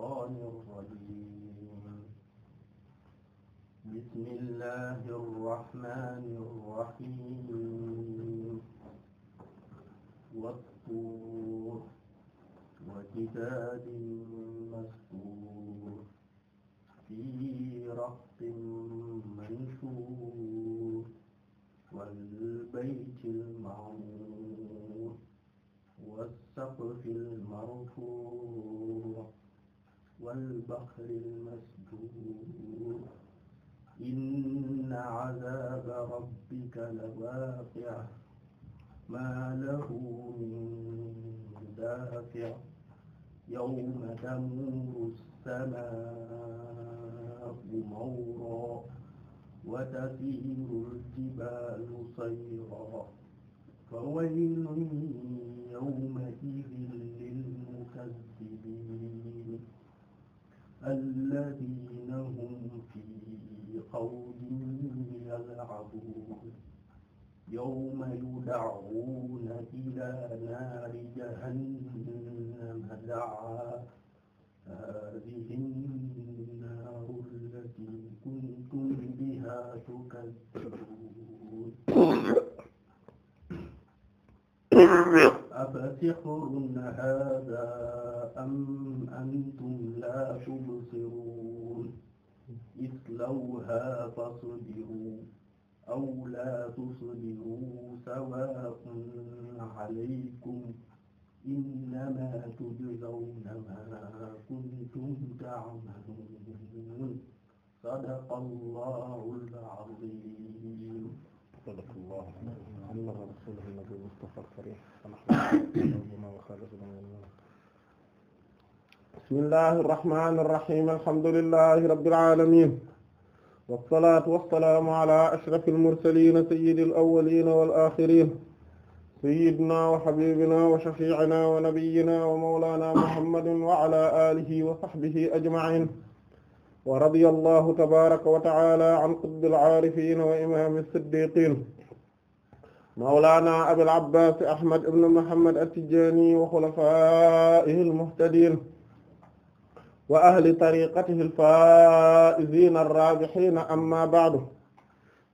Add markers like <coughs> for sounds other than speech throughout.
الشيطان الرجيم بسم الله الرحمن الرحيم والطور وكتاب مسطور في رق منشور والبيت المعمور والسقف المرفوع والبحر المسجور إن عذاب ربك لواقع ما له من دافع يوم تمور السماء مورا وتسير الجبال سيرا فويل يومئذ للمكذبين الذين هم في قول يلعبون يوم يدعون إلى نار جهنم دعا هذه النار التي كنتم بها تكذبون أفسحر هذا أم أنتم لا تبصرون اصلوها فاصبروا أو لا تصبروا سواء عليكم إنما تجزون ما كنتم تعملون صدق الله العظيم صدق الله بلغ رسوله النبي المصطفى الكريم بسم الله الرحمن الرحيم الحمد لله رب العالمين والصلاة والسلام على أشرف المرسلين سيد الأولين والآخرين سيدنا وحبيبنا وشفيعنا ونبينا ومولانا محمد وعلى آله وصحبه أجمعين wa radiyallahu tabaaraka wa ta'ala an qutbil aarifiin wa imaami siddiqiin mawlaana abil abbaas ahmad ibn muhammad at-tijaani wa xulafaa'ihi al-muhtadiin wa ahli tariiqatihi al-faa'iziina ar-raabihiina amma ba'du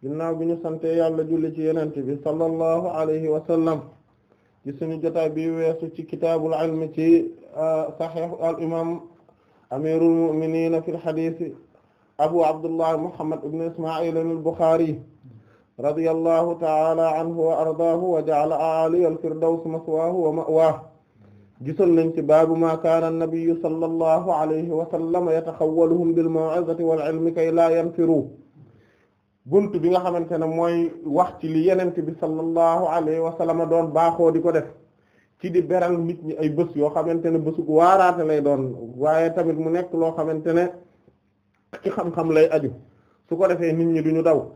ginnaaw bi ñu sant yàlla julli ci yonent bi sallallahu alayhi wa sallam ci sunu jotaay bi weesu ci kitaabul ilmi ci uh, saxiix al imaam amirul mu'minin fil hadith abu abdullah muhammad ibn isma'il al-bukhari radiyallahu ta'ala anhu wa ardaahu wa ja'ala a'ali al-firdaws maswaahu wa ma'waahu gisoon nañ ci baabu ma kaana an-nabiyyu sallallahu alayhi wa sallam yatakhawwaluhum bil maw'izati wal ilmi kay laa yanfiru bunt bi nga xamante ne mooy wax ci li yenente bi sallallahu alayhi wa sallam doon baaxoo di ko def ci di beral nit ñi ay bés yoo xamante ne bésug waaraate lay doon waaye tamit mu nekk loo xamante ne ci xam-xam lay aju su ko defee nit ñi duñu daw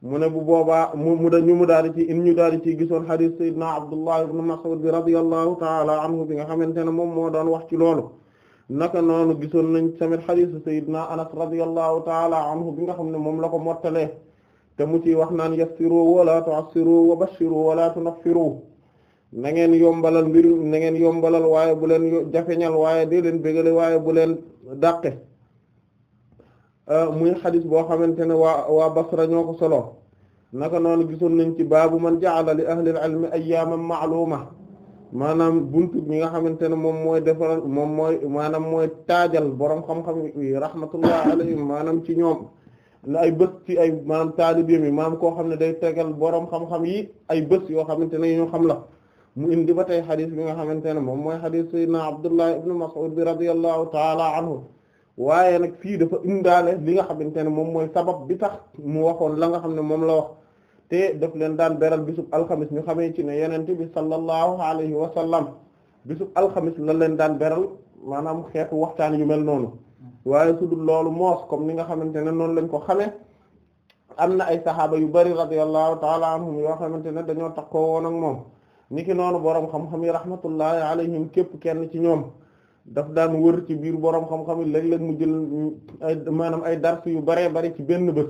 mu ne bu boobaa mu da ñu mu daal di ci in ñu daal di ci gisoon hadith sayyidina Abdullah ibn Mas'ud bi radiyallahu ta'ala anhu bi nga xamante ne moom moo doon wax ci loolu naka noonu gisoon nañ tamit hadith sayyidina Anas radiyallahu ta'ala bi nga xam ne moom la ko mottalee te mu ci wax naan yassiru wa la tu'assiru wa bashiru wa la tunaffiru na ngeen yombalal mbir na yombalal waaye bu leen jafeñal waaye dee leen bégale waaye bu leen dàqe euh, muy xadis boo xamante ne waa waa Basra ñoo solo naka noonu gisoon nañ ci baabu man ja'ala li ahlil ilmi ayyaaman ma'luuma maanaam buntu ñi nga xamante ne moom mooy defaral moom mooy maanaam mooy taajal borom xam-xam yi rahmatullah ci ñoom na ay bës ci ay maanaam taalibe mi maanaam koo xam ne day tegal boroom xam-xam yi ay bës yoo xamante ne ñoo xam la mu indi ba tey xadis bi nga xamante ne moom mooy xadis sayyidina Abdullah ibn Mas'ud bi radiyallahu taala anhu waaye nag fii dafa indaale li nga xamante ne moom mooy sabab bi tax mu waxoon la nga xam ne moom la wax te daf leen daan beral bisub alxamis ñu xamee ci ne yenente bi sallallahu alayhi wa sallam bisub alxamis la leen daan beral maanaam xeetu waxtaan yu mel noonu waaye su dul loolu moos comme ni nga xamante ne noonu lañ ko xamee am na ay saxaaba yu bari radiyallahu taala anhum yoo xamante ne dañoo takkoo woon ak moom niki noonu borom xam-xam yi rahmatullahi alayhim képp kenn ci ñoom daf daan wër ci biir borom xam-xam yi léeg-léeg mu jël ay maanaam ay dars yu baree bari ci benn bés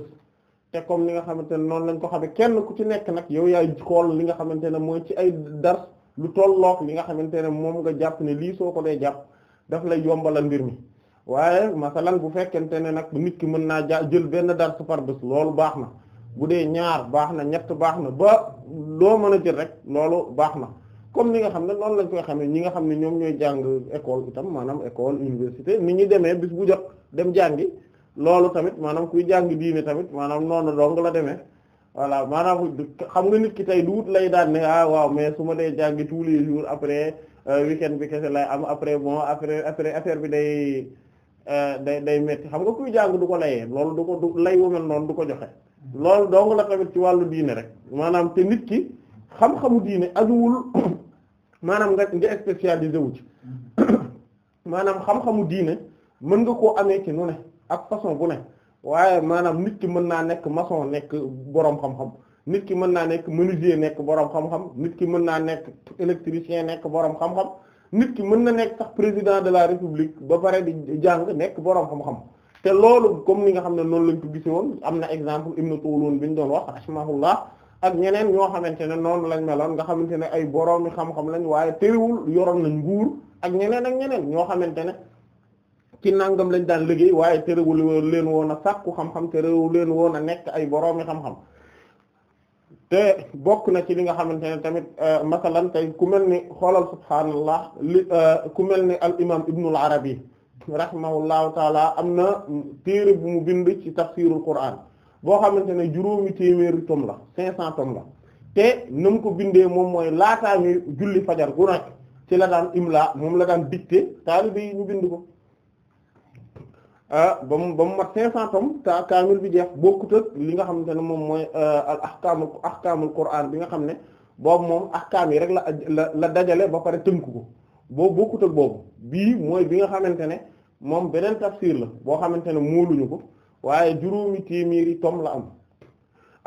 te comme li nga xamante ne noonu lañ ko xamee kenn ku ci nekk nag yow yaay xool li nga xamante ne mooy ci ay dars lu tollook li nga xamante ne moom nga jàpp ne lii soo ko dee jàpp daf lay yombalal mbir mi waaye masalan bu fekkente ne nag nit ki mën naa ja jël benn dars par bés loolu baax na. bu dee ñaar baax na ñett baax na ba loo mën a jël rek loolu baax na comme ni nga xam ne noonu lañ koy xamee ñi nga xam ne ñoom ñooy jàng école itam maanaam école université ni ñu demee bis bu jot dem jàngi loolu tamit maanaam kuy jàng diine tamit maanaam noonu dong la demee voilà maanaam xam nga nit ki tey du wut lay daan ne ah waaw mais su ma dee jàngi tous les jours après euh, week-end bi kese lay am après bon après après affaire bi day euh, day day metti xam nga kuy jàng du ko layee loolu du ko du lay wu noonu du ko joxe. loolu dong la tamit ci wàllu diine rek maanaam te nit ki xam-xamu diine ajuwul <coughs> maanaam nga nga spécialisé wu ci <coughs> maanaam xam-xamu diine mën nga koo amee ci nu ne ak façon bu ne waaye maanaam nit ki mën naa nekk maçon nekk boroom xam-xam nit ki mën naa nekk menuisier nekk boroom xam-xam nit ki mën naa nekk électricien nekk boroom xam-xam nit ki mën na nekk sax président de la république ba pare di jàng nekk boroom xam-xam te loolu comme ni nga xam ne noonu lañ ko gisi woon am na exemple Ibn Tulun bi ñu doon wax rahimahullah ak ñeneen ñoo xamante ne noonu lañ meloon nga xamante ne ay boroomi xam-xam lañ waaye tëriwul yoroon nañ nguur ak ñeneen ak ñeneen ñoo xamante ne ci nangam lañ daan liggéey waaye tëriwul leen woon a sàkku xam-xam tëriwul leen woon a nekk ay boroomi xam-xam te bokk na ci li nga xamante ne tamit euh, masalan tey ku mel ni xoolal subhaanallah li euh, ku mel ni al imam Ibnul Arabi rahimahullahu taala am na téere bu mu bind ci tafsirul Qur'an boo xamante ne juróomi téeméeri tom la cinq cent tom la te na ko bindee moom mooy laataa ñuy julli fajar gu nekk ci la daan imla moom la daan dicté taalibe yi ñu bind ko ah, ba mu ba mat cinq cent tom ta kaamil bi jeex bokkut li nga xamante ne moom mooy ah, al ahkaamul ahkaamul Qur'an bi nga xam ne boobu moom ahkaam yi rek la la la dajale ba pare tënk ko boobu bokkut boobu bii mooy bi nga xamante ne moom beneen tafsir la boo xamante ne muuluñu ko waaye juróomi téeméeri tom la am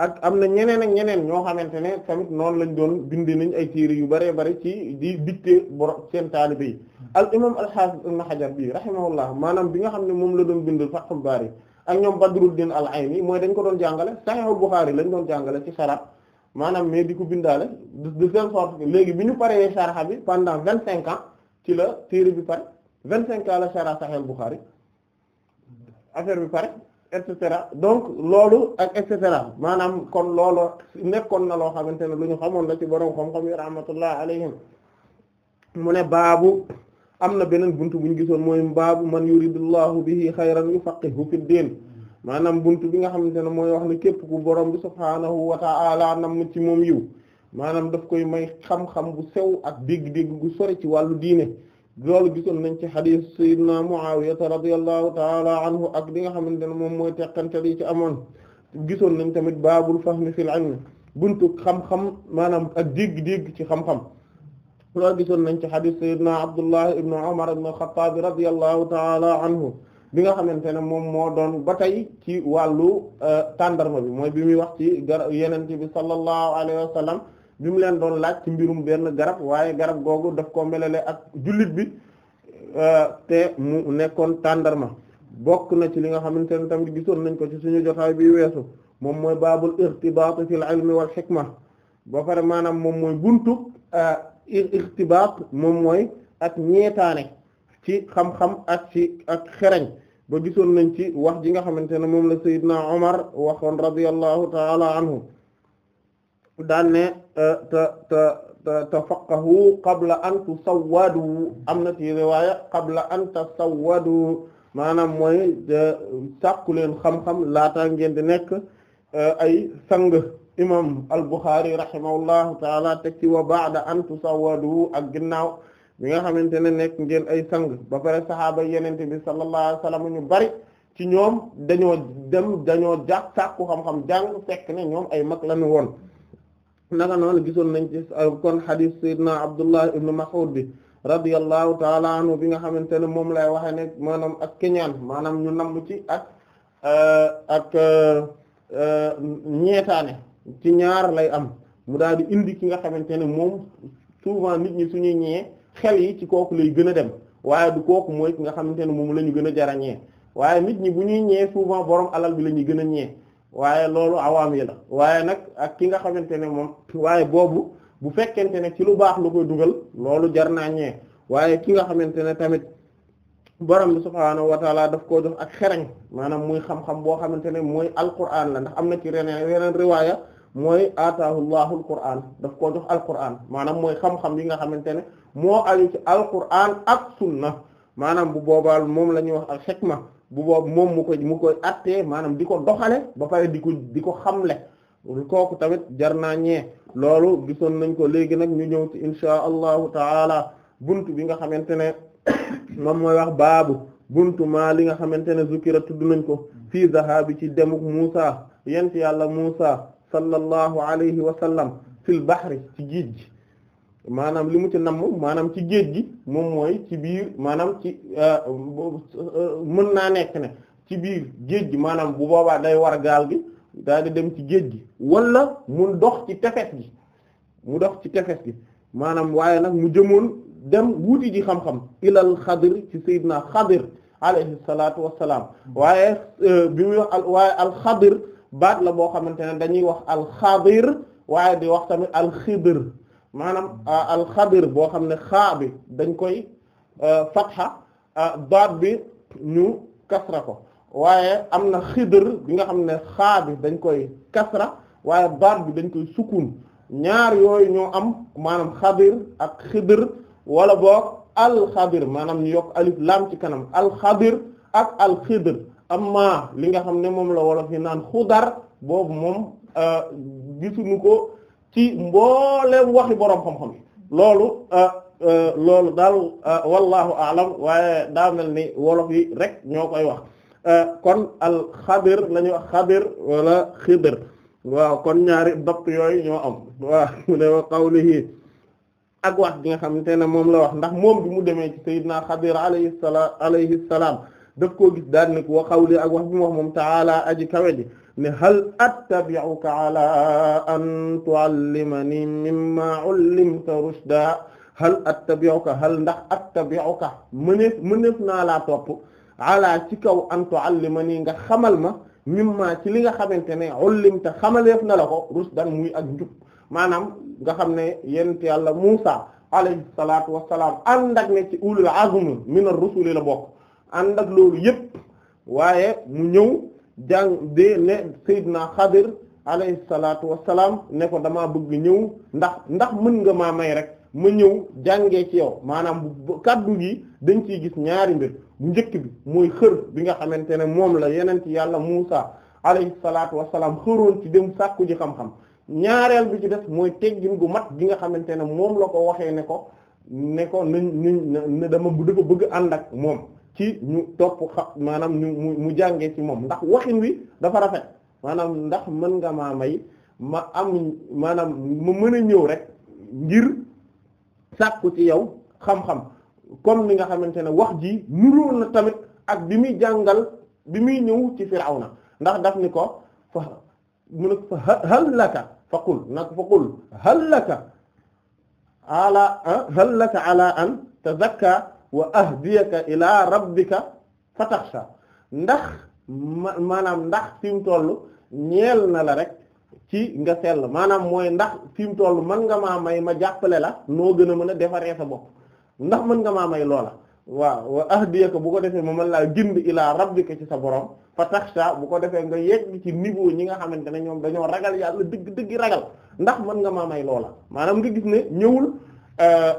ak am na ñeneen ak ñeneen ñoo xamante ne tamit noonu lañ doon bindi nañ ay téere yu bëree bëri ci di dicté boro seen taani taalibe yi al imam al-Hafiz ibn Hajar bi rahimahullah maanaam bi nga xam ne moom la doon bindal Fathul Bari ak ñoom Badruddin al-Ayni mooy dañ ko doon jàngale Sahihul Bukhari lañ doon jàngale ci sharab maanaam mais di ko bindaale de telle sorte que léegi bi ñu paree sharha bi pendant vingt cinq ci la téere bi pare vingt cinq ans la shara Sahih Bukhari affaire bi pare et cetera donc loolu ak et cetera maanaam kon loolu nekkoon na loo xamante ne lu ñu xamoon la ci borom xam-xam yi rahmatullah alayhim mu ne baabu am na beneen bunt bu ñu gisoon mooy baabu man yuridullahu bihi xayran yufaqihu fi diin maanaam bunt bi nga xamante ne mooy wax ne képp ku borom bi subhaanahu wa ta'ala nam ci moom yiw maanaam daf koy may xam-xam bu sew ak dégg-dégg gu sore ci wàllu diine loolu gisoon nañ ci xadiis sayyidina Muawiyata radiyallahu taala anhu ak li nga xamante ne moom mooy teqantal yi ci amoon gisoon nañ tamit baabul fahmi fil ilmi buntu xam-xam maanaam ak dégg-dégg ci xam-xam loolu gisoon nañ ci xadiis sayyidina Abdullah ibn Umar ibn Xattaab radiyallahu taala anhu bi nga xamante ne moom moo doon ba tey ci wàllu euh, tàndarma bi mooy bi muy wax ci gar yenente bi sallallahu alayhi wa bi leen doon laaj ci mbirum benn garab waaye garab googu daf koo melale ak jullit bi euh, te mu nekkoon tàndarma bokk na ci li nga xamante ne tamit gisoon nañ ko ci suñu jotaay bi weesu moom mooy baabul irtibaat fil ilmi wal xikma boo pare maanaam moom mooy buntu euh, irtibaat moom mooy ak ñeetaane ci xam-xam ak ci ak xereñ ba gisoon nañ ci wax ji nga xamante ne moom la Seydina Omar waxoon radiyallahu taala anhu daan te te tafaqahu qabla an tusawwadu am na ci riwaaya qabla an tasawwadu maanaam mooy sàkku leen xam-xam laata ngeen di nekk e, ay sang imam al-Bukhari rahimahullahu taala teg ci wa ba'da an tusawwadu ak ginnaaw mi nga xamante ne nekk ngeen ay sang ba pare saxaaba yenente bi sallallahu alayhi ñu bari ci ñoom dañoo dem dañoo jàpp sàkku xam-xam jàng fekk ne ñoom ay mag lañu woon naka noonu gisoon nañ ci kon xadis sayyidina Abdullah ibn Mas'ud bi radiyallahu taala anhu bi nga xamante ne moom lay waxee ne maanaam ak keñaan maanaam ñu namm ci ak euh, ak euh, ñeetaane ci ñaar lay am mu daal di indi ki nga xamante ne moom souvent nit ñi suñuy ñee xel yi ci kooku lay gën a dem waaye du kooku mooy ki nga xamante ne moom la ñu gën a jarañee waaye nit ñi bu ñuy ñee souvent borom alal bi la ñuy gën a ñee waaye loolu awaam yi la waaye nag ak ki nga xamante ne moom waaye boobu bu fekkente ne ci lu baax lu koy dugal loolu jar naa ñee waaye ki nga xamante ne tamit borom bi subhaanahu wa taala daf koo jox ak xereñ maanaam muy xam-xam boo xamante ne mooy alquran la ndax am na ci reneen reneen riwaaya mooy ataahu llahu alquran daf koo jox alquran maanaam mooy xam-xam nga xamante ne moo aju ci alquran ak sunna maanaam bu boobaal moom la ñuy wax ak xikma bu boobu moom mu ko mu koy attee maanaam di ko doxale ba pare di ko di ko xamle kooku tamit jar naa ñee loolu gisoon nañ ko léegi nag ñu ñëw ci insha allahu taala buntu bi nga xamante ne <coughs> moom wax baabu buntu maa li nga xamante ne zukira tudd nañ ko fii zahabi ci demuk Muusa yent yàlla Muusa sallallahu alayhi wa sallam fil bahri ci géej gi maanaam li mu ci namm maanaam ci géej gi moom mooy ci biir maanaam ci euh, euh, mën naa nekk ne ci biir géej gi maanaam bu boobaa day war gaal gi daal di dem ci géej gi wala mu dox ci tefes gi mu dox ci tefes gi maanaam waaye nag mu jëmoon dem wuuti ji xam-xam ilal xadir ci sayyidina xadir alayhi salaatu wassalaam waaye euh, bi muy wax al waaye baat la boo xamante ne dañuy wax alxadir waaye di wax tamit alxidir maanaam alxadir boo xam ne xaa bi dañ koy fatxa baat bi ñu kasra ko waaye am na xidr bi nga xam ne xaa bi dañ koy kasra waaye baat bi dañ koy sukun ñaar yooyu ñoo am maanaam xadir ak xidr wala boog alxadir maanaam ñu yokk alif laam ci kanam alxadir ak alxidr amma li nga xam ne moom la wolof yi naan xudar boobu moom gisuñu ko ci mbooleem waxi boroom xam-xam loolu ah, ah, loolu daal ah, wallahu alam waaye daa mel ni wolof yi rek ñoo koy wax kon al xadir lañuy wax xadir wala xidir waaw kon ñaari dopt yooyu ñoo am waaw ne wa qawlihi ak wax nga xamante ne moom la wax ndax moom bi mu demee ci sayyidina xadir alayhi salaam alayhi salaam daf koo gis daan ni wa qawli ak wax bi mu wax moom taala aji kawe ji ne hal attabi'uka ala an tu'allimani mimma 'ullimta rushda hal attabi'uka hal ndax attabi'uka mëneef mëneef naa laa topp ala ci kaw an tu'allimani nga xamal ma mimma ci li nga xamante ne 'ullimta xamaleef na la ko rushdan muy ak njub maanaam nga xam ne yent yàlla Muusa alayhi salaatu wassalaam ànd ak ne ci ulul azm min ar-rusuli la bokk ànd ak loolu yépp waaye mu ñëw jàng de ne naa Xadir alayhi salaatu wassalaam ne ko damaa bëgg ñëw ndax ndax mën nga maa may rek ma ñëw jàngee ci yow maanaam bu kaddu gi dañ ciy gis ñaari mbir bu njëkk bi mooy xër bi nga xamante ne moom la yeneen ci yàlla Muusa alayhi salaatu wassalaam xëroon ci dem sàkku ji xam ñaareel bi ci def mooy teggin gu mat gi nga xamante ne moom la ko waxee ne ko ne ko nañ nañ ne dama dafa bëgg ànd ak moom ci ñu topp xa maanaam mu jàngee ci moom ndax waxin wi dafa rafet maanaam ndax mën nga maa may ma am maanaam ma mën a ñëw rek ngir sàkku ci yow xam-xam comme ni nga xamante ne wax ji nuróo na tamit ak bi muy jàngal bi muy ñëw ci na ndax daf ni ko fa mu fa hal nag fa qul hal ala an tazakka wa ahdiyaka ilaa rabbika fataxsha ndax maanaam ndax fi mu toll ñeel na la rek ci nga sell maanaam mooy ndax fi mu toll mën nga maa may ma jàppale la noo gën a mën a defaree sa bopp ndax mën nga maa may loola waaw wa ahdiyaka bu ko defee ma mën laa gind ilaa rabbika ci sa borom fataxsha bu ko defee nga yegg ci niveau ñi nga xamante ne ñoom dañoo ragal yàlla dëgg dëgg ragal ndax mën nga maa may loola maanaam nga gis ne ñëwul Euh,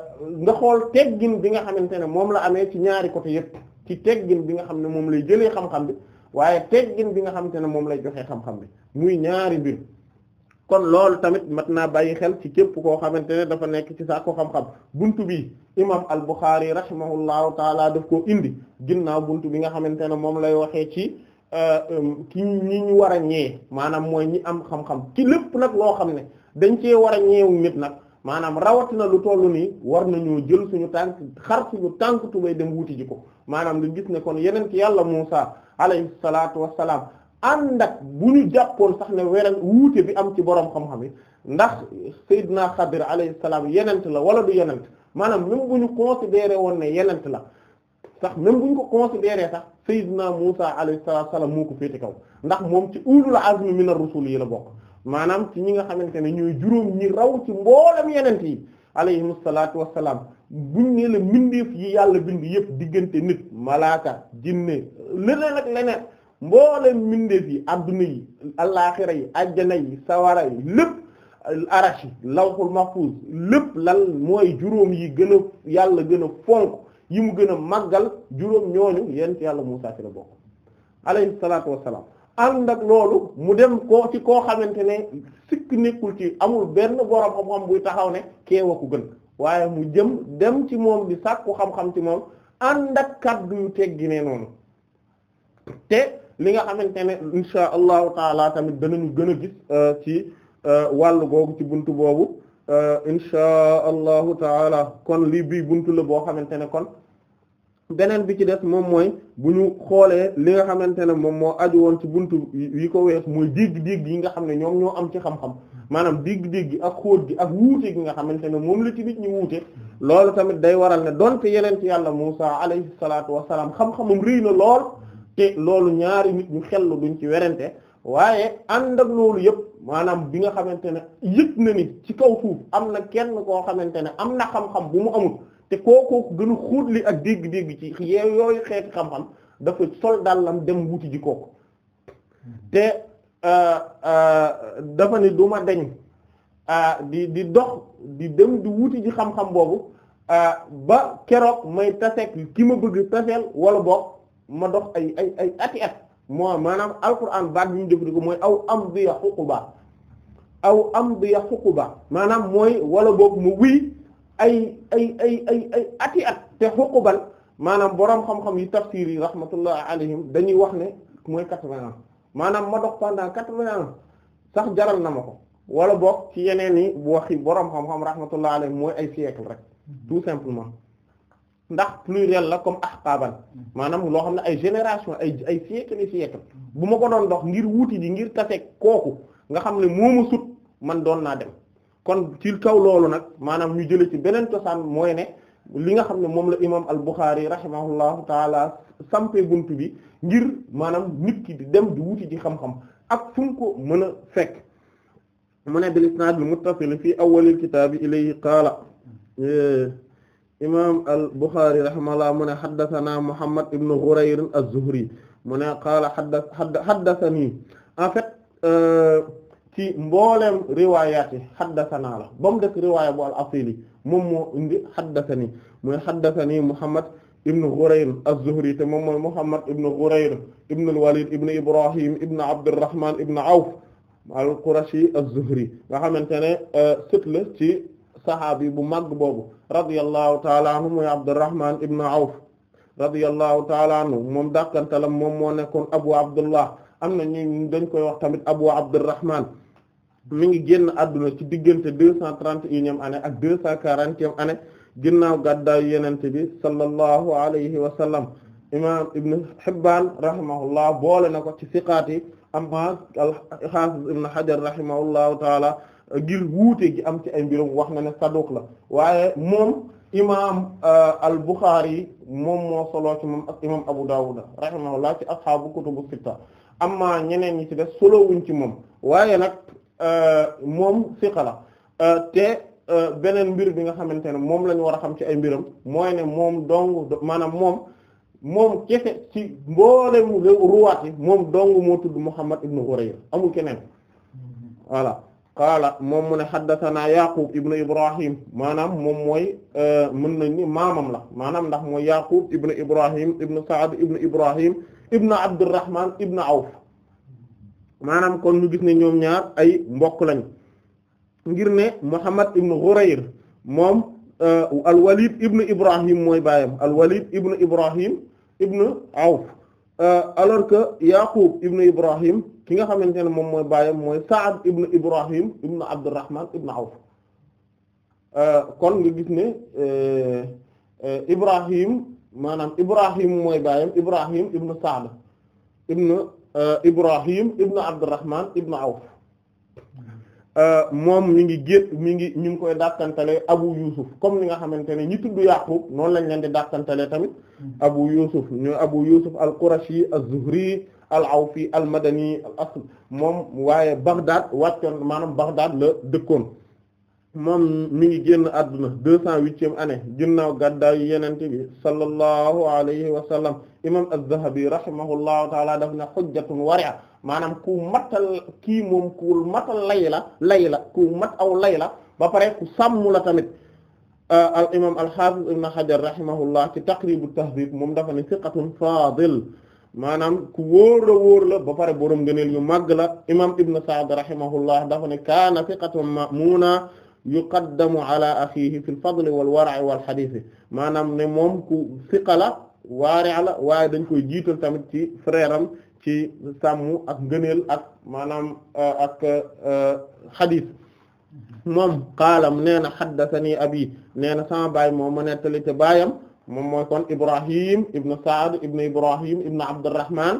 nga xool teggin bi nga xamante ne moom la amee ci ñaari côté ci teggin bi nga xam ne moom lay jëlee xam-xam bi waaye teggin bi nga xamante ne moom lay joxe xam-xam bi muy ñaari mbir kon loolu tamit mat naa bàyyi xel ci képp koo xamante ne dafa nekk ci saako xam-xam buntu bi imam al-Bukhari rahimahullahu taala daf koo indi ginnaaw bunt bi nga xamante ne moom lay waxee ci euh, um, ki ñi ñu war a ñee maanaam mooy ñi am xam-xam ci lépp nag loo xam ne dañ cee war a ñeewu nit nag. maanaam rawatina lu toll nii war nañoo jël suñu tànk xar suñu tànk tubay dem wuti ji ko maanaam nga gis ne kon yeneen ci yàlla Muusa alayhi salaatu wa salaam ànd ak bu ñu jàppoon sax ne weran wuute bi am ci borom xam-xam yi ndax Seydina Xadir alayhi salaam yenent la wala du yenent maanaam même bu ñu considéré woon ne yenent la sax même bu ñu ko considéré sax Seydina Muusa alayhi salaatu wa salaam moo ko féete kaw ndax moom ci ulul azmi minar rusul yi la bokk. maanaam ci ñi nga xamante ne ñooy juróom ñi raw ci mboolem yenent yi alayhimu salaatu wassalaam buñ ne la mbindeef yi yàlla bind yëpp diggante nit malaaka jinne leneen ak leneen mboolem mbindeef yi adduna yi allaaxira yi ajjana yi sawara yi lépp arash yi lawxul mahfuz lépp lan mooy juróom yi gën a yàlla gën a fonk yi mu gën a màggal juróom ñooñu yent yàlla Muusaa ci salaatu wassalaam ànd ak loolu mu dem koo ci koo xamante ne sikk nekkul ci amul benn borom xam-xam buy taxaw ne keewa ku gën waaye mu jëm dem ci moom di sàkku xam-xam ci moom ànd ak kaddu yu teggi ne noonu te li nga xamante ne insha allahu taala tamit danañu gën a gis euh, ci euh, wàll googu ci bunt boobu euh, insha allahu taala kon lii bii buntu la boo xamante ne kon beneen bi ci des moom mooy bu ñu xoolee li nga xamante ne moom moo aju woon ci bunt yi ko wees mooy dégg-dégg yi nga xam ne ñoom ñoo am ci xam-xam maanaam dégg-dégg gi ak xóot gi ak wuute gi nga xamante ne moom la ci nit ñi wuute loolu tamit day waral ne donte yeneen ci yàlla Musaa alayhi salaatu wa salaam xam-xamam rëy na lool te loolu ñaari nit ñu xellu duñ ci werante waaye ànd ak loolu yëpp maanaam bi nga xamante ne yëg na ni ci kaw suuf am na kenn koo xamante ne am na xam bu mu amul. te kooku gën a li ak dégg-dégg ci yeew yooyu xeeti xam-xam dafa sol dàllam dem wuti ji kooku te euh, euh, dafa ne du ma dañ euh, di di dox di dem di wuti ji xam-xam boobu ba keroog may taseek ki ma bëgg taseel wala boog ma dox ay ay ay ati at moo maanaam alquran baat bi ñu ko mooy aw am bi ya xuquba aw am bi ya xuquba maanaam mooy wala boog mu wii ay ay ay ay ay ati at te xuquban maanaam boroom xam-xam yi tafsir yi rahmatullah alayhim dañuy wax ne mooy quatre-vingts ans maanaam ma dox pendant quatre-vingts ans sax jaral na ma ko wala boog ci yeneen yi waxi boroom xam-xam rahmatullah alayhim mooy ay siècle rek tout simplement ndax pluriel la comme ahqaban maanaam loo xam ne ay génération ay ay siècle bu ma ko doon dox ngir wuuti ji ngir taseeg kooku nga xam ne moomu sut man doon naa dem kon cil kaw loolu nag maanaam ñu jële ci beneen cosaan mooy ne li nga xam ne moom la imam al-Bukhari rahimahullahu taala sampe bunt bi ngir maanaam nit ki di dem di wuti ci xam-xam ak fu ko mën a fekk mu ne bil isnaad al muttasil fii awwalil kitaabi ilayhi qaala imam al-Bukhari rahimahullah mu ne haddathana Muhammad ibn Ghurayr az-Zuhri mu ne qaala haddathani en fait euh, ci mbooleem riwaayaat yi xaddasanaa la ba mu def riwaaya bu al asili moom moo indi xaddasani mooy xaddasani Muhammad ibn Ghurayr az-Zuhri te moom mooy Muhammad ibn Ghurayr ibn al-Walid ibn Ibrahim ibn Abdurrahman ibn Awf al-Qurashi az-Zuhri nga xamante ne euh, sët la ci saxaabi bu màgg boobu radiyallahu ta'ala anhu mooy Abdurrahman ibn Awf radiyallahu ta'ala anhu moom dàqantalam moom moo nekkoon Abu Abdullah am na ñu dañ koy wax tamit Abu Abdurrahman mi ngi génn àdduna ci diggante deux cent trente et unième année ak deux cent quarantième année ginnaaw gàddaayu yenente bi sallallahu alayhi wa sallam imam ibn Hibbaan rahimahullah boole na ko ci siqaat yi amma al-Haafiz ibn Hajar rahimahullahu taala ngir wuute gi am ci ay mbirum wax na ne saduq la waaye moom imam euh, al-Bukhari moom moo soloo moom ak imam Abu Dawud rahimahullah ci ashaabu kutubu sitta amma ñeneen ñi ci def solowuñ ci moom waaye nag Euh, moom siqa la euh, te euh, beneen mbir bi nga xamante ne moom lañu war a xam ci ay mbiram mooy ne moom dong maanaam moom moom kese ci mboole ruwaat yi moom dong moo tudd Muhammad ibn Hurayra amul keneen voilà qaala moom mu ne xaddasanaa Yaqub ibn Ibrahim maanaam moom mooy mën nañ ni maamam la maanaam ndax mooy Yaqub ibn Ibrahim ibn Saad ibn Ibrahim ibn Abdurrahman ibn Awf maanaam kon ñu gis ne ñoom ñaar ay mbokk lañ ngir ne Muhammad ibn Ghurayr moom euh, al-Walid ibn Ibrahim mooy baayam al-Walid ibn Ibrahim ibn Awf euh, alors que Yaqub ibn Ibrahim ki nga xamante ne moom mooy baayam mooy Sa'd ibn Ibrahim ibn Abdurrahman ibn Awf euh, kon nga gis ne Ibrahim maanaam Ibrahim mooy baayam Ibrahim ibn Sa'd ibn Euh, Ibrahim ibn Abdurrahman ibn Awf euh, moom mi ngi gét mi ngi ñu ngi koy dàkkantale Abu Yusuf comme ni nga xamante ne ñi tudd Yaqub noonu lañ leen di dàkkantale tamit Abu Yusuf ñu Abu Yusuf al-Qurashi az-Zuhri al-Awfi al-Madani al-asl moom waaye Baghdad wàccoon maanaam Baghdad la dëkkoon moom mi ngi génn àdduna deux cent huitième année ginnaaw gàddaayu yenente bi sallallahu alayhi wa sallam imam az-Zahabi rahimahullahu taala daf ne xujjatun wari'a maanaam ku matal kii moom ku matal layla layla ku mat aw layla ba pare ku sàmm la tamit euh, al imam al-Hafiz ibn Hajar rahimahullah ci Taqrib at-Tahdhib moom dafa ne thiqatun fadil maanaam ku wóor la wóor la ba pare borom gëneel yu màgg la imam ibn Sa'd rahimahullah dafa ne kaana thiqatun ma'muna yuqaddamu ala axiihi fil fadli wal wara'i wal hadiisi maanaam ne moom ku siqala waare la waaye dañ koy jiital tamit ci frère am ci sàmm ak ngëneel ak maanaam euh, ak xadis euh, moom xaalam nee na xaddasani abi nee na sama baay moom ma nettali te baayam moom mooy kon ibrahim ibn saad ibn ibrahim ibn abdurrahman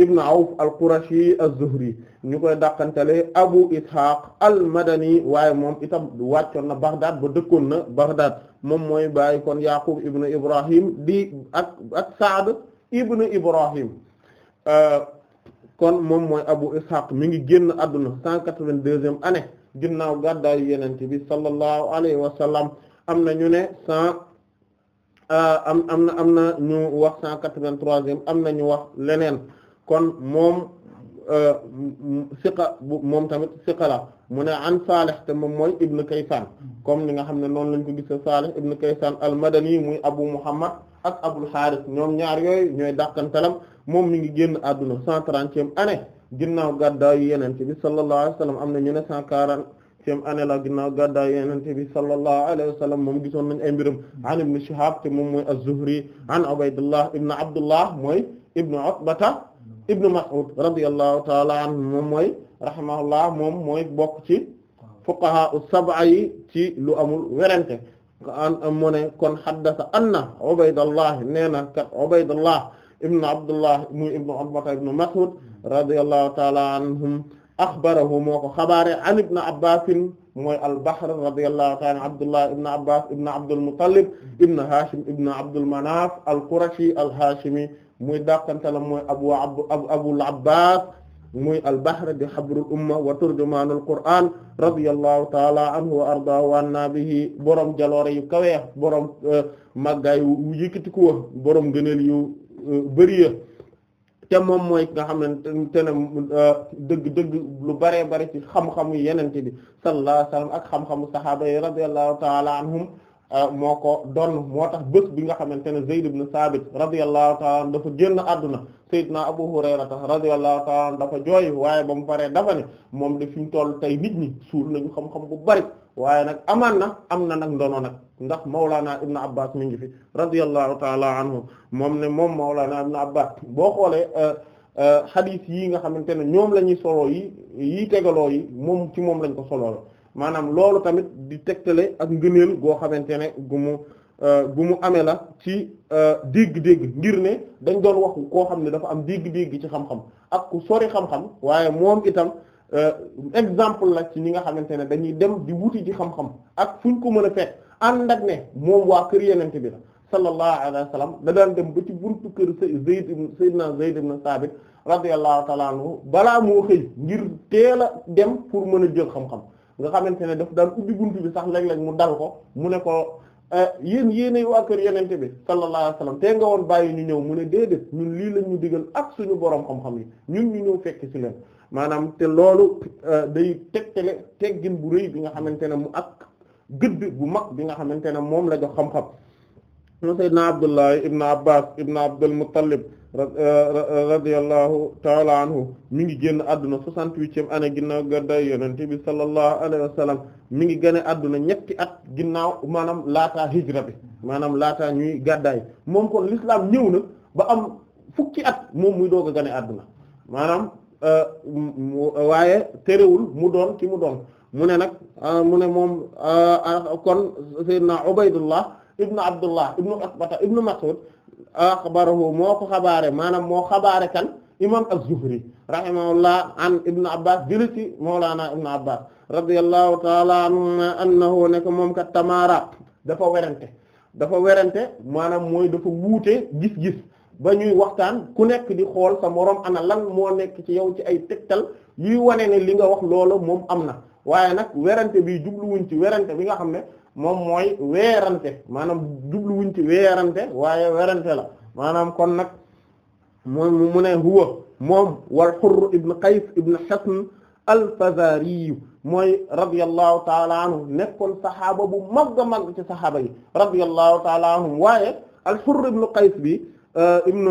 ibn Awf al-Qurashi az-Zuhri ñu koy dàqantele Abu Ishaq al-Madani waaye moom itam wàccoon na Baghdad ba dëkkoon na Baghdad moom mooy bàyyi kon Yaqub ibn Ibrahim di ak ak Saad ibn Ibrahim euh, kon moom mooy Abu Ishaq mi ngi génn àdduna cent quatre-vingt-deuxième année ginnaaw gàddaay yenente bi sallallahu alayhi wa sallam am na ñu ne cent euh, am am na am na ñu wax cent quatre vingt am na ñu wax leneen kon moom euh, siqa bu moom tamit siqa mu ne an Salih te moom mooy Ibn Kaysan comme ni nga xam ne noonu lañ ko gis Salih Ibn Kaysan al-Madani muy Abu Muhammad ak Abul Harith ñoom ñaar yooyu ñooy dàqantalam moom mi ngi génn àdduna cent trentième année ginnaaw gàddaayu yenente bi sallallahu alayhi wa am na ñu ne cent quarantième année la ginnaaw gàddaayu yenente bi sallallahu alayhi wa sallam moom gisoon nañ ay mbirum an Ibn Shihab te moom mooy az-Zuhri an Ubaydullah ibn Abdullah mooy ibn Utbata ibnu Mas'ud radiyallahu taala anhu moom mooy rahimahullah moom mooy bokk ci fuqaha as-sab'a yi ci lu amul werante an mu ne kon haddasa anna Ubaydullah nee na kat Ubaydullah ibnu Abdullah muy ibnu Utbata ibnu Mas'ud radiyallahu taala anhum axbarahu moo ko xabaare an ibn Abbas mooy al-Bahr radiyallahu ta'ala Abdullah ibn Abbas ibn Abdul Muttalib ibn Hashim ibn Abdul Manaf al-Qurashi al-Hashimi muy dàqantalam mooy abu abu abul abbas muy albahr di habrul umma wa turjumaanul qur'an radiyallahu taala anhu wa ardaahu an nabihi borom jaloore yu kaweex borom eh, màggaay yu yëkkatiku wax borom gëneel yu eh, bëri ya te moom mooy nga xamante ne eh, dëgg dëgg lu baree bare ci xam-xamu yenente bi sallallahu alayhi wasallam ak xam-xamu sahaaba yi radiyallahu taala anhum Ah, moo ko doon moo tax bés bi nga xamante ne Zayd ibn Sabit radiyallahu ta'ala an dafa génn àdduna Seydina Abu Hurayra radiyallahu ta'ala an dafa jooy waaye ba mu paree dafa ne moom de fi mu toll tey nit ñi suul nañu xam-xam bu bari waaye nag amaan na am na nag ndono nag ndax Mawlana Ibn Abbas mi ngi fi radiyallahu ta'ala anhu moom ne moom Mawlana Ibn Abbas boo xoolee eh, eh, xadiis yi nga xamante ne ñoom la ñuy solo yi yi tegaloo yi moom ci moom lañ ko solo maanaam loolu tamit di tegtale ak ngëneel goo xamante ne gu mu euh, gu mu amee la ci euh, dégg-dégg ngir ne dañ doon wax koo xam ne dafa am dégg-dégg ci xam-xam ak ku sori xam-xam waaye moom itam euh, exemple la ci ñi nga xamante ne dañuy dem di wuti ci xam-xam ak fuñ ko mën a fekk ànd ak ne moom waa kër yenente bi la sallallahu alayhi wa sallam da daan dem ba ci buntu kër Zayd sayyidina Zayd ibn Sabit radiyallahu ta'ala anhu balaa moo xëy ngir teel a dem pour mën a jël xam nga xamante ne daf daal ubbi bunt bi sax léeg-léeg mu dal ko mu ne ko eh, yéen yéenay waa kër yenente bi sallallahu alayhi wasallam te nga woon bàyyi ñu ñëw mu ne déedéet ñun lii la ñu digal ak suñu boroom xam-xam yi ñun ñu ñëw fekk ci leen maanaam te loolu eh, day tegtale teggin bu rëy bi nga xamante ne mu ak gëdd bu mag bi nga xamante ne moom la jox xam-xam. Sayyidina Abdullah ibn Abbas ibn Abdul Muttalib radiyallahu taala anhu mu ngi génn adduna soixante-huitième année ginnaaw gàddaay yonent bi sallallahu alayhi wa sallam mi ngi gane adduna ñetti at ginnaaw maanaam laataa hijra bi maanaam laataa ñuy gàddaay moom kon l'islam ñëw na ba am fukki at moom muy doog a gane adduna maanaam euh, waaye terewul mu doon ki mu doon mu ne nag euh, mu ne moom euh, kon sayyidina Ubaydullah ibnu Abdullah ibnu Mas'ud axbarahu moo ko xabaare maanaam moo xabaare kan imam az-Zuhri rahimahullah an ibn abbas jële ci mawlana ibn abbas radiyallahu taala anhuma annahu nekk moom kat tamaara dafa werante dafa werante maanaam mooy dafa wuute gis-gis ba ñuy waxtaan ku nekk di xool sa moroom ana lan moo nekk ci yow ci ay tegtal yi wane ne li nga wax loola moom am na waaye nag werante bi jubluwuñ ci werante bi nga xam ne moom mooy weerante maanaam jubluwuñ ci weerante waaye weerante la maanaam kon nag moom mu ne huwa moom wal Hurr ibn Qays ibn Hisn al-Fazari mooy radiyallahu taala anhu nekkoon saxaaba bu mag a mag ci saxaaba yi radiyallahu taala anhu waaye al-Hurr ibn Qays bi uh, ibn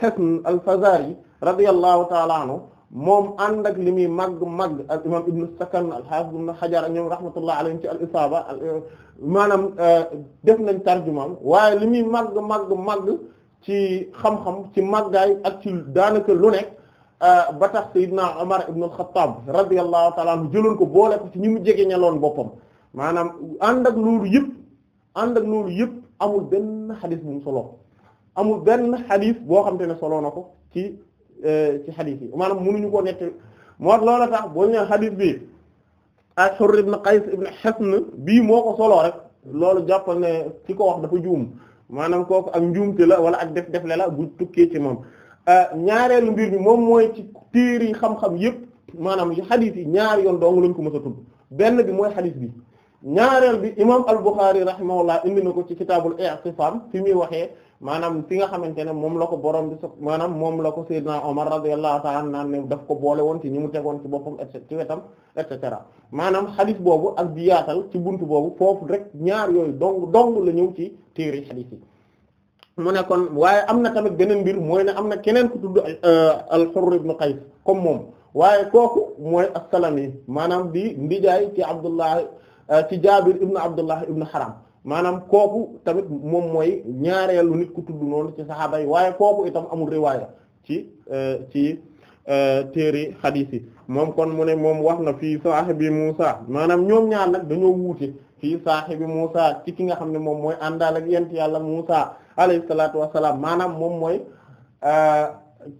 Hisn uh, al-Fazari radiyallahu taala anhu moom ànd ak li muy màgg màgg al imam ibnu sakan al hafiz ibn hajar ñoom rahmatullah alayhim ci al isaaba euh, maanaam euh, def nañ tarjumaam waaye li muy mag màgg màgg ci xam-xam ci màggaay ak ci daanaka lu nekk euh, ba tax sayyidna umar ibn al-khattab radiyallahu ta'ala jëloon ko boole ko ci ñi mu jege ñaloon boppam maanaam ànd ak loolu yëpp ànd ak loolu yëpp amul benn xadis mu solo amul benn xadis boo xam te ne solo na ko Euh, ci xadis yi maanaam mënuñu ko nett moo tax loola tax boo ñëwee xadis bi Hurr ibn Qays ibn Hisn bii moo ko soloo rek loolu jàppal ne ci ko wax dafa juum maanaam kooku ak njuumte la wala ak def def defle la bu tukkee ci moom euh, ñaareelu mbir bi moom mooy ci téere yi xam-xam yépp maanaam yu xadis yi ñaari yoon dong lañ ko mës a tudd benn bi mooy xadis bi ñaareel bi imam al-Bukhari rahimahullah indi na ko ci kitaabul i'tisam fi muy waxee maanaam fi nga xamante ne moom la ko borom bi so maanaam moom la ko Seydina Omar radiyallahu ta'ala naan ne daf ko boole woon ci ñi mu tegoon ci boppam et ci wetam et cetera maanaam xadis boobu ak bi yaatal ci buntu boobu foofu rek ñaar yooyu dong dong la ñëw ci téere xadis yi mu ne kon waaye am na tamit beneen mbir mooy ne am na keneen ku tudd euh, al-Hurr ibn Qays comme moom waaye kooku mooy as-Salami maanaam di ndijaay ci Abdullah euh, ci Jaabir ibn Abdullah ibn Haram maanaam kooku tamit moom mooy ñaareelu nit ku tudd noonu ci saxaaba yi waaye kooku itam amul riwaaya ci euh, ci euh, téere xadiis yi moom kon mu ne moom wax na fii saahibi Muusa maanaam ñoom ñaar nag dañoo wuute fii saahibi Muusa ci ki nga xam ne moom mooy àndaal ak yent yàlla Muusa alayhi salaatu wa salaam maanaam moom mooy euh,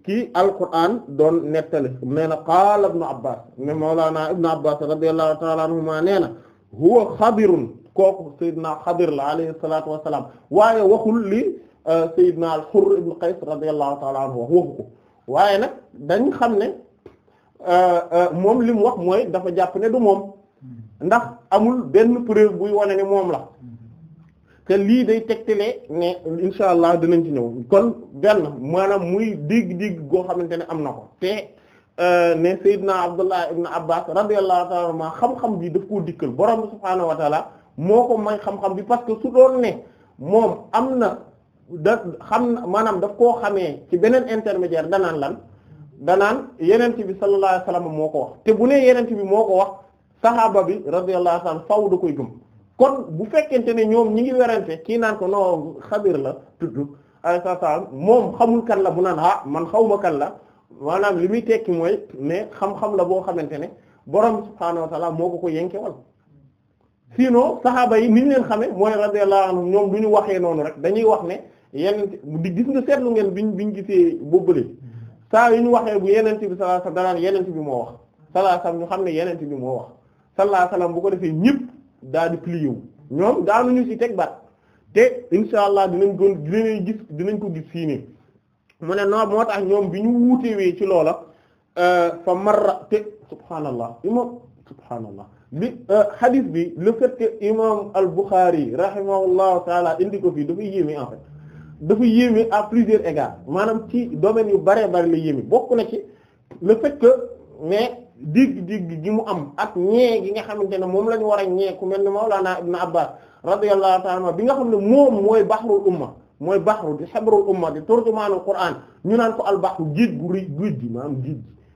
kii Alqur'an doon nettali nee na qaala ibnu Abbaas ne mawlaana ibnu Abbaas radiyallahu ta'ala anhumaa nee na huwa xabirun kooku Seydina Xadir la alayhi salaatu wa salaam waaye waxul li euh, Seydina al-Hurr ibn Qays radiyallahu wax waxu ko waaye nag dañ xam ne euh, euh, moom li mu wax mooy dafa jàpp ne du moom ndax amul benn preuve buy wane ne moom la te lii day tegtalee ne insha allah dinañ ci ñëw kon benn maanaam muy digg-digg goo xamante ne am na ko te ne Seydina Abdullah ibn Abbas radiyallahu ta'ala anhu xam-xam bi daf koo dikkal borom subhaanahu wa moo ko may xam-xam bi parce que su doon ne moom am na da xam na maanaam daf koo xamee ci beneen intermédiaire danaan lan danaan yenent bi sallallahu alayhi wasallam moo ko wax te bu ne yenent bi moo ko wax saxaaba bi radiyallahu anhu faaw da koy gëm kon bu fekkente ne ñoom ñi ngi werante kii naan ko no xabir la tudd ay sa sa moom xamul kan la mu naan ah man xawma kan la maanaam li muy tekki mooy ne xam-xam la boo xamante ne borom subhaanahu wa ta'ala moo ko ko yenkewal sinon saxaaba yi ni ñu leen xamee mooy radiyallahu anhum ñoom du ñu waxee noonu rek dañuy wax ne yenent di gis nga seetlu ngeen bi ñu gisee boobule saa yu ñu waxee bu yenent bi sallallahu alayhi wasallam danaan yenent bi moo wax sallallahu alayhi wasallam ñu xam ne yenent bi moo wax sallallahu alayhi wasallam bu ko defee ñëpp daal di plié wu ñoom ñu ci teg baat te insha allah dinañ ko dinañ ko gis fii nii mu ne noonu moo tax ñoom bi ñu wuutewee ci loola euh, fa marra te subhaanallah imam subhaanallah li euh, hadith bi le fait que imam al-Bukhari rahimahullahu taala indi ko fii dafa yéeme en fait dafa yéeme à plusieurs égards maanaam ci domaines yu bare bare la yéeme bokk na ci le fait que mais digg-digg gi mu am ak ñee gi nga xamante ne moom la ñu war a ñee ku mel ni Mawlana Ibn Abbas radiyallahu taala bi nga xam ne moom mooy bahrul umma mooy baxru di xebrul umma di turjumaanul Qur'an ñu naan ko al baxru géej gu rëy géej gi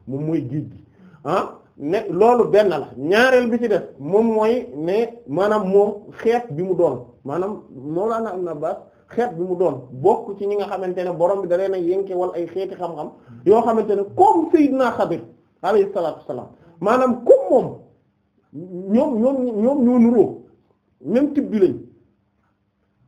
moom mooy géej gi ah. ne loolu benn la ñaareel bi ci def moom mooy ne maanaam moom xeet bi mu doon maanaam Mawlana Ibn Abbas xeet bi mu doon bokk ci ñi nga xamante ne borom bi da leen a yënkewal ay xeeti xam-xam yoo xamante ne comme Seydina Xadir alayhi salaatu wassalaam maanaam comme moom ñoom ñoom ñoom ñoo nuroo même type bi lañ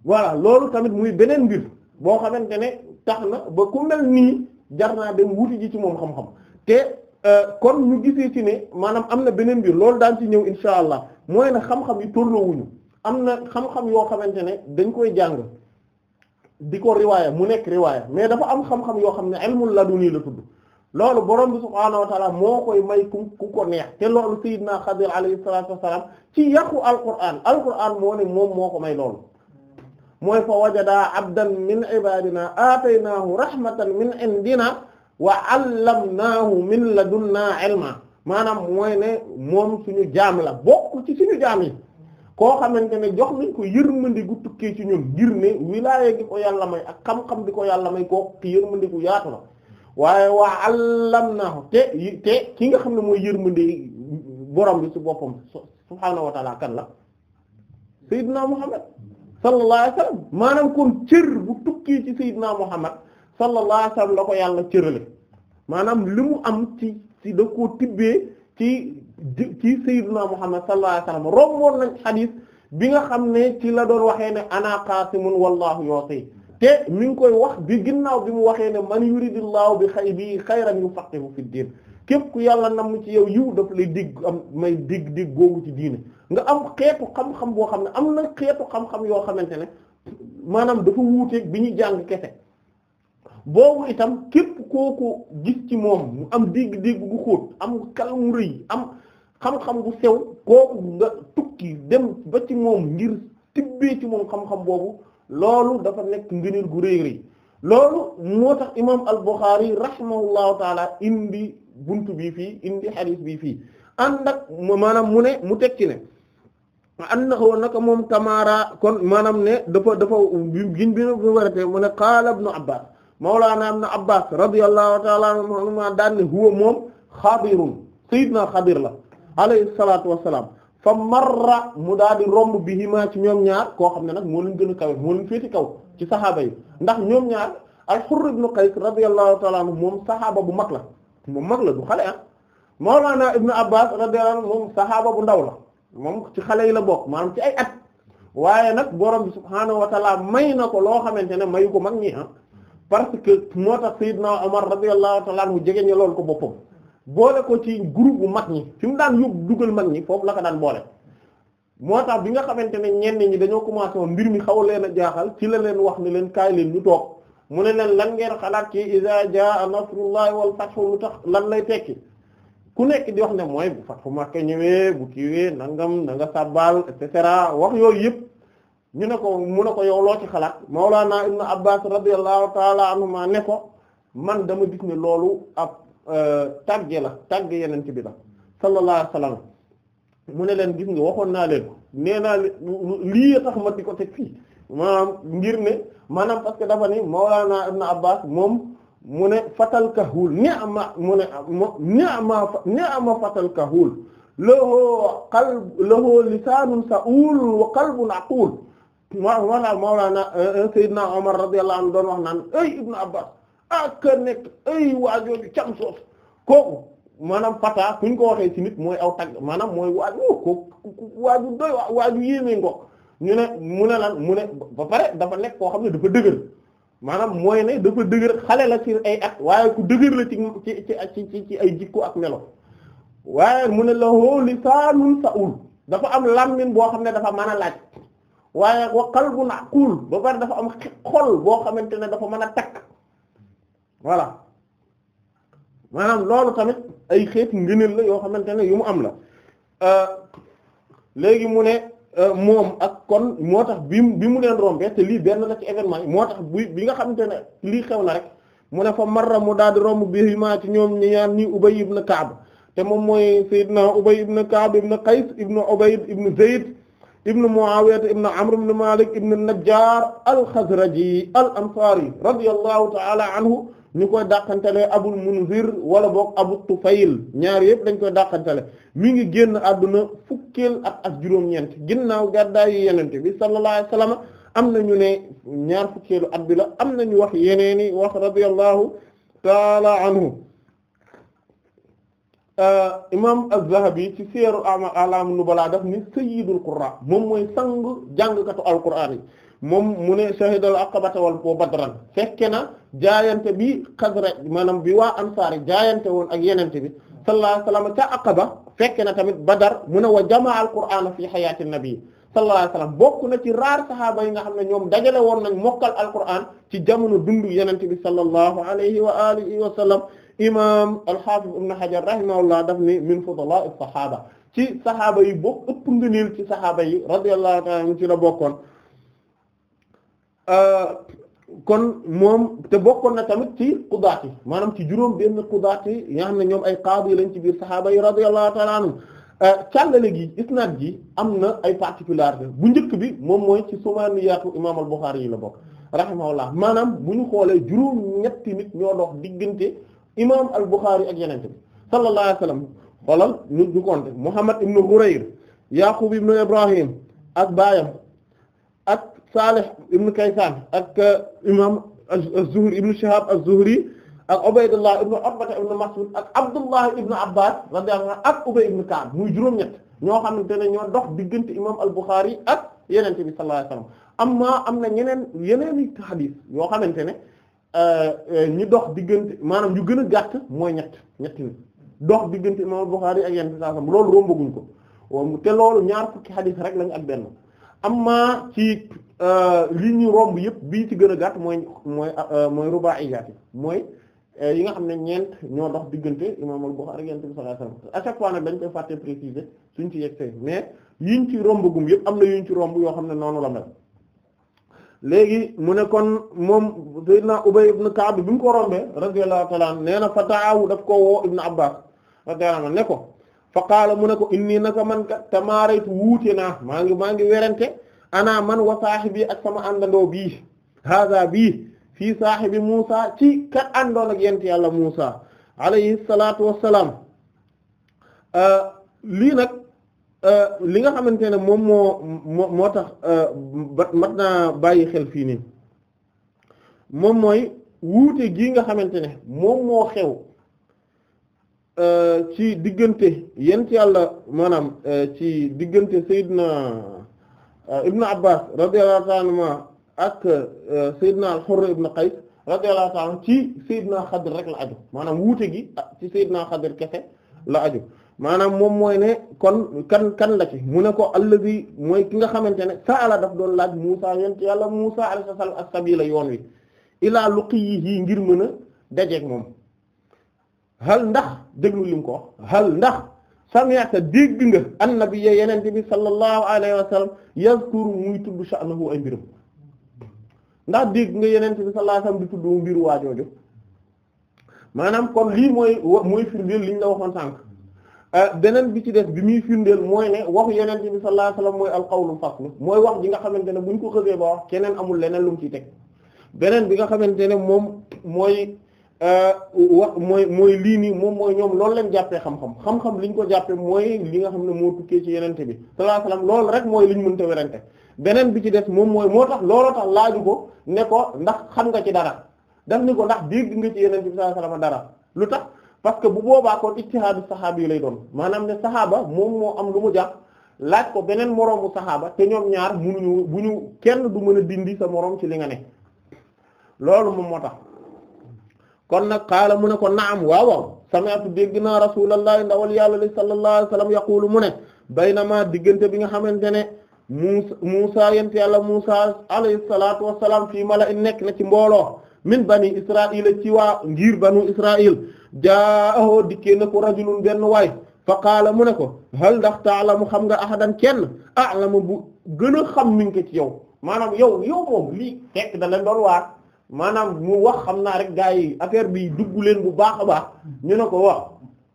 voilà loolu tamit muy beneen mbir boo xamante ne tax na ba ku mel nii jar naa dem wuti ji ci moom xam-xam te. Euh, kon ñu gisee ci ne maanaam am na beneen biir loolu daan ci ñëw insha allah mooy na xam-xam yi tolloowuñu am na xam-xam yoo xamante ne dañ koy jàng di ko riwaaya mu nekk riwaaya mais dafa am xam-xam yoo xam ne ilmul laduni la tudd loolu borom bi subhaanahu wa moo koy may ku ku ko neex te loolu sayyidina Xadir alayhi salaatu wassalaam ci yàqu Alqur'an Alqur'an moo ne moom moo ko may loolu mooy fa wajada abdan min ibadina aataynaahu rahmatan min indina wa allamnaahu min ladunnaa ilma maanaam mooy ne moom suñu jaam la bokk ci suñu jaam yi koo xamante ne jox nañ ko yërmande gu tukkee ci ñun ngir ne wilaaye gi ko yàlla may ak xam-xam bi ko yàlla may koo ki yërmande gu yaatu la waaye wa allamnaahu te te ki nga xam ne mooy yërmande borom bi ci boppam subhaanahu wa ta'aala kan la sayyidina Muhammad sallallahu alayhi maanaam kon cër bu tukkee ci sayyidina Muhammad sallallahu alayhi wa sallam la ko yàlla cërale maanaam li mu am ci ci da koo tibbee ci ci sayyidina Muhammad sallallahu alayhi wa sallam romboon nañ xadiis bi nga xam ne ci la doon waxee ne ana qaasimun wallahu yu'ti te mi ngi koy wax bi ginnaaw bi mu waxee ne man yuridillahu bi xay bi xayran yufaqihu fi diin képp ku yàlla nam ci yow yiw daf lay digg am may digg digg googu ci diine nga am xeetu xam-xam boo xam ne am na xeetu xam-xam yoo xamante ne maanaam dafa wuuteeg bi ñu jàng kese boobu itam képp kooku gis ci moom mu am dégg-dégg gu xóot am kal mu rëy am xam-xam bu sew kooku nga tukki dem ba ci moom ngir tibbee ci moom xam-xam boobu loolu dafa nekk ngëneel gu rëy rëy loolu moo tax imaam al-Bukhari rahimahullahu taala indi buntu bi fii indi xadiis bi fi ànd ak maanaam mu ne mu teg ci na annahu naka moom tamaara kon maanaam ne dafa dafa gin bi na mu ne qaala ibnu Abbaas Mawlana ibn Abbas radiyallahu ta'ala anhuma daan ne huwa moom xabirun sayyidna xabir la alayhi salaatu wassalaam fa marra mu daal di romb bihima ci ñoom ñaar koo xam ne nag moo leen gën a kawe moo leen féeti kaw ci saxaaba yi ndax ñoom ñaar al-Hurr ibn Qays radiyallahu ta'ala anhu moom saxaaba bu mag la moom mag la du xale ah Mawlana ibn Abbas radiyallahu anhu moom saxaaba bu ndaw la moom ci xale yi la bokk maanaam ci ay at waaye nag borom bi subhaanahu wa ta'ala may na ko loo xamante ne mayu ko mag ñi ah parce que moo tax Seydina Omar radiyallahu ta'ala mu jege ña loolu ko boppam boole ko ci groupe bu mag ñi fi mu daan yóbbu dugal mag ñi foofu la ko daan boole moo tax bi nga xamante ne ñenn ñi dañoo commencé woon mbir mi xaw leen a jaaxal ci la leen wax ne leen kaay leen ñu toog mu ne leen lan ngeen xalaat ci iza jaa nasrullahi wal fathu lu tax lan lay tekki ku nekk di wax ne mooy bu fathu Makka ñëwee bu kiiwee nangam na nga sabbal et cetera wax yooyu yëpp. ñu ne ko mu ne ko yow loo ci xalaat Mawlana Ibn Abbas radiyallahu taala anhuma ne ko man dama gis ne loolu ab euh, tàgge la tàgge yeneen ci bi la sallallahu wa sallam mu ne leen gis nga waxoon naa leen naa lii tax ma di ko teg fii maanaam ngir ne maanaam parce que dafa ni Mawlana Ibn Abbas moom mu ne fatal kahul ni'ma mu ne ni'ma ni'ma fatal kahul lahu qalb sa'ul wa qalbun aqul waaw wala Mawlana euh, euh, Seydina Omar radiyallahu anhu doon wax naan ay Ibnu Abbas ak nekk ay waajooju cam soof kooku maanaam fata kuñ ko waxee ci nit mooy aw tagg maanaam mooy waaju oh, ko waaju doy waaju yéeme ngoog ñu ne mu ne lan mu ne ba pare dafa nekk koo xam ne dafa dëgër maanaam mooy ne dafa dëgër xale la ci ay at waaye ku dëgër la ci ci ci ci ay jikko ak melo waaye mu ne la hoo lisaanun sa'ul dafa am làmmiñ boo xam ne dafa mën a laaj waaye wa qalbun aqul ba pare dafa am xol boo xamante ne dafa mën a takk voilà maanaam loolu tamit ay xeetu ngëneel la yoo xamante ne yu mu am la euh, léegi mu ne euh, moom ak kon moo tax bi bi mu leen rombee te lii benn la ci événement yi moo tax bi bi nga xamante ne lii xew na rek mu ne fa marra mu daal di romb bihimaa ci ñoom ñi ñaan nii Ubay ibn Ka'b te moom mooy Seydina Ubay ibn Ka'b ibn Qays ibn Ubayd ibn Zayd ibnu Muawiyah ibnu Amr ibnu Malik ibnu Najjar al-Khazraji al-Ansari radiyallahu ta'ala anhu ñu koy dàqantele Abul Munzir wala boog Abu Tufayl ñaar yëpp dañ koy dàqantele mi ngi génn àdduna fukkeel ak ak juróom-ñeent ginnaaw gàddaayu yenente bi sallallahu alayhi wasallam am na ñu ne ñaar fukkeelu at bi am na ñu wax yeneeni wax radiyallahu ta'ala anhu Euh, imam az-Zahabi ci Siyar A'lam Nubala daf ni sayyidul qurra moom mooy sang jàngkatu alquraan yi moom mu ne shahidal aqabata wal boo badran fekke na jaayante bi xasra maanaam bi waa ansaari jaayante woon ak yenente bi sallallahu alayhi wasallam ca aqaba fekke na tamit badar mu ne wa jamaa alqur'ana fi xayaati nabi sallallahu alayhi wasallam bokk na ci raar sahaaba yi nga xam ne ñoom dajale woon nañ mokkal alqur'an ci jamono dundu yenente bi sallallahu alayhi wa alihi wa imam al-Hafiz ibn Hajar rahimahullah daf ni min fudala as-sahaba ci saxaaba yi bokk ëpp ngëneel ci saxaaba yi radiyallahu ta'ala anhu ci la bokkoon euh, kon moom te bokkoon na tamit ci qudaat yi maanaam ci juróom benn qudaat yi nga xam ñoom ay qaadi yi lañ ci biir saxaaba yi radiyallahu ta'ala anhu euh, càllale gi isnaad gi am na ay particularité bu njëkk bi moom mooy ci sumaaniyaatu imaam al yi la bokk rahimahullah maanaam bu ñu xoolee juróom ñetti nit ñoo dox diggante imam al Bukhari ak yeneen bi sallallahu alayhi wa sallam xoolal nit du compter Muhammad ibn Hurayr Yaqub ibn Ibrahim ak baayam ak Salih ibn Kaysan ak uh, imam az-Zuhri ibn Shihab az-Zuhri ak Ubaydullah ibn Utba ibn Mas'ud ak Abdullah ibn Abbas radiyallahu anhu ak Ubay ibn Ka'b muy juróom-ñett ñoo xamante ne ñoo dox diggante imam al Bukhari ak yeneen bi sallallahu alayhi wa sallam amma am na ñeneen yeneen i hadith yoo xamante ne. Euh, euh, ñi dox diggante maanaam ñu gën a gàtt mooy ñett ñetti nit dox diggante imam Bukhari ak yenn saasam loolu rombaguñ ko te loolu ñaar fukki xadis rek lañ ak benn am amma ci euh, li ñu romb yëpp bii ci gën a gàtt mooy mooy mooy rubaa'iyaat mooy yi nga xam ne ñeent ñoo dox diggante imam al-Bukhari ak yenn sallallahu alayhi wasallam à chaque fois nag dañ koy fàtte préciser suñ ci yegsee mais yiñ ci rombagum yëpp am na yuñ ci romb yoo xam ne noonu la mel. léegi mu ne kon moom sayyidina Ubay ibn Ka'b bi mu ko rombe radiyallahu ta'ala anhu nee na fa daawu daf ko woo Ibn Abbas radiyallahu anhu ne ko fa qaala mu ne ko inni naka man kat tamaaraytu wuute naa maa ngi maa ngi werante ana man wa saahibi ak sama àndandoo bii haaza bii fii saahibi Muusa ci ka àndoon ak yent yàlla Muusa alayhi salaatu wassalaam euh, lii Euh, li nga xamante ne moom moo moo tax euh, ba mat naa bàyyi xel fii nii moom mooy wuute gii nga xamante ne moom moo xew euh, ci diggante ci yàlla maanaam ci diggante Seydina Ibn Abbas radiyallahu ta'ala anhu ak Seydina al-Hurr ibn Qays radiyallahu ta'ala ci Seydina Xadir rek la aju maanaam wuute gi ah, ci Seydina Xadir kese la aju maanaam moom mooy ne kon kan kan la ci mu ne ko allazi mooy ki nga xamante ne saala daf doon laaj Musa yent yàlla Musa alayhi salaam as-sabila yoon wi ilaa luqiyihi ngir mën a dajeek moom hal ndax déglu lim ko hal ndax sami'ta dégg nga annabiyya yenente bi sallallahu alayhi wa sallam yazkuru muy tudd sha'nahu ay mbirum ndax dégg nga yenente bi sallallahu alayhi tudd mu mbiru waajooju maanaam kon lii mooy mooy firndeel liñ la waxoon sànq Euh, beneen bi ci des bi muy firndeel mooy ne waxu yeneen bi sallallahu alayhi wasallam mooy alqawlu fasl mooy wax ji nga xamante ne buñ ko xësee ba wax keneen amul leneen lu mu ciy teg beneen bi nga xamante ne moom mooy euh, wax mooy mooy lii nii moom mooy ñoom loolu lañ jàppee xam-xam xam-xam liñ ko jàppee mooy li nga xam ne moo tukkee ci yeneen bi sallallahu alayhi wasallam rek mooy liñ mënta werante beneen bi ci des moom mooy moo tax looloo tax laaju ko ne ko ndax xam nga ci dara daf ni ko ndax dégg nga ci yeneen bi dara parce que bu boobaa kon ijtihaadu saxaaba yi lay doon maanaam ne saxaaba moom moo am lu mu jàpp laaj ko beneen moroomu saxaaba te ñoom ñaar munuñu bu ñu kenn du mën a dindi sa moroom ci li nga ne loolu moom moo tax kon nag xaala mu ne ko naam waaw waaw sami'tu dégg naa rasulullah ndawal yàlla li sallallahu alayhi wasallam yaqulu mu ne baynama diggante bi nga xamante ne Muusa yent yàlla Muusa alayhi salaatu wassalaam fii mala in nekk na ci mbooloo min bani a ci waa ngir banu israil jaa'ahu dikkee na ko rajulun benn waay fa qaala mu ne ko hal ndax taalamu xam nga ahadan kenn a a'lamu bu gën xam min ko ci yow maanaam yow yow moom lii fekk da leen doon waar maanaam mu wax xam naa rek gaa yi bi dugg leen bu baax a baax ñu ne ko wax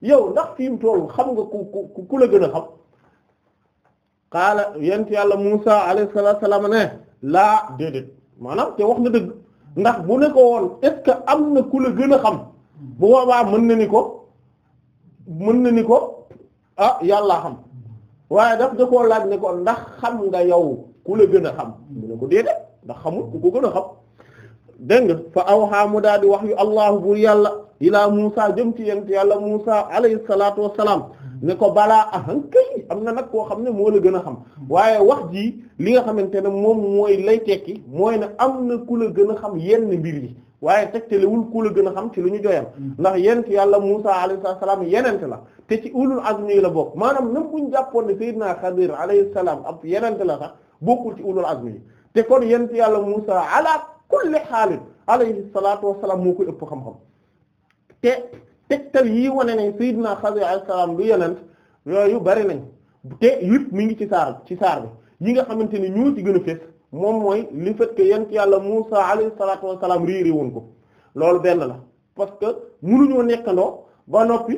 yow ndax fi mu toll xam nga ku ku ku la gën xam qaala yent yàlla Musa alayhi salaatu wa salaam ne laa déedéet maanaam te wax na dëgg ndax bu ne ko woon est-ce que am na ku la gën a xam bu boobaa mën na ni ko mën na ni ko ah yàllaa xam waaye daf da koo laaj ne ndax xam nga yow ku la gën a xam mu ne ko déedéet ndax xamul ku ko gën a xam dégg nga fa awhaa mu daal di wax yu allahu buur yàlla ilaa Muusaa jëm ci yent yàlla Muusaa alayhi salaatu wassalaam ne ko balaa ahan kay am na nag koo xam ne moo la gën a xam waaye wax ji li nga xamante ne moom mooy lay tekki mooy ne am na ku la gën a xam yenn mbir yi waaye tegtalewul ku la gën a xam ci lu ñu joyal ndax yent yàlla Musa alayhi salaam yenent la te ci ulul azmi la bokk maanaam même bu ñu jàppoon ne Seydina Xadir alayhi salaam ab yenent la sax bokkul ci ulul azmi te kon yent yàlla Musa ala kulli xaalit alayhi salaatu wassalaam moo koy ëpp xam tegtal yii wane ne Seydina Xadir alayhi salaam du yonent yooyu bari nañ te yëpp mi ngi ci saar ci saar bi yi nga xamante ni ñoo ci gën a fës moom mooy li fait que yàlla Muusaa alayhi salaatu wa salaam réeré ko loolu benn la parce que munuñoo nekkandoo ba noppi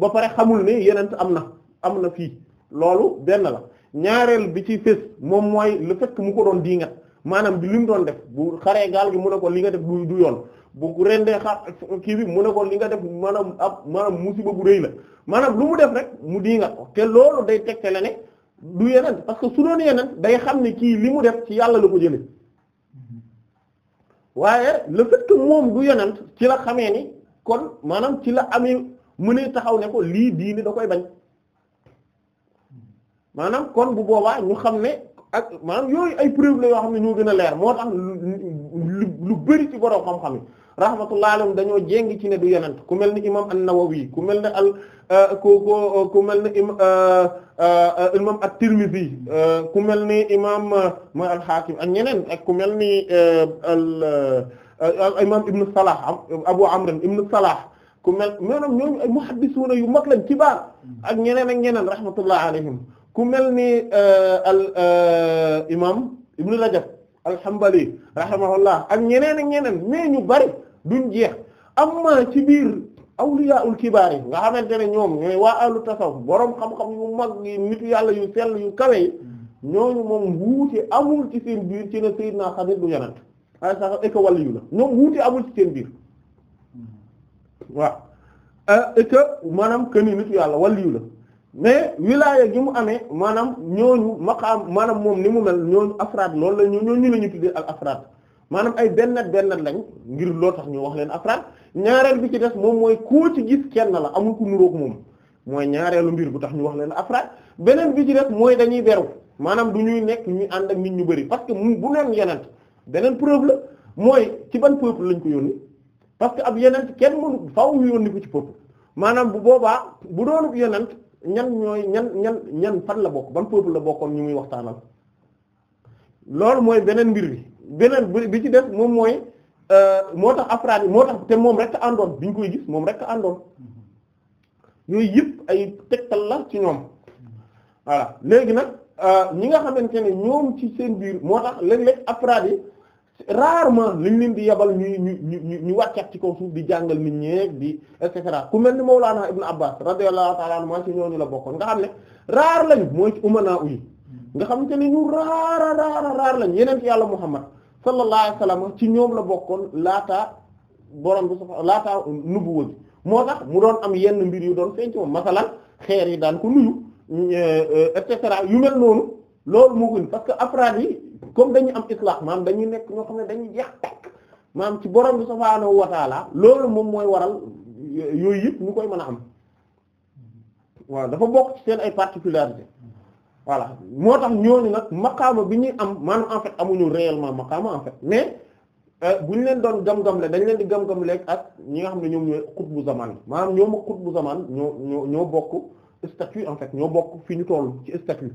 ba pare xamul ne yonent am na am na fii loolu benn la ñaareel bi ci fës moom mooy le fait mu ko doon diingat maanaam bi li mu doon def bu xaree gaal gi mu ne ko li nga def du du yoon bu rendee xar kii bi mu ne ko li nga def maanaam ab maanaam musiba bu rëy la maanaam lu mu def rek mu diingat ko te loolu day tegte la ne du yeneen parce que su doon yeneen day xam ne kii li mu def ci yàlla la ko jële waaye le fait que moom du yeneen ci la xamee ni kon maanaam ci la amee mënee taxaw ne ko lii diini da koy bañ maanaam kon bu boobaa ñu xam ne ak maanaam yooyu ay preuve la yoo xam ne ñoo gën a leer moo tax lu bari ci borom xam-xam yi rahmatullah dañoo jéng ci ne du yonent ku mel ni imam an-Nawawi ku mel ne al euh, ku ku ku mel ne euh, euh, imam at ku mel ni imam ma al-Hakim ak ñeneen ak ku mel ni al imam ibnu Salah Abu Amr ibnu Salah ku mel maanaam ñoom ay muhaddisuna yu mag lañ ci baax ak ñeneen ak ñeneen rahmatullah alayhim ku mel ni eh, al eh, imam ibnu rajab al-Hanbali rahimahullah ak ñeneen ak ñeneen mais ñu bari duñ jeex amma ci biir awliyaul kibaar yi nga xamante ne ñoom ñooy waa alu tasawuf boroom xam-xam yu mag yi nitu yàlla yu sell yu kawe yi ñooñu moom wuute amul ci seen biir ci ne Seydina Xadir du yonent ay eka wàllu yu la ñoom wuute amul ci seen biir hmm. waaw eka eh, maanaam këni nitu yàlla wàllu yu la mais wilaya gi mu amee maanaam ñooñu ma maqaam maanaam moom ni mu mel ñooñu afraad loolu la ñu ñooñu la ñu tuddee al afraad maanaam ay benn bennat lañ ngir loo tax ñu wax leen afraad ñaareel bi ci des moom mooy koo ci gis kenn la amul moom mooy ñaareelu mbir bu tax ñu wax leen afraad beneen bi ci des mooy dañuy beru maanaam du ñuy nekk ñu ànd ak nit ñu bëri parce que mu bu neen yeneen beneen preuve la mooy ci ban peuple lañ ko yónni parce que ab yeneen kenn mënu faw ñu ni ko ci peuple maanaam bu boobaa bu doonub yeneen ñan ñooy ñan ñan ñan fan la bokk ban peuple la bokkoon ñu muy waxtaanal loolu mooy beneen mbir bi beneen bi ci def moom mooy euh, moo tax afraad moo tax te moom rekk àndoon bi ñu koy gis moom rekk àndoon yooyu yëpp ay tegtal la ci ñoom voilà léegi nag euh, ñi nga xamante ne ñoom ci seen biir moo tax léeg-léeg afraad yi rarement liñ leen di yebal ñu ñu ñu ñu wàccat ci kaw suuf jàngal mi ñeeg di et cetera ku mel ni Mawlana Ibn Abbas radiyallahu ta'ala anhu ma ci ñooñu la bokkoon nga xam ne raar lañ mooy ci umana uyi nga xam te ne ñu raara raar lañ yeneen ci yàlla Muhammad sallallahu alayhi wasallam ci ñoom la bokkoon laata borom bi laata nubuwa bi moo tax mu doon am yenn mbir yu doon feeñ ci moom masalan xeer yi daan ko nuyu et yu mel noonu loolu moo gën parce afraad yi comme dañuy am islaax maanaam dañuy nekk ñoo xam ne dañuy jeex takk maanaam ci borom bi subhaanahu wa taala loolu moom mooy waral yooyu yëpp ñu koy mën a am waaw dafa bokk ci seen ay particularités voilà moo tax ñooñu nag maqaama bi ñu am maanaam en amuñu réellement maqaama en mais euh, bu ñu leen doon gam-gam le dañ leen di gam-gam leeg ak ñi nga xam ne ñoom ñooy xutbu zaman maanaam ñoom ak bu zaman ñoo ñoo ñoo bokk statut en ñoo bokk fi ñu toll ci statut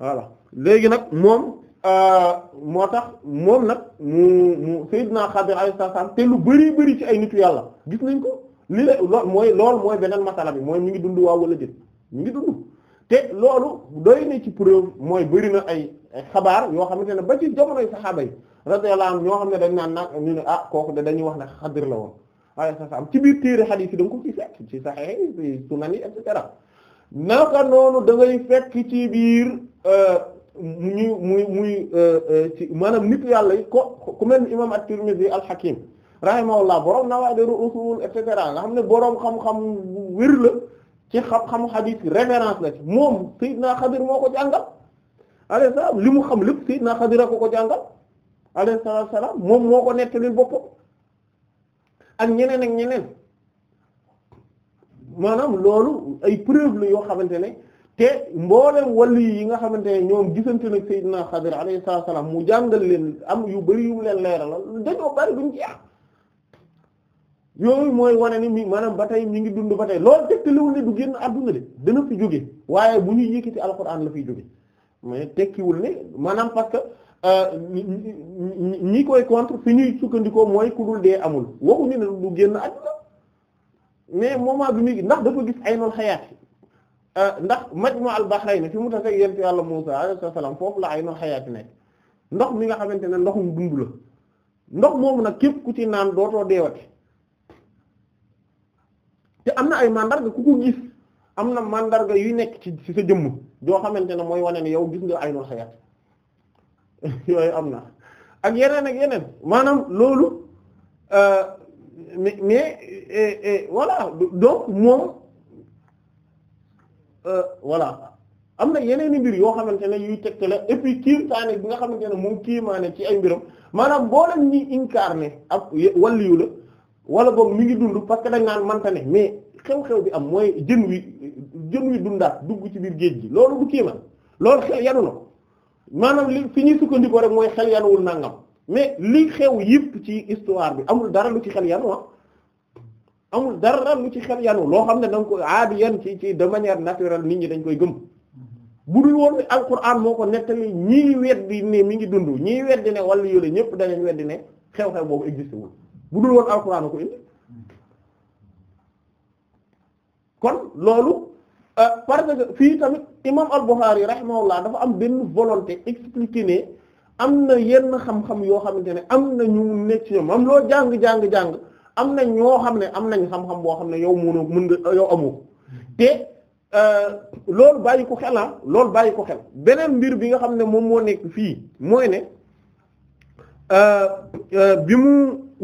voilà léegi nag moom euh, moo tax moom nag mu mu Seydina Xadir alayhi salaam te lu bari bari ci ay nit yàlla gis nañ ko li la lool mooy lool mooy beneen masala bi mooy mi ngi dund waaw wala déet mi ngi dund te loolu doy na ci preuve mooy bari na ay xabaar yoo xamante ne ba ci jamonoy saxaaba yi radiyallahu anhum ñoo xam ne dañ naan nag ñu ne ah kooku de dañuy wax ne Xadir la woon alayhi salaam ci biir téere xadiis yi da nga ci fekk ci Sahih ci Sunan yi et da ngay muy muy muy euh, euh, ci maanaam nit yàlla ko ku mel ni imam at-Tirmidhi al-Hakim na borom nawaadir usul et nga xam ne borom xam-xam wér la ci xam-xamu hadith référence la ci moom Seydina Xadir moo ko jàngal alayhi salaam li mu xam lépp Seydina Xadir a ko ko jàngal alayhi salaam moom moo ko nettalil boppam ak ñeneen ak ñeneen maanaam loolu ay preuve la yoo xamante ne. te mboolem wàllu yi nga xamante ne ñoom gisante nag Seydina Xadir alayhi salaam mu jàngal leen am yu bari yu leen leeralal dañoo bari duñ jeex yooyu mooy wane ni mi maanaam ba tey mi ngi dund ba tey loolu tekkiwul ne du génn àdduna de dana fi jóge waaye bu ñuy yëkkati alxuraan la fiy jóge mais tekkiwul ne maanaam parce que euh, ñi koy contre fi ñuy sukkandikoo mooy ku dul dee amul waxuñu ne du génn àdduna mais moment bi muy ndax dafa gis ay noon Euh, ndax majmu al bahrayni fi mu tase ak yonent Yàlla Muusaa alayhi salaam foofu la aynul hayaat nekk ndox mi nga xamante ne ndoxum dund la ndox moomu nag képp ku ci naan dootoo deewati te am na ay mandarga ku ko gis am na mandarga yu nekk ci ci sa jëmm joo xamante ne mooy wane ne yow gis nga aynul hayaat <laughs> yooyu am na ak yeneen ak yeneen maanaam loolu euh, mais mais voilà moom. Euh, voilà am na yeneen i mbir yoo xamante ne yuy tegtale et puis kiimtaane bi nga xamante ne moom kiimaane ci ay mbiram maanaam boo mboolem ñi incarné ab waliyu la wala boog mi ngi dund parce que dañ naan manta ne mais xew-xew bi am mooy jën wi jën wi dundaat dugg ci biir géej gi loolu du kiimaan loolu xel yanu na maanaam li fi ñuy sukkandikoo rek mooy xel yanuwul nangam mais li xew yëpp ci histoire bi amul dara lu ci xel yanu ah. amul dara lu ci xel yanu loo xam ne da nga ko aadi yan ci ci de manière naturelle nit ñi dañ koy gëm bu dul woon ne alquran moo ko nettali ñii weddi ne mi ngi dund ñii weddi ne wala yole ñëpp danañ weddi ne xew-xew boobu existé wul bu dul woon alquran ko indi kon loolu euh, parce que fii tamit imam al-Bukhari rahimahullah dafa am benn volonté expliquer ne am na yenn xam-xam yoo xamante ne am na ñu nekk ci ñoom am loo jàng jàng jàng am nañ ñoo xam ne am nañ xam-xam boo xam ne yow mënoo mën nga yow amu mm-hmm. te euh, loolu bàyyi ko xel ah loolu bàyyi ko xel beneen mbir bi nga xam ne moom moo nekk fii mooy ne euh, euh, bi mu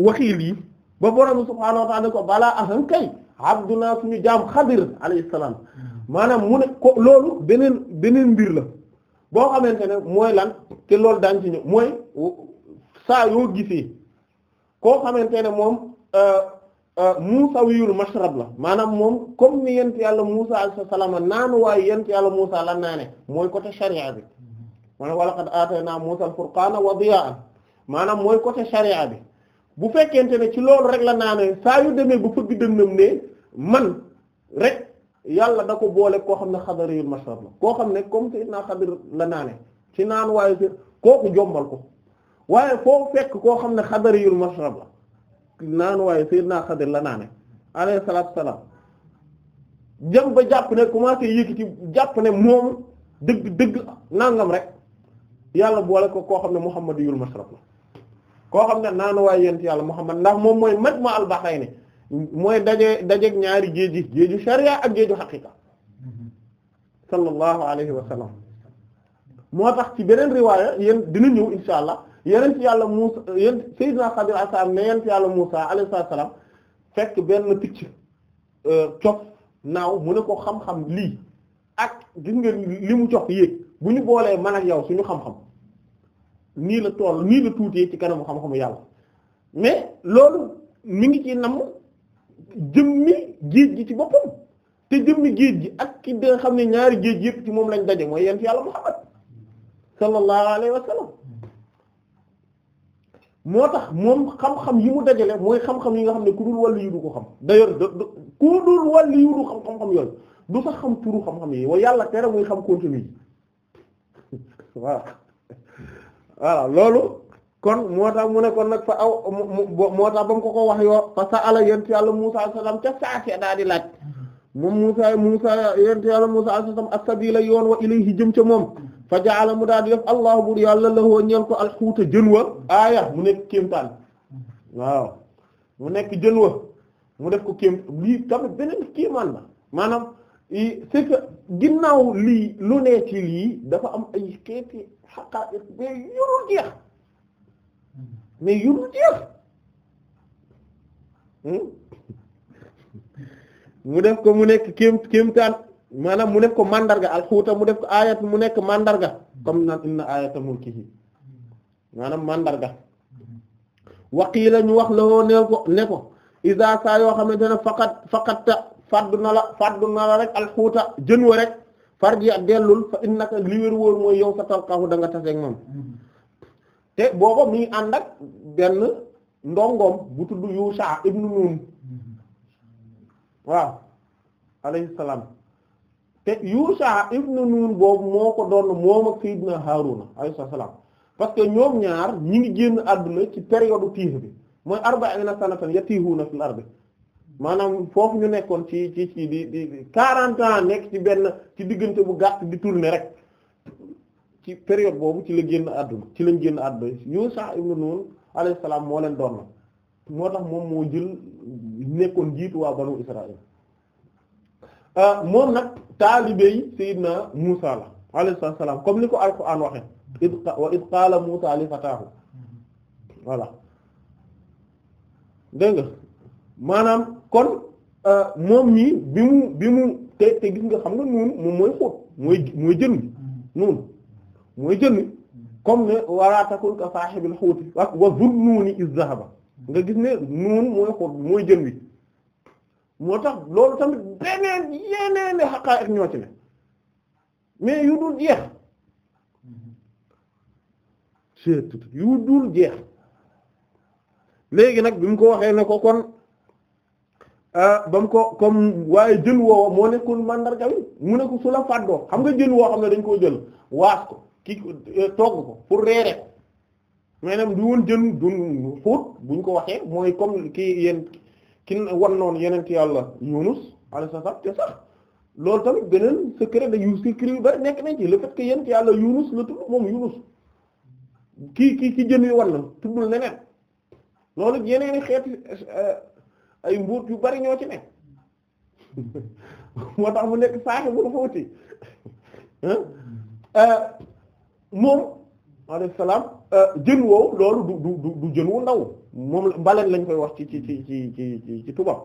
waxii lii ba borom subhaanahu wa ta'aala ko balaa aham kay abduna ñu jaam xadir alayhi salaam mm-hmm. maanaam mu ne ko loolu beneen beneen mbir la boo xamante ne mooy lan te loolu daan ci ñëw mooy saa yoo gisee koo xamante ne moom Euh, euh, muusawiyul mashrab la maanaam moom comme ni yent yàlla Muusaa alayhi salaam naan yàlla Muusaa la naane mooy côté sharia bi maanaam wa laqad aataynaa Muusaa al-furqaana wa diyaa'an maanaam mooy côté sharia bi bu fekkente ne ci loolu rek la naane saa yu demee bu fëgg dënnam ne man rek yàlla da ko boole koo xam ne xadariyul mashrab la koo xam ne comme naa Xadir la naane ci naan waaye kooku jombal ko waaye foo fekk koo xam ne xadariyul mashrab la naanuwaayu Seydina Xadir la naane alayhi salaatu salaam jëm ba jàpp ne commencé yëkkati jàpp ne moom dëgg dëgg nangam rek yàlla boole ko koo xam ne Muhammad yul masraf la koo xam ne naanuwaay yent yàlla Muhammad ndax moom mooy majma al bahrayni mooy daje dajeeg ñaari géeji géeju sharia ak géeju xaqiqa sallallahu alayhi wa sallam moo tax ci beneen riwaaya yéen dina ñëw insha allah yenent yàlla Muusa yéen Seydina Xadir alayhi salaam ne yenent yàlla Muusa alayhi salaam fekk benn picc euh, cof naaw mu ne ko xam-xam lii ak gis nga li mu cof yéeg bu ñu boolee man ak yow suñu xam-xam nii la tool nii la tuutee ci kanamu xam-xamu yàlla mais loolu mi ngi ci nam jëmmi géej gi ci boppam te jëmmi géej gi ak ki nga xam ne ñaari géej yépp ci moom lañ daje mooy yenent yàlla Muhammad sallallahu alayhi wa moo tax moom xam-xam yi mu dajale mooy xam-xam yi nga xam ne ku dul wàlli yu du ko xam d'ailleurs ku dul wàlli yu du xam xam-xam yooyu du sax xam turu xam-xam yi waaye yàlla tere muy xam contenu yi <laughs> voilà loolu kon moo tax mu nekkoon nag fa aw moo tax ba mu ko ko wax yoo fa sa ala yent yàlla Musa sallam ca saase daa di laaj moom Musa Musa yent yàlla Musa sallam as-sabila yoon wa ilayhi jëm ca moom fa jaala mu daal di def allahu bur yàlla la woo ñeel ko alxuuta jën wa aaya mu nekk kéemtaan waaw mu nekk jën wa mu def ko kéem lii tamit beneen kéemaan la maanaam c'est que ginnaaw lii lu ne ci lii dafa am ay xeeti xaqaa'iq mais yurul jeex mais yurul jeex hmm? <laughs> mu def ko mu nekk kéem kéemtaan maanaam mu def ko mandarga alxuuta mu def ko ayat mu nekk màndarga comme naan a ayata mulkihi maanaam mandarga waqiila ñu wax la woo ne ko ne saa yoo xamante ne faqat faqatta faddu na faddu na rek alxuuta jën wa rek farji ak dellul fa innaka li wér wóor mooy yow sa talqahu da nga moom te booba mi ngi ànd ak benn ndongom bu tudd Yusha ibnu Nun waaw alayhi salaam te Yusha ibn Nun boobu moo ko doon moom ak Seydina Haaruna alayhi salaam parce que ñoom ñaar ñi ngi génn àdduna ci période tiix bi mooy arba'iina sanatan yatiihuuna fil ardi maanaam foofu ñu nekkoon ci ci ci di di quarante ans nekk ci benn ci diggante bu gàtt di tourner rek ci période boobu ci la génn àdduna ci lañ génn àdduna Yusha ibn Nun alayhi salaam moo leen doon na moo tax moom moo jël nekkoon njiitu waa banu Israël Euh, moom nag taalibe yi Seydina Muusaa la alayhi salaam comme ni ko Alxuraan waxe id wa id qaala Muusaa li fataahu voilà dégg nga maanaam kon euh, moom mii bi mu bi mu te te gis nga xam nga noonu moom mooy xóot mooy mooy jën bi noonu mooy jën bi comme ne wala takun ka saahibil xuuti wa wa zun nuuni iz zahaba nga gis ne noonu mooy xóot bi mooy jën bi moo tax loolu tamit beneen yeneen i xaqaa'iq ñoo ci ne mais yu dul jeex surtout yu dul jeex léegi nag bi mu ko waxee ne ko kon ah, ba mu ko comme waaye jën woowa moo nekkul mandarga bi mu ne ko su la fàddoo xam nga jën woo xam ne dañ koo jël waas ko ki eh, togg ko pour reere ko mais nag du woon jën du xóot buñ ko waxee mooy comme ki yéen ci wan noonu yeneen ci yàlla Yunus alayhi salaam te sax loolu tamit beneen secret da yu secret yu bari nekk nañ ci le fait que yeneen ci yàlla Yunus la tudd moom Yunus kii kii ki jën yu wan na tuddul neneen loolu yeneen i xeeti eh, ay mbuut yu bari ñoo ci nekk <laughs> moo tax mu nekk saahibul xuuti eh, eh, moom alayhi salaam Euh, jën woow loolu du du du jën wu ndaw moom baleen lañ koy wax ci ci ci ci ci ci tubaab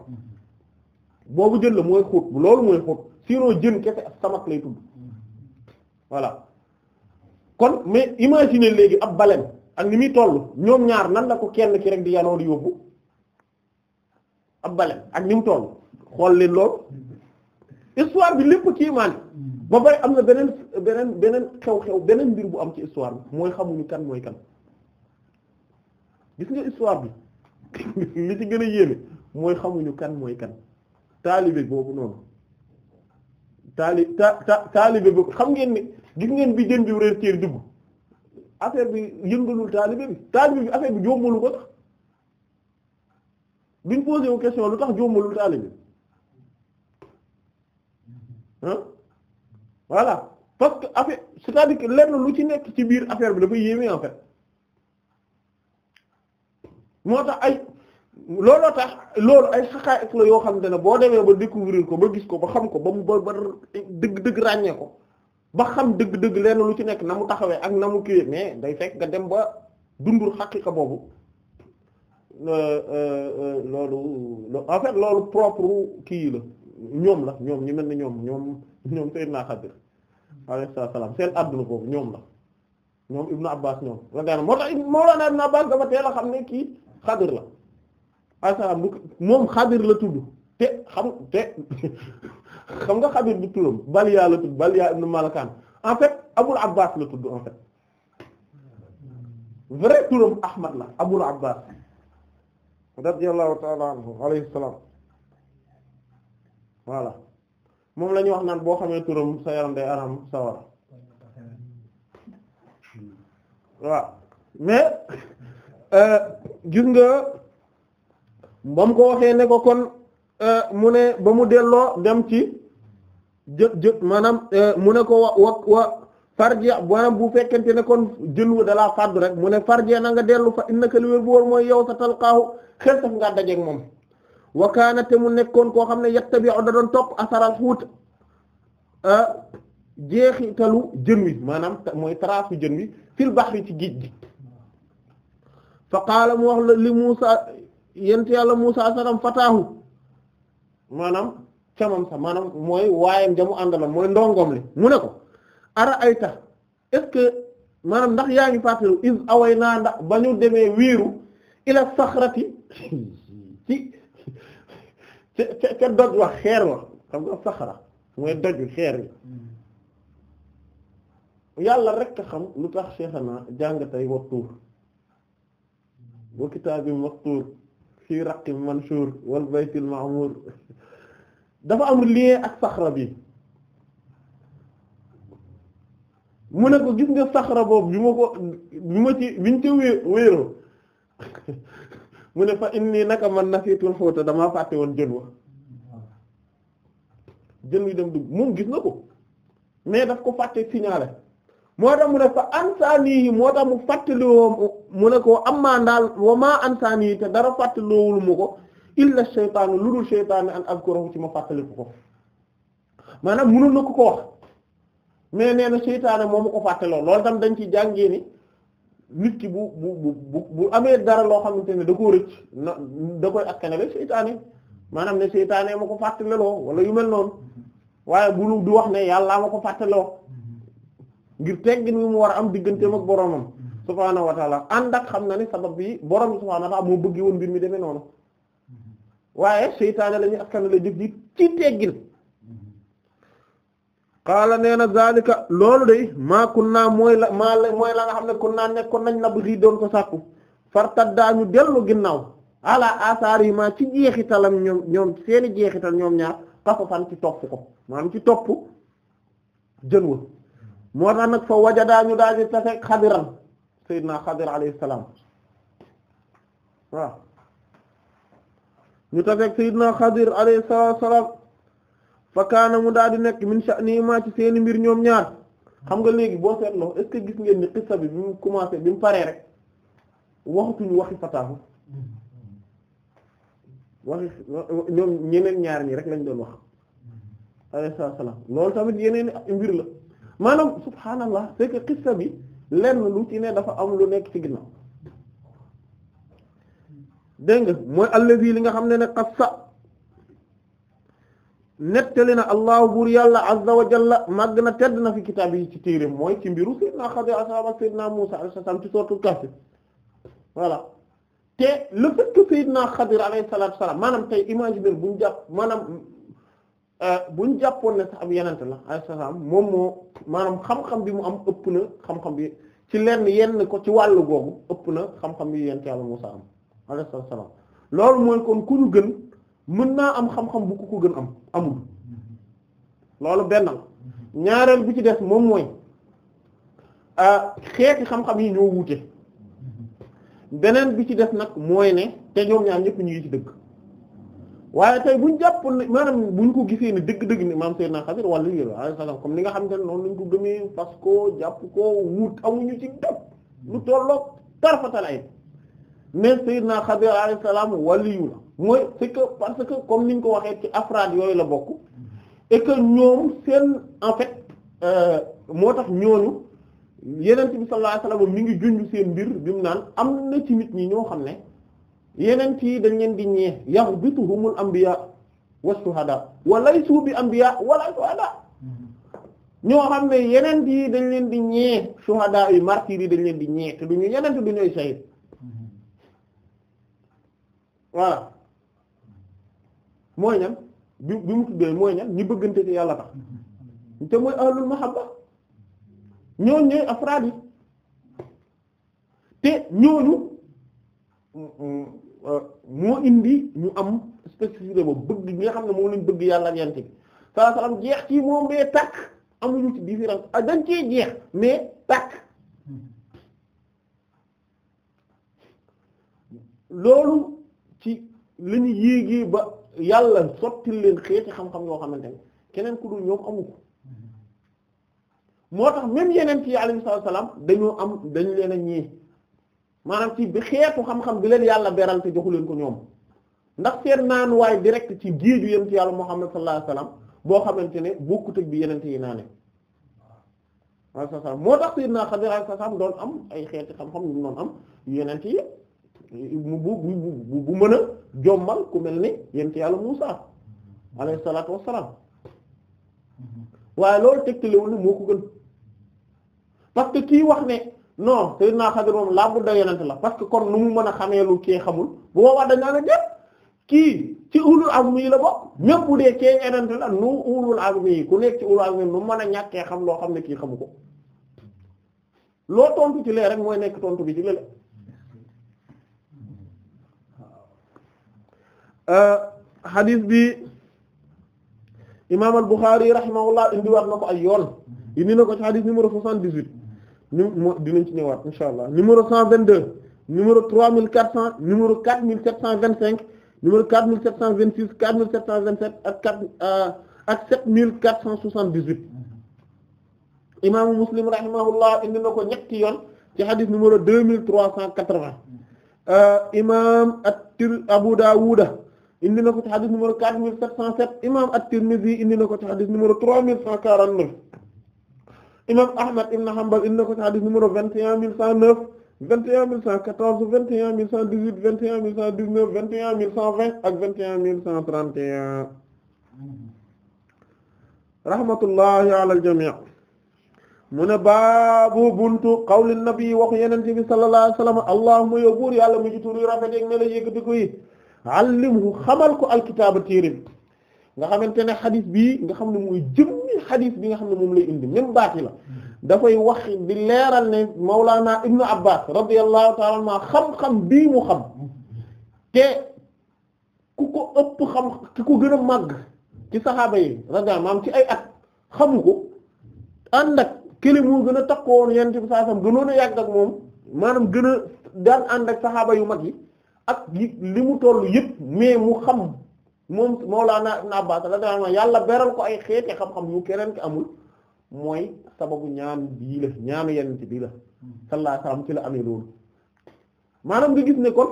boobu jën la mooy xóot loolu mooy xóot sinon jën kese ak lay tudd voilà kon mais imaginer léegi ab baleen ak ni muy toll ñoom ñaar nan la ko kenn ki rek di yanoo di yóbbu ab baleen ak ni mu toll xool leen loolu histoire bi lépp ci ba pare am na beneen beneen beneen xew-xew beneen mbir bu am ci histoire bi mooy xamuñu kan mooy kan gis nga histoire bi <laughs> mooy xamuñu kan mooy kan taalibe boobu noonu taali ta ta taalibe boobu xam ngeen ne gis ngeen bi jën bi réer ceeb dugg affaire bi yëngalul taalibe bi taalibe bi affaire bi jombalu ko tax duñ posé wu question lu tax jombalul taalibe ah. voilà parce que affaire c'est-à-dire que lenn lu ci nekk ci biir affaire bi dafay yéeme en moo tax ay looloo tax loolu ay xaqaa'iq la yoo xamante ne boo demee ba découvrir ko ba gis ko ba xam ko ba mu ba ba dëgg-dëgg ràññee ko ba xam dëgg-dëgg lenn lu ci nekk na mu taxawee ak na mu kiiwee mais day fekk nga dem ba dundul xaqiqa boobu euh, euh, euh, loolu en loolu propre kii la ñoom la ñoom ñi mel ne ñoom ñoom. ñoom Seydina Xadir alayhi seen adduna boobu ñoom la ñoom Ibnu Abbas ñoom radiyallahu moo tax Mawlana Ibnu Abbas dafa teel xam ne kii Xadir la alayhi salaam moom Xadir la tudd te xam te <laughs> xam nga Xadir du turam Baliya la tudd Baliya ibnu Malakaan en fait Abul Abbas la tudd en fait vrai turam Ahmad la Abul Abbas radiyallahu ta'ala anhu alayhi salaam voilà moom la ñuy wax naan boo xamee turam sa yaram day aram sawar waaw mais euh, gis nga ba ko waxee ne ko kon euh, mu ne ba mu delloo dem ci jë jë maanaam euh, mu ne ko wa wa wa farje maanaam bu fekkente ne kon jën wa dalaa fàddu rek mu ne farje na nga dellu fa innaka li wér bu war mooy yow sa talqaahu xel saf ngaa dajeeg moom wa kaana te mu nekkoon koo xam ne yattabi'u da doon topp asaral xuut jeexitalu jën wi maanaam mooy trasu jën wi fil bahri ci géej gi fa qaala mu wax li Muusaa yent yàlla Muusaa salam fataahu maanaam camam sa maanaam mooy waaye jamu àndaloon mooy ndongoom li mu ne ko ara ayta est-ce que maanaam ndax yaa ngi fàttalu is away naa ndax ba demee wiiru ila saxrati <laughs> ca ca doj wax xeer wax xam nga saxara mooy doju xeer yi yàlla rek a xam lu tax seexanaa jàng tey waxtuur wa kitaabin maxtuur fii raqim manshuur wal baytil ma'muur dafa am lien ak saxara bi mu ne ko gis nga saxara boobu bi ma ko bi ma ci biñ ca wé wéeroo mu ne fa inni naka man nasiitul xuuta damaa fàtte woon jën wa jën wi dem dugg moom gis na ko mais daf ko fàtte signaler moo tax mu ne fa ansaani yi moo tax mu fàttaliwoo mu ne ko am maa ndaal dara fàttaloowul mu ko illa shaytaanu lu dul shaytaanu an azkurahu ci ma ko maanaam mënul ko wax mais nee na shaytaanu moo ma ko fàttaloo loolu tam dañ ci jàngee ni. nit ki bu bu bu bu amee dara loo xamante ne da koo rëcc na da koy askanale seytaane maanaam ne seytaane ma ko fàttaleloo wala yu mel noonu waaye bu lu du wax ne yàlla ma ko fàttaleloo ngir teggin wi mu war a am digganteem ak boromam subhaanahu wa taala ànd xam na ne sabab bi borom bi subhaanahu wa taala moo bëggee woon mbir mi demee noonu waaye seytaane la ñuy askanale jëf ji ci teggin. qaala nee na zalika loolu day maa kunna mooy la maa mooy la nga xam ne kunna nekkoon nañ na bu di doon ko sàkku fartadda ñu dellu ginnaaw ala asaar yi ci jeexitalam ñoom ñoom seeni jeexital ñoom ñaar xasafan ci topp ko maanaam ci topp jën wa moo tax nag fa wajadaa daal di tase xadiran sayyidina xadir alayhi salaam fa mu daal di nekk min sha'ni maa ci seeni mbir ñoom ñaar xam nga léegi boo seetloo est ce gis ngeen ni xissa bi bi mu commencé bi mu paree rek waxatuñu waxi fataahu waxi ñoom ñeneen ñaar ñi rek lañ doon wax alayhi salaam loolu tamit yeneen mbir la maanaam subhaanallah c'est que xissa bi lenn lu ci ne dafa am lu nekk ci ginnaaw dégg nga mooy allazi li nga xam ne ne qassa nettali na allahu buur yàlla azza wa jalla màgg na tedd na fi kitaab yi ci téeréem mooy ci mbiru sayyidina Xadir ashaaba sayyidina Muusaa alayhi salaam ci sooratu Kahf voilà te le fait que sayyidina Xadir bu ñu jàpp maanaam euh, bu ñu jàppoon ne sax ab yenente la alayhi moom moo maanaam xam-xam bi mu am ëpp na xam-xam bi ci lenn yenn ko ci wàllu googu ëpp na xam-xam bi yent yàlla Muusaa am alayhi salaam loolu mooy kon ku ñu gën mën naa am xam-xam bu ko ko gën am amul loolu benn ñaareel bi ci des moom mooy xeeti xam-xam yi ñoo wuute beneen bi ci des nag mooy ne te ñoom ñaar ñëpp ñu ngi ci dëgg waaye tey buñ jàpp ne maanaam buñ ko gisee ne dëgg-dëgg ne maam Seydina Xadir wala yéen a comme ni nga xam te ne noonu lañ ko gëmee fas ko jàpp ko wut amuñu ci dëgg lu tolloog tarfatal ay mais Seydina Xadir alayhi salaam waliyu la mooy c'est que parce que comme ni ñu ko waxee ci afraad yooyu la bokk et que ñoom seen en fait euh, moo tax ñooñu yeneen bi sallallahu alayhi wasallam mi ngi junj seen mbir mu naan am na ci nit ñi ñoo xam ne yeneen yi dañ leen di ñee yaxbituhumul anbiya wa shuhada wa laysu bi am anbiya wala shuhada ñoo xam ne yeneen yi dañ leen di ñee shuhada yu martyrs yi dañ leen di ñee te duñu yeneen du ñooy shahid voilà mooy ñan bi bi mu tuddee mooy ñan ñi bëggante ci yàlla tax te mooy ahlul mahabba ñooñu ñooy afraad yi te ñooñu euh, moo indi ñu am spécificité ba bëgg ñi nga xam ne moom lañu bëgg yàlla ak yant bi sallallahu alayhi wasallam jeex ci moom bee tàkk amuñu ci différence ak ah, dañ cee jeex mais tàkk loolu ci lañu yéegee ba yàlla sotti leen xeeti xam-xam yoo xamante ne keneen ku dul ñoom amu moo tax même yeneen ci alayhi salaam am dañ leen a ñii maanaam ci bi xeetu xam-xam bi leen yàlla beral te joxu leen ko ñoom ndax seen naan waaye direct ci géeju yonent yàlla Muhammad sallallahu alayhi wasallam boo xamante ne bokkut ak bi yeneen yi naane waaye moo tax Sayyidina Xadir alayhi salaam doon am ay xeeti xam-xam yu mu am yeneen yi bu bu bu mën a jommal ku mel ni yent yàlla Muusaa alayhi salaatu wassalaam waaye loolu tegtalewul ne moo ko gën parce que kii wax ne non te Xadir moom laa bu da yonent la parce que kon nu mu mën a xamee lu kee xamul bu boobaa dañaa na jëpp kii ci ulul azmi yi la bokk même bu dee kee yonent la nu ulul azmi yi ku nekk ci ulul azmi nu mën a ñàkkee xam loo xam ne kii xamu ko loo tontu ci lee rek mooy nekk tontu bi ci lële xadis euh, bi imaam al-Bukhari rahimahullah indiwaat na ko ay yoon indi na ko ci xadis numéro soixante-dix-huit numéro dinañ ci ñëwaat insha allah numéro cent vingt-deux numéro trois mille quatre cents numéro quatre mille sept cent vingt-cinq numéro quatre mille sept cent vingt-six quatre mille sept cent vingt-sept ak quatre euh, ak sept mille quatre cent soixante-dix-huit imaamu Muslim rahimahullah indi na ko ñetti yoon ci xadis numéro deux mille trois cent quatre-vingts euh, imaam Abu Dawuda indi na ko ci xadis numéro 4707 imam at-Tirmidhi indi na ko ci xadis numéro 3149 imam Ahmad ibn Hanbal indi na ko ci xadis numéro 21109 21114 21118 21119 21120 ak 21131 rahmatullahi ala al-jami' mu ne baabu buntu qawli nabi waxu yenente bi sallallahu alayhi wasallam allahumma yow buur yàlla mu ji tur yu rafet ak melo yëkkati ko yi allimhu xamal ko alkitaaba téere bi nga xamante ne xadis bii nga xam ne mooy jëmmi xadis bi nga xam ne moom lay indi même baat yi la dafay wax di leeral ne Mawlana Ibnu Abbas radiyallahu ta'ala anhu xam-xam bii mu xam te ku ko ëpp xam ki ko gën a màgg ci saxaaba yi radiyallahu maam ci ay at xamu ko ànd ak kële moo gën a takkoon yonent bi sallallahu alayhi wasallam yàgg ak moom maanaam gën a daan ànd ak saxaaba yu mag yi. ak li mu toll yëpp mais mu xam moom Mawlana Ibn Abbas radiyallahu yàlla beral ko ay xeeti xam-xam yu keneen ki amul mooy sababu ñaam bii la ñaanu yeneen ci bii la sallallahu alayhi wasallam ci la amee loolu maanaam nga gis ne kon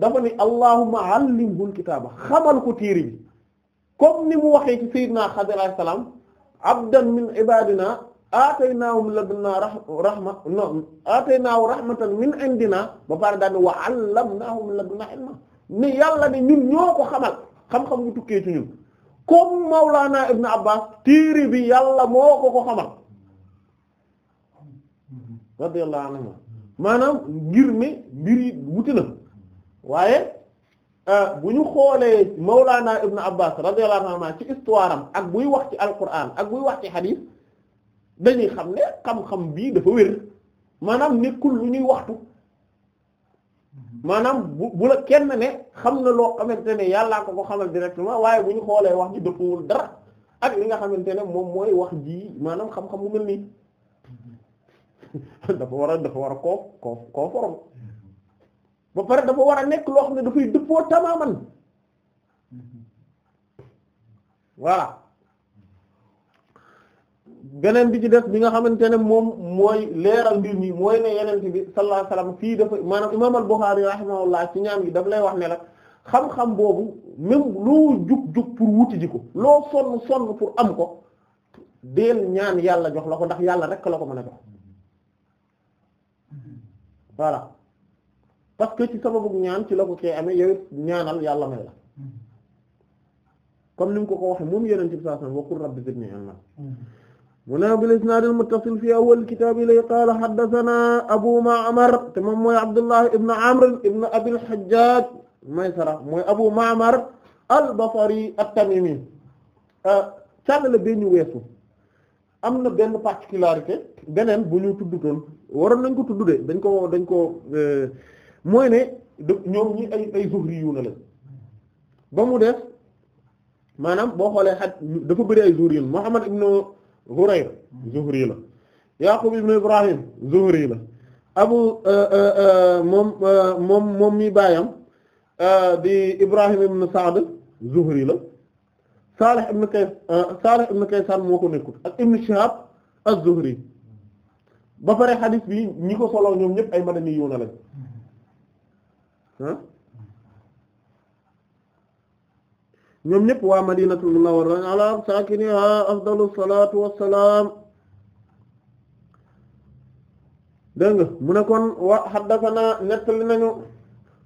dafa ni allahumma allimhul kitaaba xamal ko téere bi comme ni mu waxee ci sayyidina Xadir alayhi salaam abdan min ibadina aataynaahum ladunna rahma non aataynaahu rahmatan min indina ba pare daal wa allamnaahum ladunna ilma ne yàlla ne ñun ñoo ko xamal xam-xam bu tukkee ñun comme Mawlana Ibn Abbas téere bi yàlla moo ko ko xamal radiyallahu anhu maanaam ngir ne mbir yi wuti waaye euh, bu ñu xoolee Mawlana Ibn Abbas radiyallahu anhu ci histoire ak buy wax ci Alquraan ak buy wax ci hadith. dañuy xam ne xam-xam bii dafa wér maanaam nekkul lu ñuy waxtu maanaam bu bu la kenn ne xam na loo xam ne yàllaa ko ko xamal directement waaye bu ñu xoolee wax ji dëppwul dara ak li nga xamante ne moom mooy wax ji maanaam xam-xam mu mel nii <laughs> dafa war a dafa war a koof koof conforme ba dafa war a nekk loo xam ne dafay dëppoo tamaaman mm-hmm. voilà beneen bi ci def bi nga xamante ne moom mooy leeral mbir mi mooy ne yenente bi sallallahu alayhi wasallam fii dafa maanaam imam al-Bukhari rahimahullah ci ñaam gi daf lay wax ne la xam-xam boobu même loo jug-jug pour wuti ji ko loo sonn sonn pour am ko deel ñaan yàlla jox la ko ndax yàlla rek la ko mën a jox voilà parce que ci sababu ñaan ci la ko kee amee yow ñaanal yàlla may la mm-hmm. comme ni ko ko waxee moom yenente bi sallallahu alayhi wasallam wa qul rabbi zidni mu ne bil isnaad al muttasil fi awwal kitaab ilay qaala haddasanaa Abu Ma'mar te moom mooy Abdullah ibn Amr ibn Abil Hajjaaj Maysara mooy Abu Ma'mar al-Basri at-Tamimi euh, càllale benn weesu am na benn particularité beneen bu ñu tudd toon waroon nañ ko tudd de dañ ko dañ ko euh, mooy ne ñoom ñi ay ay zuhri yu ba mu def maanaam boo xoolee xaj dafa bëri ay zuhri Muhammad ibn Hurayra Zuhri la Yaqub ibn Ibrahim Zuhri la abu euh, euh, euh, moom moom moom mi baayam di Ibrahim ibn Sa'd Zuhri la Salih ibn Kays Salih ibn Kaysan moo ko nekkut ak Ibn Shihab az-Zuhri ba pare xadiis bi ñi ko solo ñoom ñëpp ay madaniyuuna lañ ñoom ñëpp waa madinatul munawwara ala saakiniha afdalu salaatu wassalaam dégg nga mu ne kon wa haddathana nettali nañu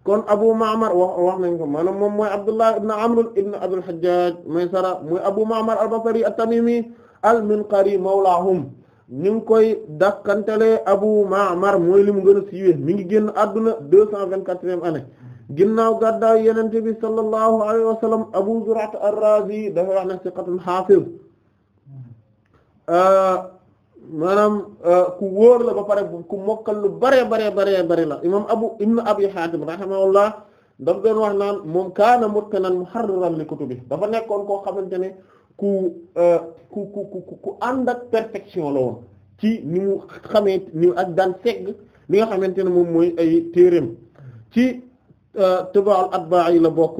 kon Abu Ma'mar wax wax nañ ko maanaam moom mooy Abdullah ibn Amr ibn Abdul Hajjaj mooy Sara mooy Abu Ma'mar al-Basri at-Tamimi al-Minqari mawlahum ñu ngi koy dakkantele Abu Ma'mar mooy li mu gën a siiwee mi ngi génn àdduna deux cent vingt-quatrième année ginnaaw gàddaay yonent bi sallallahu alayhi wa sallam Abu Zur'a ar-Razi dafa wax ne siqatun hafiz euh, maanaam euh, ku wóor la ba pare ku mokkal lu bare bare bare bare la imam Abu ibn Abi Hatim rahimahullah daf doon wax naan moom kaana mutqinan muharriran li kutubi dafa nekkoon koo xamante ne ku euh, ku ku ku perfection la woon ci ni mu xamee ni ak daan segg li nga xamante ne moom mooy ay téereem ci Euh, tiba'ul atba' yi la bokk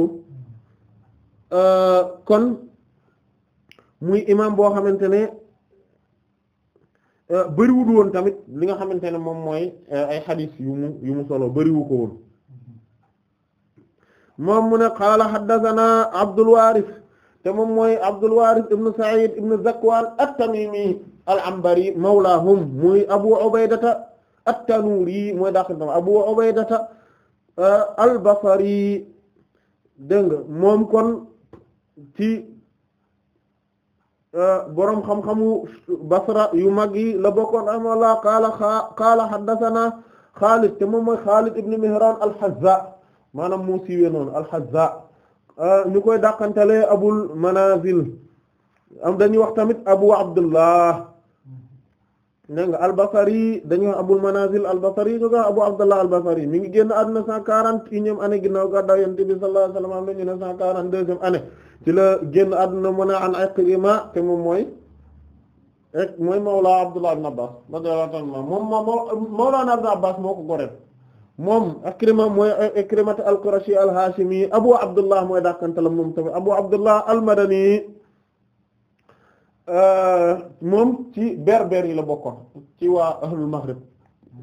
euh, kon muy imam boo xamante ne euh, bëriwul woon tamit li nga xamante ne moom mooy ay xadis yu mu yu mu solo bëriwu ko woon moom mu ne qaala haddathana Abdul Waaris te moom mooy Abdul Waaris ibn Sa'id ibn Zakwaan at-Tamimi al-Anbari mawlaahum muy Abu Ubaydata at-Tanuri mooy daaxil tam Abu Ubaydata Euh, al-Basri dégg nga moom kon ci euh, boroom xam-xamu Basra yu mag yi la bokkoon amala qaala qaala haddathana Xaalid te moom mooy Xaalid ibn Mihraan al-Hazza maanaam moo siiwee noonu al-Hazza euh, ñu koy dàqantelee Abul Manaazil am dañuy wax tamit Abu Abdullah dégg nga al-Basri dañu Abul Manazil al-Basri ñu ko Abu Abdullah al-Basri mi ngi génn àdduna cent quarante et unième année ginnaaw gàddaay Yonent bi sallallahu alayhi na cent quarante deuxième année ci la génn àdduna mu ne te moom mooy rek mooy Mawla Abdullah ibn Abbas radiyallahu anhu moom moom Mawlana Ibn Abbas moo ko goreel moom Ikrima mooy Ikrimata al-Qurashi al-Hashimi Abu Abdullah mooy dàkkantalam moom tamit Abu Abdullah al-Madani Euh, moom ci berber yi la bokkoon ci waa ahlul maghrib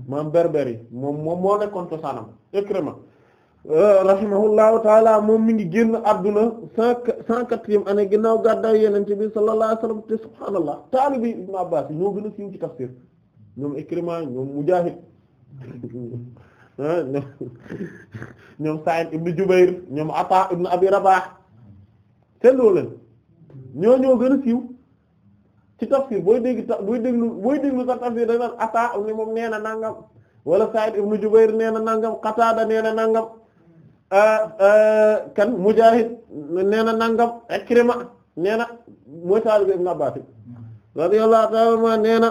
maam berber yi moom moom moo nekkoon cosaanam Ikrima euh, rahimahullahu taala moom mi ngi génn adduna cent cent quatrième année ginnaaw gàddaay yenente bi sallallahu alayhi te subhaanallah taalibi Ibn Abbas yi ñoo gën a siiw ci tafsir ñoom Ikrima ñoom Mujaahid <laughs> ah, ñoom Sa'id ibn Jubayr ñoom Ata ibn Abi Rabah te ñoo ñoo gën a siiw ci tafsir booy dégg ta booy déglu booy déglu sa tafsir da naan ataa ni moom nee na nangam wala Sa'id ibn Jubayr nee na nangam Qatada nee na nangam euh, euh, kan Mujahid nee na nangam Ikrima nee na mooy taalibe ibn Abbas radiyallahu ta'ala ma nee na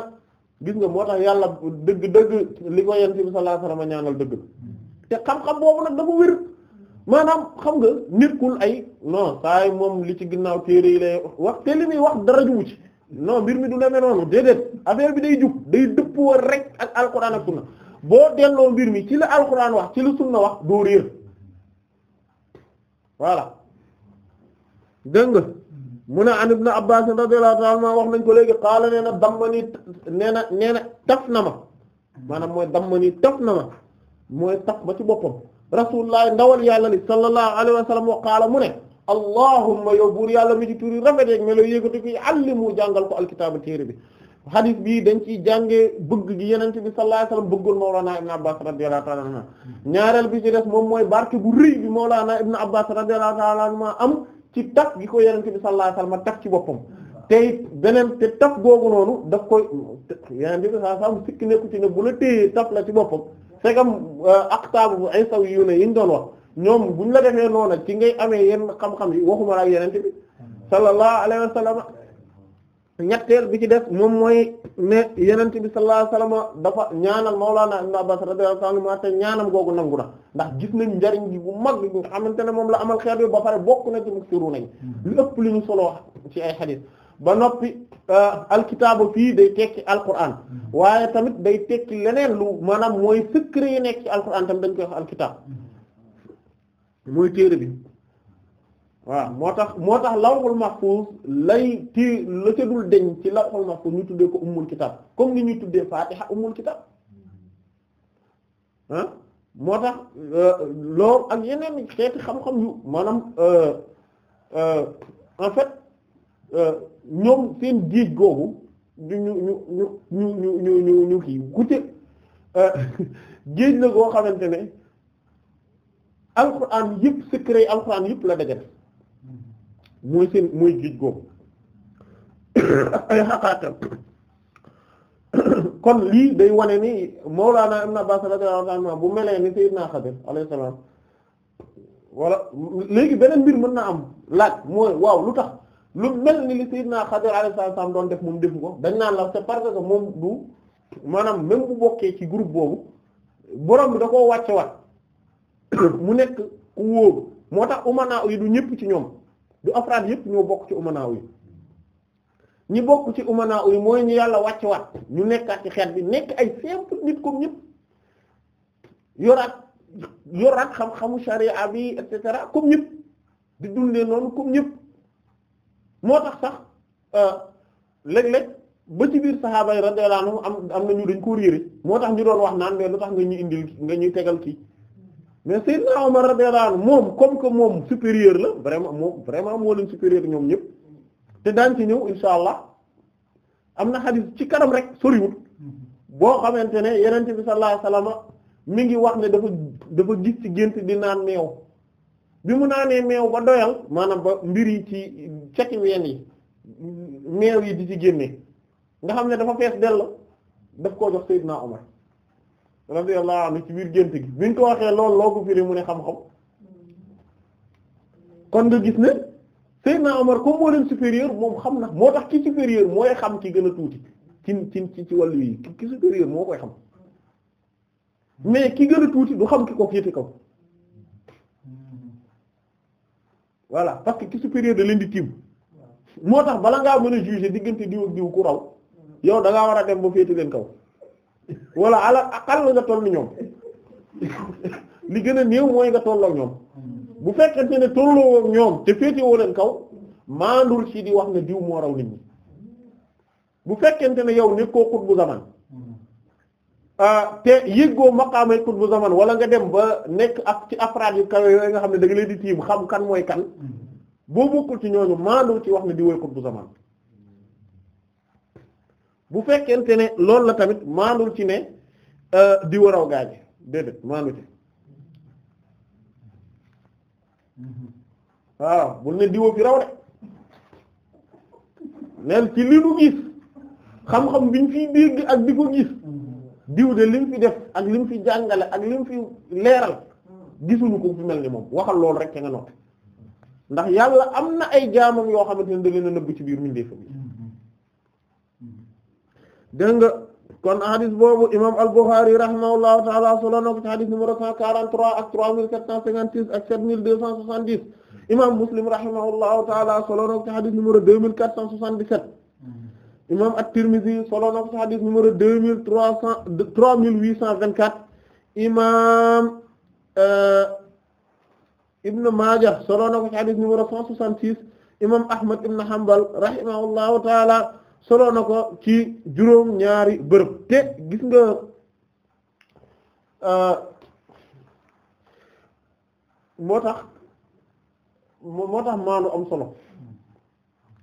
gis nga moo yàlla dëgg dëgg li ko yonent bi sallallahu alayhi te xam-xam boobu nag dafa wér xam nga nekkul ay non moom li ci ginnaaw téere yi wax li muy wax dara jubu ci. no mbir mi du demee noonu déedéet affaire bi day jub day dëppoo rek ak alquran a sunna boo delloo mbir mi ci la alquran wax ci la sunna wax doo réer voilà dégg nga mu ne an ibn Abbas radiyallahu ta'ala anhuma wax nañ ko léegi xaala nee na damma nii nee na nee na taf na ma maanaam mooy damma nii taf na ma mooy taf ma ci boppam rasulullah ndawal yàlla li sallallahu alayhi wa sallam wa qaala mu ne allahumma yow buur yàlla mi ci turi rafet rek melo yéegati ko allimu jàngal ko alkitaaba téere bi hadith bii dañ ciy jàngee bëgg gi yenente bi sallallahu alayhi wasallam bëggul mawlana ibn abbas radiyallahu ta'ala anhu ñaareel bi ci des moom mooy barke bu rëy bi mawlana ibn abbas radiyallahu ta'ala anhu am ci taf gi ko yenente bi sallallahu alayhi wasallam taf ci boppam tey beneen te taf googu noonu daf koy yenente bi sallallahu alayhi wasallam sikki ku ci ne bu la téyee taf la ci boppam c'est comme euh, aqtab ay saw yu ne yiñ doon wax ñoom buñ la defee noonu ci ngay amee yenn xam-xam yi waxuma la ak yeneen bi sallallahu alayhi wa sallam ñetteel bi ci def moom mooy ne yeneen bi sallallahu alayhi wa sallam dafa ñaanal Mawlana Ibn Abbas radiyallahu anhu te ñaanam googu nangu na ndax gis nañ njariñ gi bu mag bi nga xamante ne moom la amal xeet bi ba pare bokk na ci muksiru nañ lu ëpp lu ñu solo ci ay xadiis ba noppi euh, alkitaaba fii day tekki alquran waaye tamit day tekki leneen lu maanaam mooy secret yi nekk ci alquran tamit dañ koy wax alkitaab mooy téere bi waaw moo tax moo tax lawhul mahfuz lay ti la ca deñ ci lawhul mahfuz ñu tuddee ko ummul kitab comme ni ñu tuddee fatiha ummul kitab ah moo tax euh, loolu ak yeneen xeeti xam-xam yu maanaam euh, euh, en fait ñoom seen géej googu ñu ñu ñu ñu ñu ñu ñu ñu kii gute <laughs> géej la goo xamante ne alxuraan yëpp secret la dajale mooy seen mooy géej googu <coughs> ay xaqaatam <coughs> kon lii day wane ni Mawlana Ibn Abbas radiyallahu anhu bu melee ni Sayyidina Xadir alayhi salaam wala léegi beneen mbir mën na am laaj mooy waaw lu tax lu mel ni li Sayyidina Xadir alayhi salaam doon def moom dem ko dañ naan la c'est moom du maanaam même bu bokkee ci groupe boobu borom bi da koo wàcce waat <coughs> mu nekk ku wóoru moo tax umanaaw yi du ñëpp ci ñoom du afraad yëpp ñoo bokk ci umanaaw yi ñi bokk ci umanaaw yi mooy ñu yàlla wàcc waat ñu nekkaat ci xeet bi nekk ay simple nit kom ñëpp yoraat yoraat xam-xamu sharia bi et cetera comme ñëpp di dundee noonu comme ñëpp moo tax sax euh, léeg-léeg ba ci biir saxaaba yi radiyallahu anhum am am na ñu dañ ko réere moo tax ñu doon wax naan mais lu tax nga ñu indil nga ñu tegal kii mais Seydina Omar radiyallahu anhu moom comme que moom supérieur la vraiment moom vraiment moo leen supérieur ñoom ñëpp te daan ci ñëw insha allah am na xadis ci kanam rek soriwut boo xamante ne yeneen bi sa alayhi wasallam mi ngi wax ne dafa dafa gis ci gént di naan meew bi mu naanee meew ba doyal maanaam ba mbir yi ci cati ween yi meew yi di ci génne nga xam ne dafa fees dell daf koo jox Seydina Omar radiyallahu anhu ci biir gént gi biñ ko waxee lool loo ko firi mu ne xam-xam kon nga gis ne Seydina Omar comme moo leen supérieur moom xam na moo tax ki supérieur mooy xam ki gën a tuuti ci ci ci ci wàllu yi ki supérieur moo koy xam mais ki gën a tuuti du xam ki ko féete kaw voilà parce que ki supérieur da leen di tiim moo tax bala ngaa mën a juger diggante diw ak diw ku raw yow da ngaa war a dem ba féete leen kaw. wala ala aqal nga toll ñoom li gën a néew mooy nga ak ñoom bu fekkente ne tolloo ak ñoom te féete woo leen kaw maandul ci di wax ne diw moo raw nit ñi bu fekkente ne yow nekkoo qutbu zaman te yëggoo maqaamay bu zaman wala nga dem ba nekk ak ci afraad yu kawe yooyu nga xam ne da leen di tiim xam kan mooy kan boo bokkul ci ñooñu maandul ci wax ne di woy qutbu zaman bu fekkente ne loolu la tamit maandul ci ne euh, di waraw gaaje déedéet maandu ci mm-hmm. waaw bul ne diwa fi raw de neen ci li nu gis xam-xam biñ fiy dégg ak di ko gis mm-hmm. diw de lim fi def ak mu fi jàngale ak li mu fi leeral mm-hmm. gisuñu ko fi mel ni moom waxal loolu rek ca nga noppi ndax yàlla am na ay jaamam yoo xamante ne da leen a nëbb ci biir mindee fa bi dégg nga kon hadith boobu imam al-Bukhari rahimahullahu ta'ala solo na ko ci hadith numéro 143 ak 3756 ak 7270 imam Muslim rahimahullahu ta'ala solo na ko ci hadith imam at-Tirmidhi solo na ko ci hadith numéro 2300 euh, Ibn Majah solo na ta'ala solo na ko ci juróom ñaari bërëb te gis nga euh, moo tax moo tax maanu am solo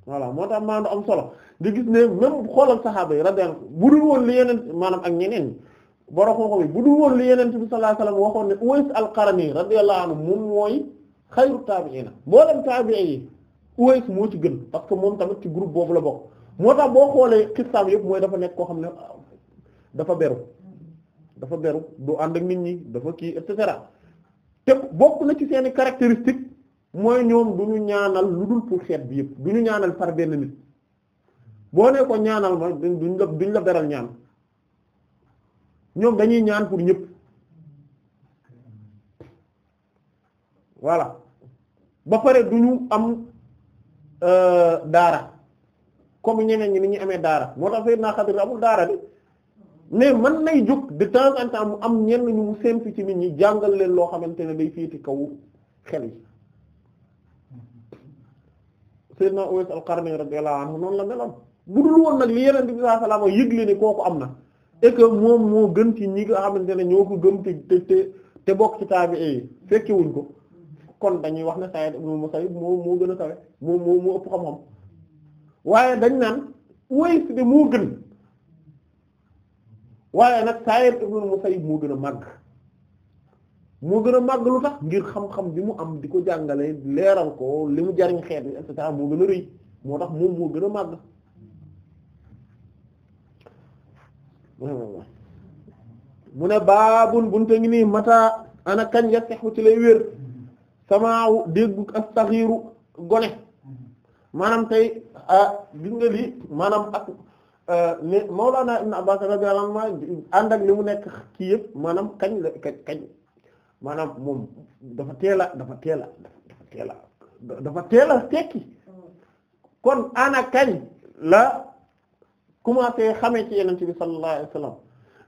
voilà moo tax maanu am solo nga gis ne même xoolal saxaaba yi radiyallahu anhu bu dul woon li yeneen maanaam ak ñeneen boro xooxo bi bu dul woon li yeneen bi sallallahu alayhi wasallam waxoon ne Uways al-Qarni radiyallahu anhu moom mooy xayru taabi'iina boo dem taabi'i yi Uways moo ci gën parce que moom tamit ci groupe boobu la bokk moo tax boo xoolee xistaam yëpp mooy dafa nekk koo xam ne dafa beru dafa beru du ànd ak nit ñi dafa kii et cetera te bokk na ci seeni caractéristique mooy ñoom du ñu ñaanal lu dul pour xeet bi yëpp du ñu ñaanal par benn nit boo ne ko ñaanal ma duñ la la beral ñaan ñoom dañuy ñaan pour ñëpp voilà ba pare du ñu am euh, daara comme ñeneen ñi ni amee daara moo tax amul daara de mais mën jóg de temps mu am ñenn ñu ci nit ñi jàngal leen loo xamante ne day féeti kaw xel yi Seydina Uways al-Qarni radiyallahu anhu noonu la meloon bu woon nag li yeneen bi sallallahu kooku am na et moom moo gën ci ñi nga xamante ne ñoo ko gëm te te te bokk ci taabi'i yi fekkewuñ ko kon dañuy wax ne Sayyid ibn Musayyib moo gën a kawe moo moo ëpp xam-xam waaye dañ naan Uways de moo gën waaye nag Sa'id ibn Musayyib moo gën a màgg moo gën a màgg lu tax ngir xam-xam bi mu am di ko jàngale leeral ko li mu jariñ xeet bi moo gën a rëy moo tax moom gën a màgg mu ne baabun bunte ngi nii mata ana kañ ya texu ci lay wér samaaw déggu astaxiru gone maanaam tey Ah, gis nga lii maanaam ak ah, ne Mawlana Ibn Abbas radiyallahu anhu ànd ak li mu nekk kii yëpp maanaam kañ la kañ kañ moom dafa teel dafa teel a teel a dafa teel a la commencé xamee ci yenente bi sallallahu alayhi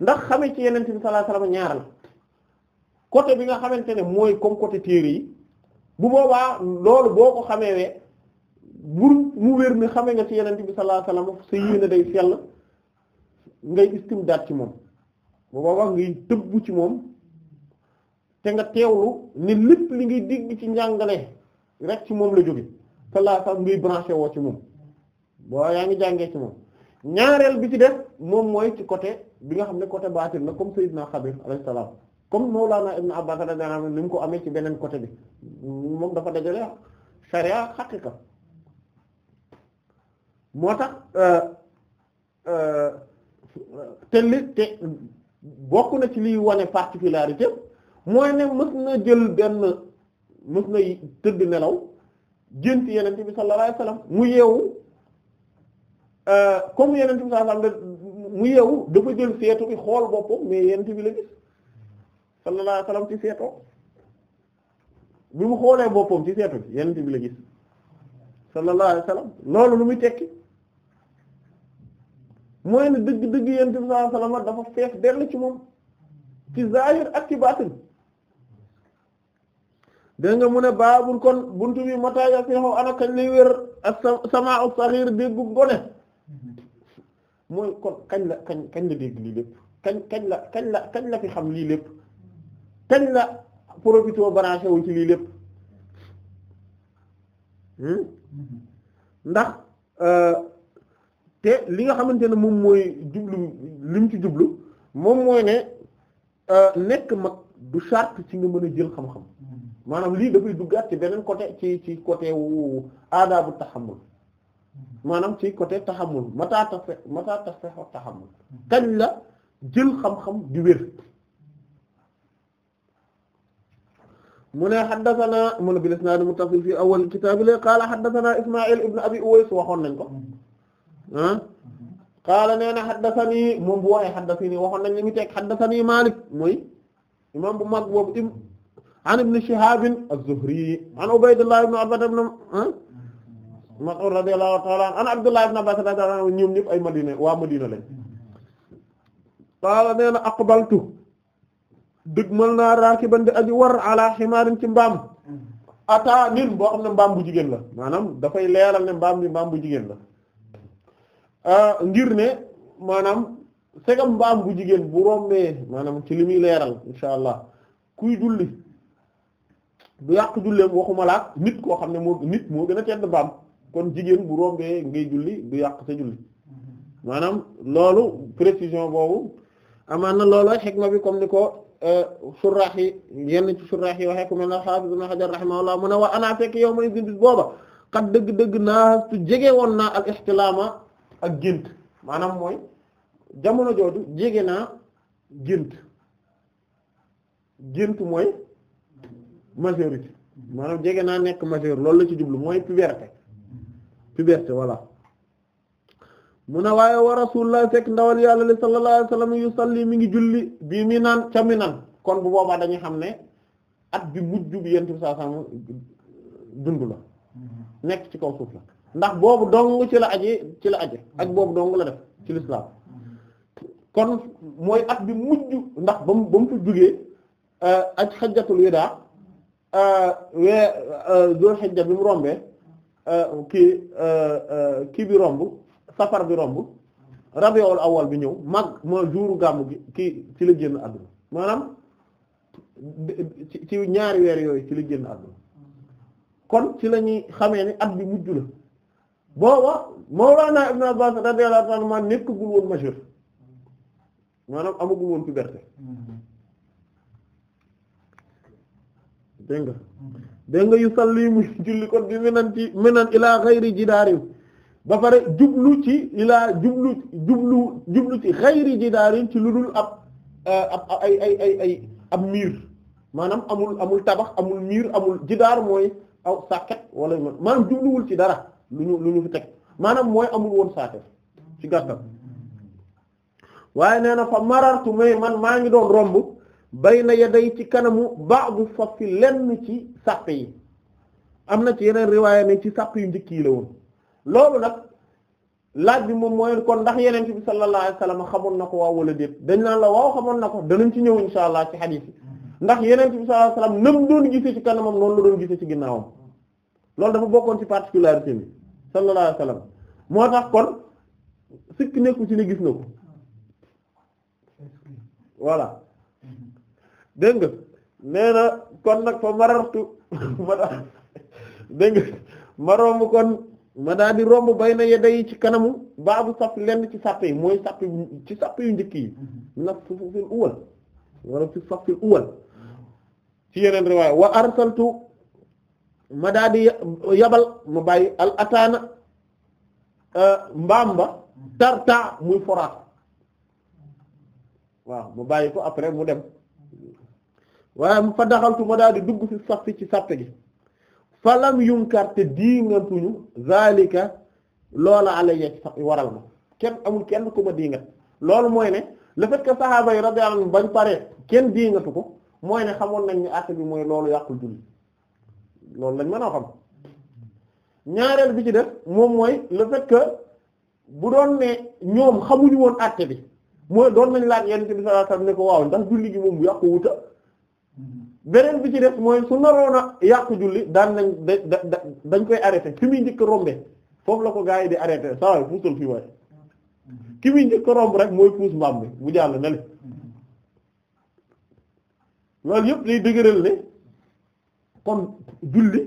ndax xamee ci yenente bi sallallahu alayhi wasallam ñaar côté bi nga xamante ne mooy comme côté téere yi bu booba loolu boo ko xamee bur mu wér ni xame nga ci yenente bi sallallahu alayhi wasallam sa yéene day sell ngay istimdaat ci moom bu boobaa ngay tëbb ci moom te nga teewlu ne lépp li ngay dégg ci njàngale rek ci moom la jóge sallallahu alayhi wasallam ngay branché woo ci moom boo yaa ngi jàngee ci moom ñaareel bi ci def moom mooy ci côté bi nga xam ne côté baatin na comme Seydina Xadir alayhi salaam comme Mawlana Ibn Abbas radiyallahu anhu ni mu ko amee ci beneen côté bi moom dafa dajale sharia xaqiqa moo tax euh, euh, te li te bokk na ci liy wane particularité mooy ne mës na jël benn mës na tëdd nelaw gént yenent bi sallallahu alayhi wasallam mu yeewu euh, comme yenent bi sallallahu alayhi wasallam mu yeewu dafa jël seetu bi xool boppam mais yenent bi la gis sallallahu alayhi wasallam ci seetoo loolu lu muy tekki mooy ne dëgg-dëgg yonent bi sallallahu alayhi wasallam dafa fees dell ci moom ci zahir ak ci baatin dégg nga mu baabul kon buntu bi mataaya fiixu ana kañ lay wér ak samaa'u saxiir déggu gone mooy kon kañ la kañ kañ la dégg lii lépp kañ kañ la kañ la kañ la fi xam lii lépp kañ la profité branché wu ci lii lépp hmm? ndax euh, te li nga xamante ne moom mooy jublu li ci jublu moom mooy ne euh, nekk mag du charte ci nga mën a jël xam-xam maanaam lii dafay duggaat ci beneen côté ci ci côté wu aadaabu taxamul maanaam ci côté taxamul mataa tafe mataa tafe taxamul kañ la jël xam-xam di wér mu ne xaddasanaa mu ne bil isnaad muttasil fii awwal kitaabi la qaala xaddasanaa Ismaa'iil ibn Abi Uways waxoon nañ ko qaala nee na xaddasanii moom bu waxee xaddasanii waxoon nañ li mu teg xaddasanii Maalik mooy bu mag boobu im an ibn Shihaab az-Zuhri an Ubaydullah ibn Utba ibn Mas'ud radiyallahu ta'ala an Abdullah ibn Abbas radiyallahu anhu ñoom ñëpp ay Madina waa Madina lañ qaala nee na aqbaltu dëgmal naa raakiban di aji war ala ximaarin ci mbaam ataa nin boo xam ne mbaam bu jigéen la maanaam dafay leeral ne mbaam bu jigéen la Ah, ngir ne maanaam segam mbaam bu jigéen bu rombee maanaam ci li leeral insha allah kuy julli du yàq julleem waxuma laak nit koo xam ne moo nit moo gën a tedd mbaam kon jigéen bu rombee ngay julli du yàq sa julli mm-hmm. maanaam loolu précision boobu amaan na loolu xikma bi comme ni ko eh, surraax yi yenn ci surraax yi waxee ku mel na xaafis ibn Hajar rahimahullah mu ne waa ana fekk yow may bis booba kat dëgg-dëgg naa su jege woon naa al ixtilaama ak gént maanaam mooy jamono jooju jege naa gént gént mooy majorité maanaam jege naa nekk majeur loolu la ci jublu mooy puberté puberté voilà mu ne waaye wa rasulullah fekk ndawal yàlla li sallallahu alayhi wasallam yusalli mi ngi julli bii mi naan ca mi naan kon bu boobaa dañuy xam ne at bi mujj bi yent saa sam dund la mm-hmm. nekk ci kaw suuf la ndax boobu dong ci la aji ci la aji ak boobu dong la def ci lislaam kon mooy at bi mujj ndax ba mu ba mu fi jugee euh, aj xajjatul widaa euh, wee euh, dul xajja bi mu rombee kii kii bi romb safar bi romb rabiul awal bi ñëw mag moo juuru gàmm gi kii ci la génn àdduna maanaam ci ñaari weer yooyu ci la génn àdduna kon ci la ñuy xamee ni at bi mujj la booba Mawlana Ibn Abbas radiyallahu anhu ma nekkagul woon majeur maanaam amagul woon puberté dégg nga dégg nga yu salli mu julli kon bi minan ci ba pare jublu ci ilaa jublu jublu jublu ci xayri jidaarim ci lu dul ab eh, ab miir maanaam amul amul tabax amul miir amul jidaar mooy aw sàkket wala maanaam jubluwul ci dara lu ñu lu ñu fi teg maanaam mooy amul woon saate ci gàttal waaye nee na fa marartu may man maa ngi doon romb bay na yaday ci kanamu baax ba'du fafi lenn ci sàppe yi am na ci yeneen riwaaya ne ci sàpp yu njëkk yi la woon loolu nag laaj bi moom mooy kon ndax yeneen bi sallallahu alayhi wasallam xamoon na ko waaw wala déet dañ naan la waaw xamoon na ko danañ ci ñëw insha allah ci xadiis yi ndax yeneen bi sallallahu alayhi wasallam nam doon ci kanamam noonu la doon gisee ci ginnaawam loolu dafa bokkoon ci particularité bi sallallahu alayhi wa sallam moo tax kon sikk nekku ci ni gis na ko voilà dégg nga nee na kon nag fa marartu ma daa romb bay na yedda yi ci kanamu baabu saf lenn ci sàpp yi mooy sàpp ci sàpp yu njëkk yi mm-hmm. nag su fil uwal wala saf fil uwal ci yeneen riwaay wa arsaltu ma daa di yabal ma bàyyi al ataana euh, mbaam ba tarta muy foraat waaw ma bàyyi ko après mu dem waaye mu fa daxaltu ma daa di dugg ci saffi ci sàppe gi falam yunkar te diingantuñu zalika loola alaya ci waral ma kenn amul kenn ku ma diingat loolu mooy ne le fait que sahaaba yi radiyallahu anhum bañ pare kenn diingatu ko mooy ne xamoon nañ ni àtte bi mooy loolu yàqul julli loolu lañ mën a xam ñaareel bi ci def moom mooy le fait bu doon ne ñoom xamuñu woon àtte bi mooy doon nañ laaj yenn ci bi sallallahu alayhi wasallam ne ko waaw ndax julli gi moom bu yàqu wuta beneen bi ci def mooy su naroon a yàqu julli daan nañ dañ koy arrêté fi muy njëkk rombe foofu la ko gaa yi di arrêté saa waay puusal fii waay ki muy njëkk romb rek mooy puus mbaam bi bu jàll na li loolu yëpp day dëgëral ne kon julli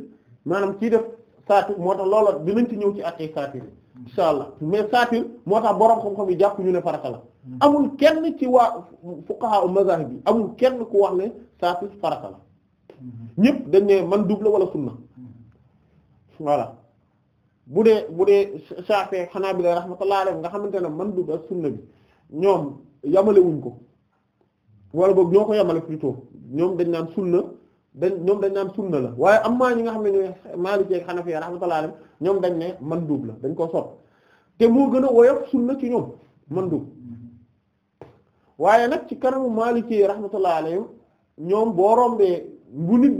maanaam kii def saatir moo tax loola dinañ ci ñëw ci attey saatir yi insha allah mais saatir moo tax boroom xam-xam yi jàpp ne farata la amul kenn ci waa fuqaha mazahib bi amul kenn ku wax ne saatir farata la ñëpp dañ ne man dub la wala sunna voilà bu dee bu dee Shafi'i Hanabila rahmatullahi alayhi nga xamante ne man dub ak sunna bi ñoom yamale wuñ ko wala boog ñoo ko yamale plutôt ñoom dañ naan sunna dañ ñoom dañ naan sunna la waaye am maa ñi nga xam ne ñooy Maliki ak Hanafi rahmatullah alayhim ñoom dañ ne mandub la dañ koo sot te moo gën a woyof sunna ci ñoom mandub waaye nag ci kanamu Maliki rahmatullah alayhim ñoom boo rombee bu nit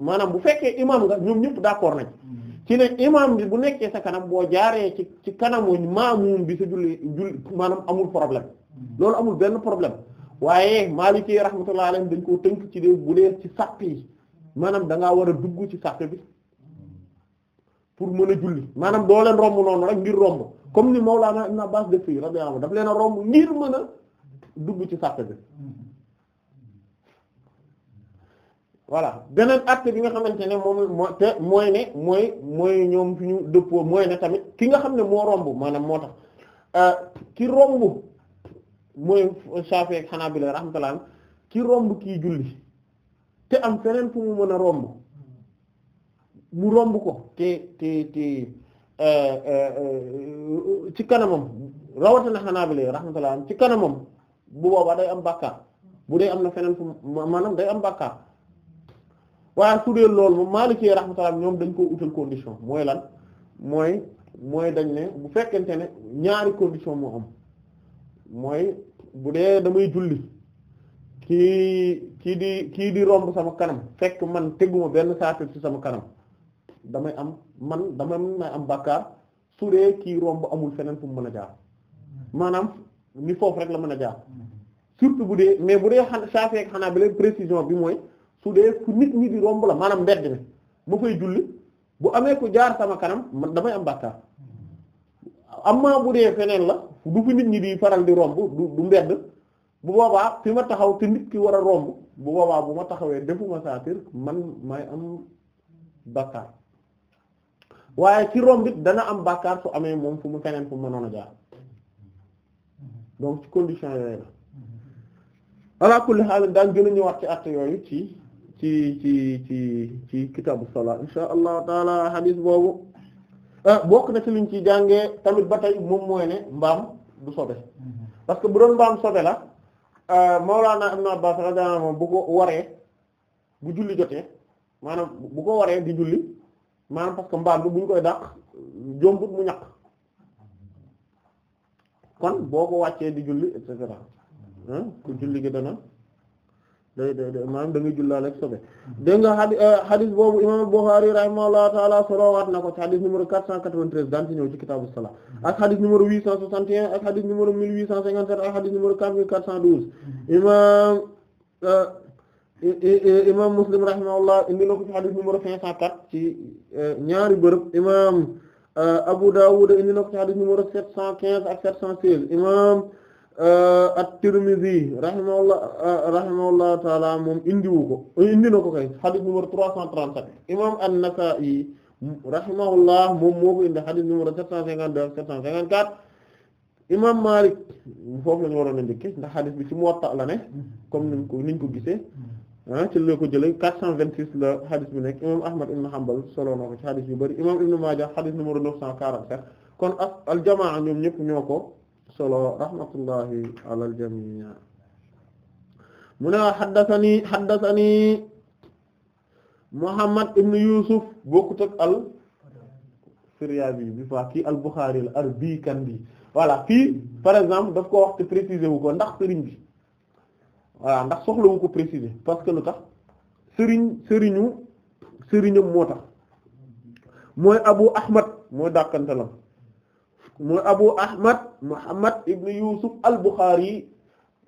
maanaam bu fekkee imam nga ñoom ñëpp d'accord nañ ci ne imam bi bu nekkee sa kanam boo jaaree ci ci kanamu maamum bi sa julli julli maanaam amul problème loolu amul benn problème waaye Maliki rahmatullahi alayhi dañ koo tënk ci dee bu dee ci sàpp yi maanaam dangaa war a dugg ci sàpp bi pour mën a julli maanaam doo leen romb noonu rek ngir romb comme ni Mawlana Ibn Abbas def fii radiyallahu anhu daf leen a romb ngir mën a ci sàpp bi voilà beneen bi nga xamante ne moom moo te mooy mooy mooy ñoom fi ñu dëppoo mooy ne tamit ki nga xam ne moo romb maanaam moo tax euh, ki romb mooy Shafi ak Hanabila rahmatullah ki romb kii julli te am feneen fu mu mën a romb mu romb ko te te te euh, euh, ci kanamam rawatina Hanabila rahmatullah ci kanamam bu boobaa day am bàkkaar bu dee am na feneen fu maanaam day am bàkkaar waaye su dee loolu moom Maliki rahmatullah ñoom dañ koo utal condition mooy lan mooy mooy dañ ne bu fekkente ne ñaari condition moo am mooy bu dee damay julli kii kii di kii di romb sama kanam fekk man teguma benn saatir ci sama kanam damay am man damay may am bàkkaar su dee kii romb amul feneen fu mu mën a jaar maanaam ni foofu rek la mën a jaar surtout bu dee mais bu dee xanaa saafeek xanaa bi leen précision bi mooy su dee fu nit ñi di romb la maanaam mbedd mi ma fay julli bu amee ko jaar sama kanam man damay am bàkkaar am amma bu dee feneen la du fi nit ñi di faral di romb du du mbedd bu boobaa fi ma taxaw te nit ki war a romb bu boobaa bu ma taxawee defuma saatir man may am bàkkaar waaye ci romb it dana am bàkkaar su amee moom fu mu feneen fu mu mënoon a jaar donc ci condition yooyu la ala kulli haal daan gën a ñëwaat ci àtte yooyu ci ci ci ci ci kitaabu salaa insha allah taala hadith boobu Euh, bokk na ci liñ ciy jàngee tamit ba tey moom mooy ne mbaam du sobe parce que bu doon mbaam sobe la euh, Mawlana Ibn Abbas radiyallahu anhu bu ko waree bu julli jotee maanaam bu ko waree di julli maanaam parce que mbaam bi bu ñu koy dàq jombut mu ñaq kon boo ko wàccee di julli et ku julli gi dana day day day maanaam da ngay jullaale ak sobe dégg nga xadi euh, xadis boobu imam Bukhari rahimahullahu taala solowaat na ko ci xadis numéro 493 daan ci ñëw ci kitaabu salaa ak xadis numéro 861 ak xadis numéro 1857 ak xadis numéro 4412 imam euh, imam Muslim rahimahullah indi na ko ci xadis numéro 504 ci euh, ñaari bërëb imam Abu Dawud indi na ko ci xadis numéro 715 ak 716 imam Euh, at-Tirmidhi rahimahullah euh, rahimahullah taala moom indiwu ko indi na ko kay xadis numéro 337 imam an-Nasa'i rahimahullah moom moo ko indi xadis numéro 752 754 imam Malik foofu la ñu waroon a njëkke ndax xadis bi ci Muwatta la ne comme niñ ko niñ ko gisee ah ci la ko jëlee 426 la xadis bi nekk imam Ahmad ibn Hanbal solo na ko ci xadis yu bari imam Ibn Maaja xadis numéro 947 kon ak al jamaa ñoom ñëpp ñoo ko solo rahmatullahi ala al-jamii mu ne haddathani haddathani Muhammad ibn Yusuf bokkut ak al Firyaabi bi fa kii al Bukhari al Arbikandi voilà fii par exemple daf ko wax te wu ko ndax sëriñ bi voilà ndax soxla wu ko préciser parce que lu tax sëriñ sëriñu sëriñam moo tax mooy Abu Ahmad mooy dàkkantalam mooy Abu Ahmad Muhammad ibn Yusuf al-Bukhari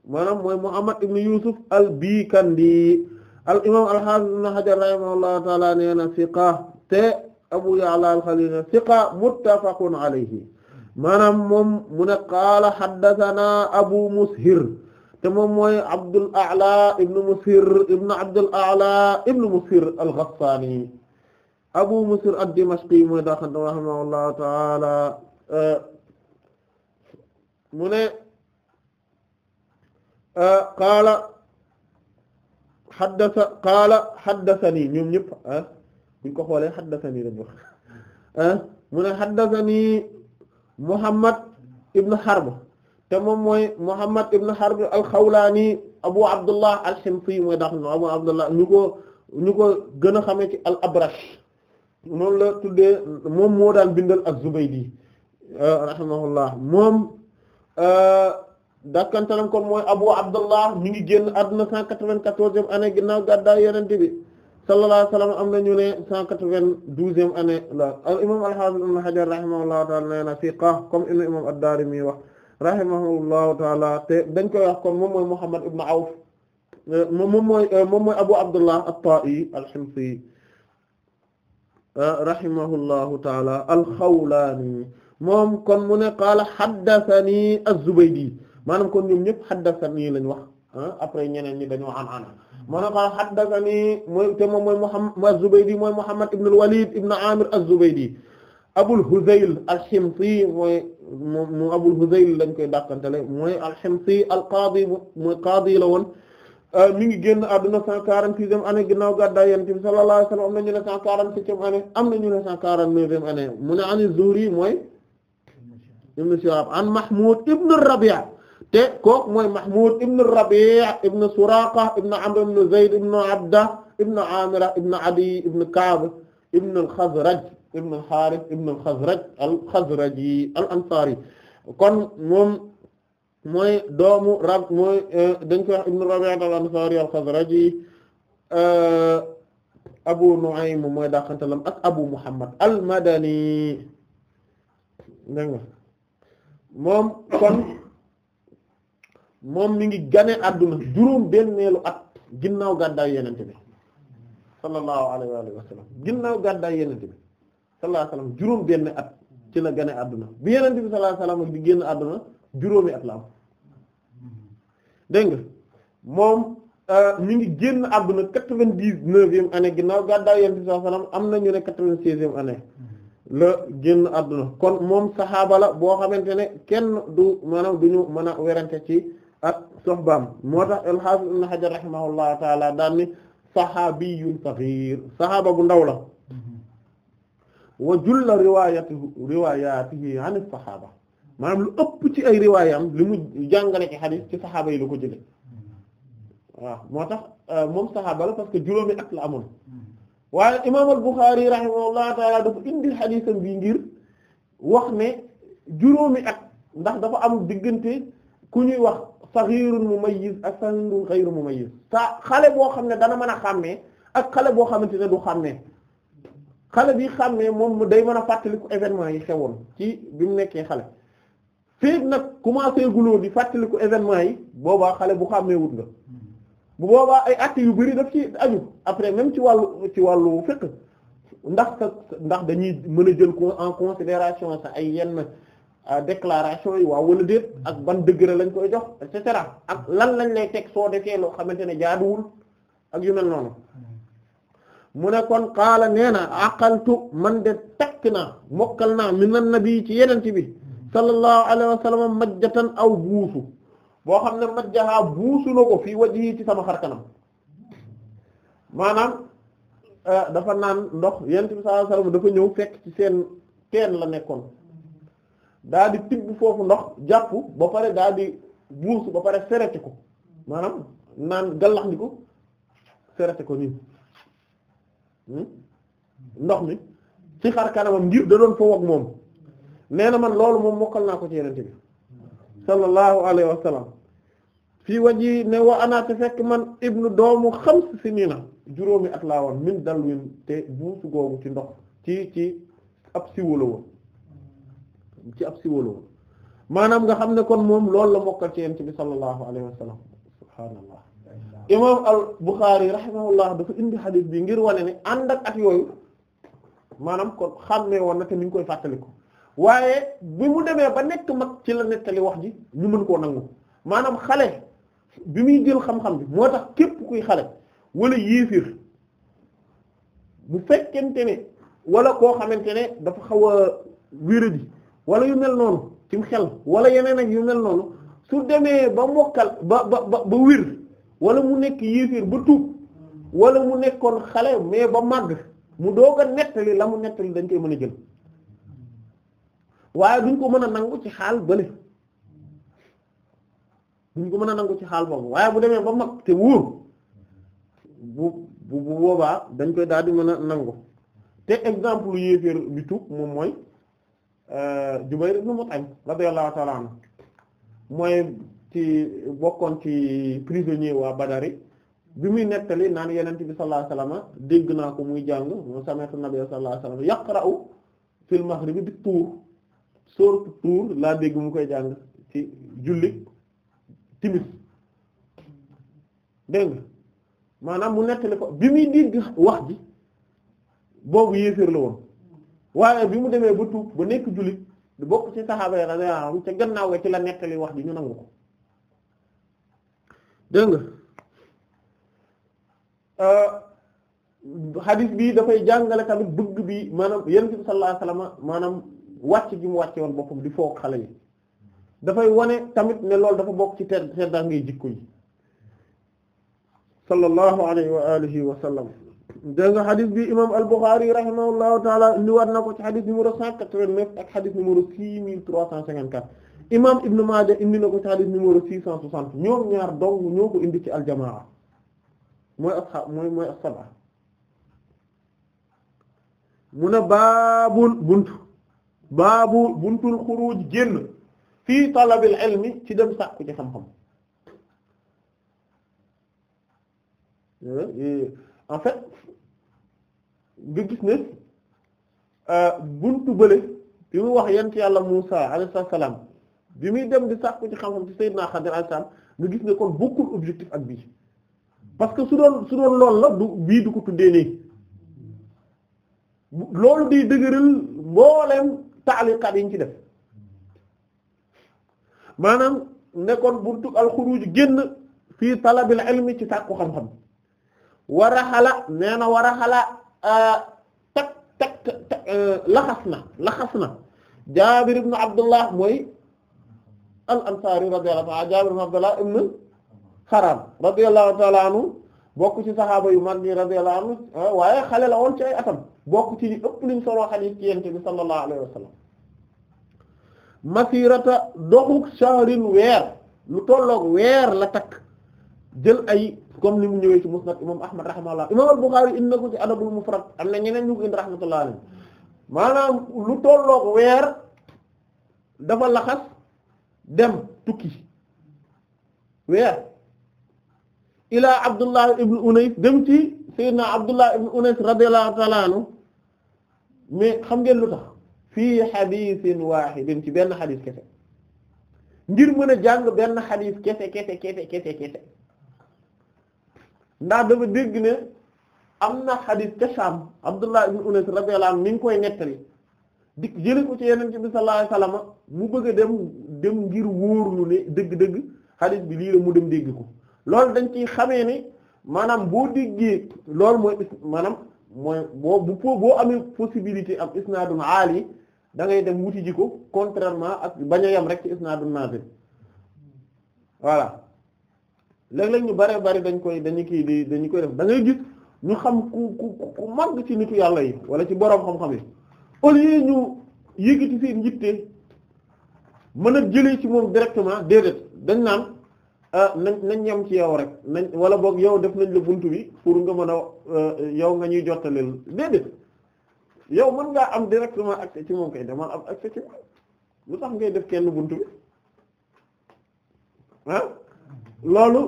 maanaam mooy Muhammad ibn Yusuf al-Bikandi al imaam al-Hafiz ibn Hajar rahimahullahu ta'ala nee na siqa te Abu Ya'la al-Khalili siqa muttafaqun alayhi maanaam moom mu ne qaala haddathana Abu Mushir te moom mooy Abdul A'la ibn Mushir ibn Abdul A'la ibn Mushir al-Ghassani Abu Mushir ad-Dimashqi mooy daaxanta rahimahullahu ta'ala mu ne qaala xaddasa qaala xaddasani ñoom ñëpp ah ko xoolee xaddasani lañu wax mu ne xaddasani Muhammad ibn Harb te moom mooy Muhammad ibn Harb al-Xawlaani Abu Abdullah al-Himsi mooy daax na Abu Abdullah ñu ko ñu ko gën a xamee ci al-Abrash moom la tuddee moom moo daan bindal ak Zubaydi rahimahullah moom euh, dakkantalam kon mooy Abu Abdullah mi ngi génn àdduna 194e année ginnaaw gàddaay Yonent bi sallallahu alayhi wa sallam am na ñu ne 192e année la al imam al-Hafiz Ibn Hajar rahimahullahu ta'ala nee na fiqa comme inna imam ad-Darimi wax rahimahullahu ta'ala te dañ koy wax kon moom mooy Muhammad ibn Awf euh, moom mooy euh, moom mooy Abu Abdullah at-Ta'i al-Himsi rahimahullahu ta'ala al-Khawlani moom kon mu ne qaala xaddasani az-Zubaydi maanaam kon ñoom ñëpp xaddasani lañ wax ah, après ñeneen ñi dañoo an an mu ne qaala xaddasani mooy te moom mooy Muhammad az-Zubaydi mooy Muhammad ibn al-Walid ibn Amir az-Zubaydi Abul Huzayl al-Himsi mooy mu Abul Huzayl lañ koy dàqantele mooy al-Himsi al-Qaadi mooy qaadi la woon euh, mi ngi génn àdduna 146e année ginnaaw gàddaay Yonent bi sallallahu alayhi wa sallam am na na ñu ne mooy ibn Shihab an Mahmoud ibn Rabi' te kooku mooy Mahmoud ibn Rabi' ibn Suraqa ibn Amr ibn Zayd ibn Abda ibn Amira ibn Adi ibn Ka'b ibn al-Khazraj ibn al-Harith ibn al-Khazraj al-Khazraji al-Ansari kon moom mooy doomu rab mooy euh, dañ koy wax ibn Rabi' al-Ansari al-Khazraji euh, Abu Nu'aym mooy daaxantalam ak Abu Muhammad al-Madani dégg nga moom kon moom mi ngi gane àdduna juróom benneelu at ginnaaw gàddaay yenente bi sallallahu alayhi wa alihi wa sallam ginnaaw gàddaay yenente bi sallallahu alayhi juróom benn at ci la gane àdduna bi yenente bi sallallahu alayhi wa sallam di génn àdduna juróomi at la am dégg nga moom ñu euh, ngi génn àdduna quatre-vingt-dix-neuvième année ginnaaw gàddaay yenente bi sallallahu am na ñu ne quatre-vingt-seizième année la génn àdduna kon moom saxaaba la boo xamante ne kenn du maanaam du ñu mën a werante ci ak soxbaam moo tax al-Hafiz Ibn Hajar rahimahullahu taala daan ni saxaabiyun saxiir saxaaba bu ndaw la wa julla riwaayatu riwaayaatihi an saxaaba maanaam lu ëpp ci ay riwaayam li mu jàngale ci xadiis ci saxaaba yi la ko jële waaw moo tax euh, moom saxaaba la parce que juróomi at la amoon waaye imaam al-Bukhari rahimahullahu taala dafa indi xadiisam bi ngir wax ne juróomi at ndax dafa am diggante ku ñuy wax saxiirun mumayyiz ak saxiirun xayru mumayyiz sa xale boo xam ne dana mën a xàmmee ak xale boo xamante ne du xàmmee xale bi xàmmee moom day mën a fàttaliku événement yi xewoon ci bi mu nekkee xale féeg nag commencé guloo di fàttaliku événement yi boobaa xale bu xàmmee wut nga bu boobaa ay actes yu bari daf ci aju après même ci wàllu ci wàllu fiqh ndax sa ndax dañuy mën a jël ko en considération sa ay a euh, déclaration yi waaw wala déet ak ban degré lañ koy jox et ak lan lañ lay teg soo defee loo xamante ne jaaduwul ak yu mel noonu mu ne kon qaala nee na aqaltu man de takk naa mokkal naa min an nabi ci yeneen ci bi sallallahu alayhi wa sallam majjatan aw buusu boo xam ne majjaxaa buusu na ko fii waji ci sama xar maanaam euh, dafa naan ndox yent bi sallallahu alayhi dafa ñëw fekk ci seen teen la nekkoon daal di tibb foofu ndox jàpp ba pare daal di buusu ba pare sereti ko maanaam naan gallax ndi ko sereti ko nii hmm? ndox mi ci xar kanamam ngir da doon fo wag moom nee na man loolu moom mokkal naa ko ci yenente bi sallallahu alayhi wa sallam fii waji ne wa anaate fekk man ibnu doomu xams sinina juróomi at laa woon min dalwin te buusu googu ci ndox ci ci ab siwala woon ab siwala maanaam nga xam ne kon moom lool la mokkal ci yent bi sallallahu alayhi wa sallam subhaanallah imam al Bukhari rahimahullah dafa indi xadiis bi ngir wane ni ànd ak at yooyu maanaam kon xàmmee woon na te mi ngi koy fàttaliku waaye bi mu demee ba nekk mag ci la nettali wax ji ñu mën koo nangu maanaam xale bi muy jël xam-xam bi moo tax képp kuy xale wala yéefir bu fekkente ne walla koo xamante ne dafa xaw a wéradi wala yu mel noonu ci xel wala yeneen ak yu mel noonu su demee ba mokkal ba ba ba wér wala mu nekk yéefir ba tuub wala mu nekkoon xale mais ba màgg mu doog a nettali la mu nettali dañ koy mën a jël waaye duñ ko mën a nangu ci xaal bële duñ ko mën a nangu ci xaal boobu waaye bu demee ba mag te wóor bu bu boobaa dañ koy daal di mën a nangu te exemple yéeféer bi tuub moom mooy euh, Jubayr ibn Mut'im radiyallahu ta'ala anhu mooy ci bokkoon ci prisonnier waa Badari bi muy nettali naan Yonent bi sallallahu alayhi dégg naa ko muy jàng mu sami'tu Nabiyya sallallahu alayhi wasallam yaqra'u fil maghribi bi tuur sourate Tuur laa dégg mu koy jàng ci julli timis dégg maanaam mu nettali ko bi muy dégg wax ji boobu yéeféer waaye bi mu demee ba tuub ba nekk jullit du bokk ci saxaaba yi radiyallahu anhum ca gannaaw ga ci la nettali wax ji ñu nangu ko dégg nga euh, bi dafay jàngale tamit bëgg bi maanaam yonent bi sallallahu maanaam wàcc gi mu wàcce woon boppam di foo xale yi dafay wane tamit ne loolu dafa bokk ci tedd teddaa ngay jikko yi sallallahu alayhi wa alihi wa sallam dégg nga xadis bi imam al-Bukhari rahimahullahu taala indiwaat na ko ci xadis numéro 189 ak xadis numéro 6354 imam Ibn Maaja indi na ko ci xadis numéro 660 ñoom ñaar dong ñoo ko indi ci aljamaa mooy asxaab mooy mooy asxaab mu ne baabul buntu baabu buntul xuruj génn fii talabil ilmi ci dem sàkku ci xam-xam eh, eh, en fait nga gis ne euh, buntu bële bi mu wax yent yàlla Musa alayhi salaam bi muy dem di sàkku ci xam-xam ci Seydina Xadir alayhi salaam nga gis ne kon bokkul objectif ak bii parce que su doon su doon loolu la du bii du ko tuddee nii loolu di dëgëral mbooleem taaliqaat yi ñu ci def maanaam nekkoon buntu alxuruj génn fii talabil ilmi ci sàkku xam-xam war a xala nee na war a xala tak tak e, laxas na laxas na Jaabir ibn Abdullah mooy al ansari radiyallahu ta'ala Jaabir ibn Abdullah ibn Haram radiyallahu ta'ala anhu bokk ci saxaaba yu mag yi la anhu ah, waaye xale la woon ci ay atam bokk ci ëpp liñ solo xadiis ci yente bi sallallahu alayhi wa sallam masirata doxuk shahrin weer lu tollook weer la takk jël ay comme li mu ñëwee ci musnad imam ahmad rahimahullah imam al-Bukhari inna ko ci adabul mufrad am na ñeneen ñu ko indi rahmatullah alayhi maanaam lu tolloog weer dafa laxas dem tukki weer ilaa Abdullah ibn Unays dem ci sayyidina Abdullah ibn Unays radiyallahu ta'ala mais xam ngeen lu tax fii xadiisin waahidin ci benn xadiis kese ngir mën a jàng benn xadiis kese kese kese kese kese ndax dégg ne am na xadiis ca Abdullah ibn Unays radiyallahu anhu koy nettali di jële ko ci yeneen ci bi sallallahu alayhi mu bëgg a dem dem ngir wóorlu ne dëgg-dëgg xadiis bi lii mu dem dégg ko loolu dañ ciy xamee ni maanaam boo déggee loolu mooy maanaam mooy boo bu boo amee possibilité am isnaadun aali da ngay dem wuti ji ko contrairement ak bañ a yem rek ci isnaadun naazil voilà léeg-léeg ñu bare bari dañ koy dañu kii dañu koy def da ngay gis ñu xam ku ku ku màgg ci nitu yàlla yi wala ci boroom xam-xam yi au lieu ñu yëgiti seen njitte mën a jëlee ci moom directement déedéet dañ naan Ah, na nañ yem ci yow rek na wala boog yow def nañ la buntu bi pour nga mën a euh, yow nga ñuy jottaleel déedéet yow mën ngaa am directement ak ci moom kay dama am accès ci moom lu tax ngay def kenn buntu bi ah? loolu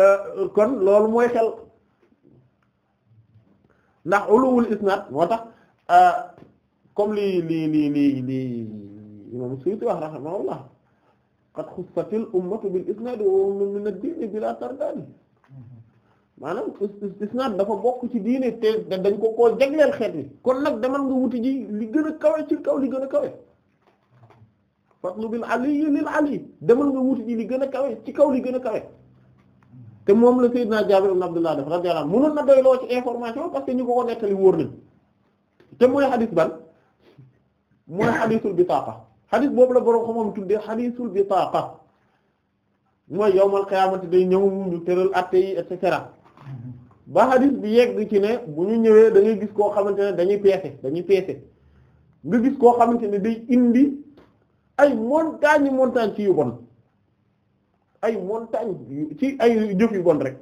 euh, kon loolu mooy xel ndax uluwul isnad moo tax euh, comme li li li li li imam Suyuti wax rahimahullah qad xussatil ummatu bil isnaad wa min ad-diini bilaa tardaani maanaam isnaad dafa bokk ci diine te dañ ko koo jagleel xeet wi kon nag demal nga wuti ji li gën a kawe ci kaw li gën a kawe fatlu bil ali lil ali demal nga li gën a kawe ci kaw li gën a kawe te moom la Seydina Jaabir na Abdullah def radiyallahu anhu mënoon na doyloo ci information parce que ñu ko ko nettali wóor nañ te mooy xadis ban mooy xadisul bisaaqa xadis boobu la borom xamam tuddee xadisul bitaaqa mooy yowmal qiyaamati day ñëw ñu tëral atte yi et cetera ba xadis bi yegg ci ne bu ñu ñëwee da ngay gis koo xamante ne dañuy peese dañuy peese nga gis koo xamante ne day indi ay montagne montagne ci yu bon ay montagne ci ay jëf yu bon rek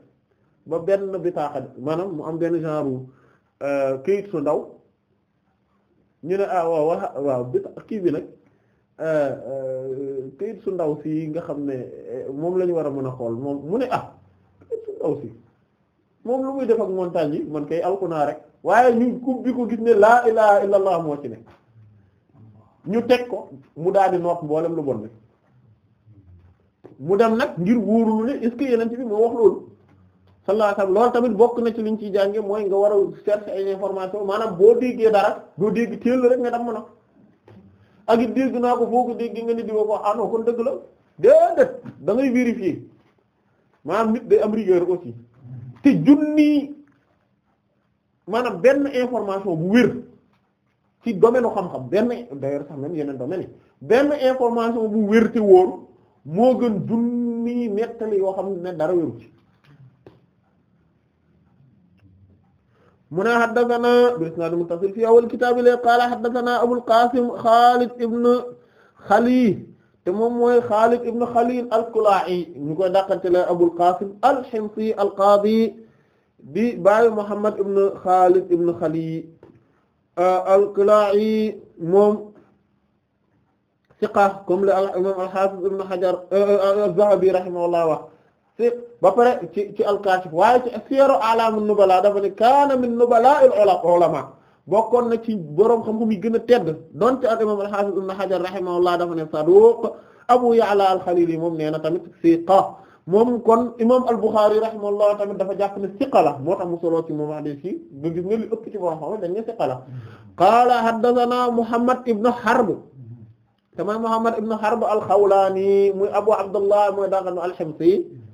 ba benn bitaaqa maanaam mu am benn genre euh, kayit su ndaw ñu ne ah waaw waaw waaw kii bi nag Euh, euh, këyit su ndaw si nga xam ne euh, moom la war a mën a xool moom mu ne ah këyit su ndaw si moom lu muy def ak montagne yi man kay alku naa rek waaye ñu kub bi ko gis ne laa ilaha illallah moo ci ne ñu teg ko mu daal di noot mboolem lu bon ne mu dem nag ngir wóorul ne est-ce que yeneen bi moo wax loolu sa alayhi wasallam loolu tamit bokk na ci liñ ciy jànge mooy nga war a chercher ay information maanaam boo déggee dara doo dégg téel rek nga dem mën a ak it dégg naa ko foo ko dégg nga ni di ko ah non kon dëgg la déedéet da vérifier maanaam nit day am rigueur aussi te junni maanaam benn information bu wér ci domaine xam-xam benn d'ailleurs sax même yeneen domaine benn information bu wér te wóor moo gën junni nettali yoo xam ne dara wéru mu ne haddathana bi isnaad muttasil fi awwal kitaab li qaala haddathana Abul Qaasim Xaalid ibn Xaliil te moom mooy Xaalid ibn Xaliil al-Kalaa'i ñu koy dàqanteel Abul Qaasim al-Himsi al-Qaadi di baayu Muhammad ibn Xaalid ibn Xaliil euh, al-Kalaa'i moom siqa comme le imaam al-Haafiz ibn Hajar euh, euh, az-Zahabi rahimahullah si ba pare ci ci al-Kashif waaye ci siyaaru alaamu nubala dafa ne kaana min nubala il ulama ci borom xam-xam yi gën a tedd donte al imam al-Hafiz ibn Hajar rahimahullah dafa ne saduq Abu Ya'la al-Khalili moom nee na tamit siqa kon imam al-Bukhari rahimahullah tamit dafa jàpp ne siqa la moo tax mu solo ci moom hadith yi nga gis nga li ëpp ci boroom xam dañ ne siqa la qaala haddathana Muhammad ibn Harb tama Muhammad ibn Harb al-Khawlani muy Abu Abdullah muy dagan al-Himsi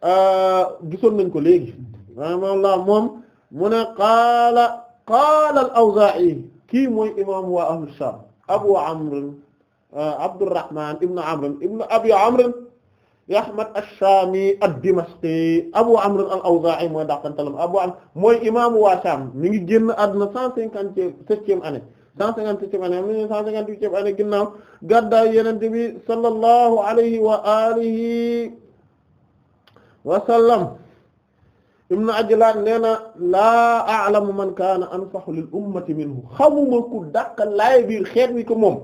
Euh, gisoon nañ ko léegi rahimahullah moom mu ne qaala qaala al-Awzaa'i kii mooy imam waa ahlu Shaam Abu Amr euh, Abdurrahman ibn Amr ibn Abi Amr Ahmad ash-Shaami ad-Dimashqi Abu Amr al-Awzaa'i mooy dàqantalam Abu Amr mooy imam waa Shaam mi ngi génn àdduna cent cinquante-septième année cent cinquante-septième année am cent cinquante-huitième année ginnaaw gàddaay Yonent bi sallallahu alayhi wa alihi wa sallam ibnu ajlan nee na laa a'lamu man kaana ansahu lil ummati minhu xamuma ku dàq laay biir xeet wi ko moom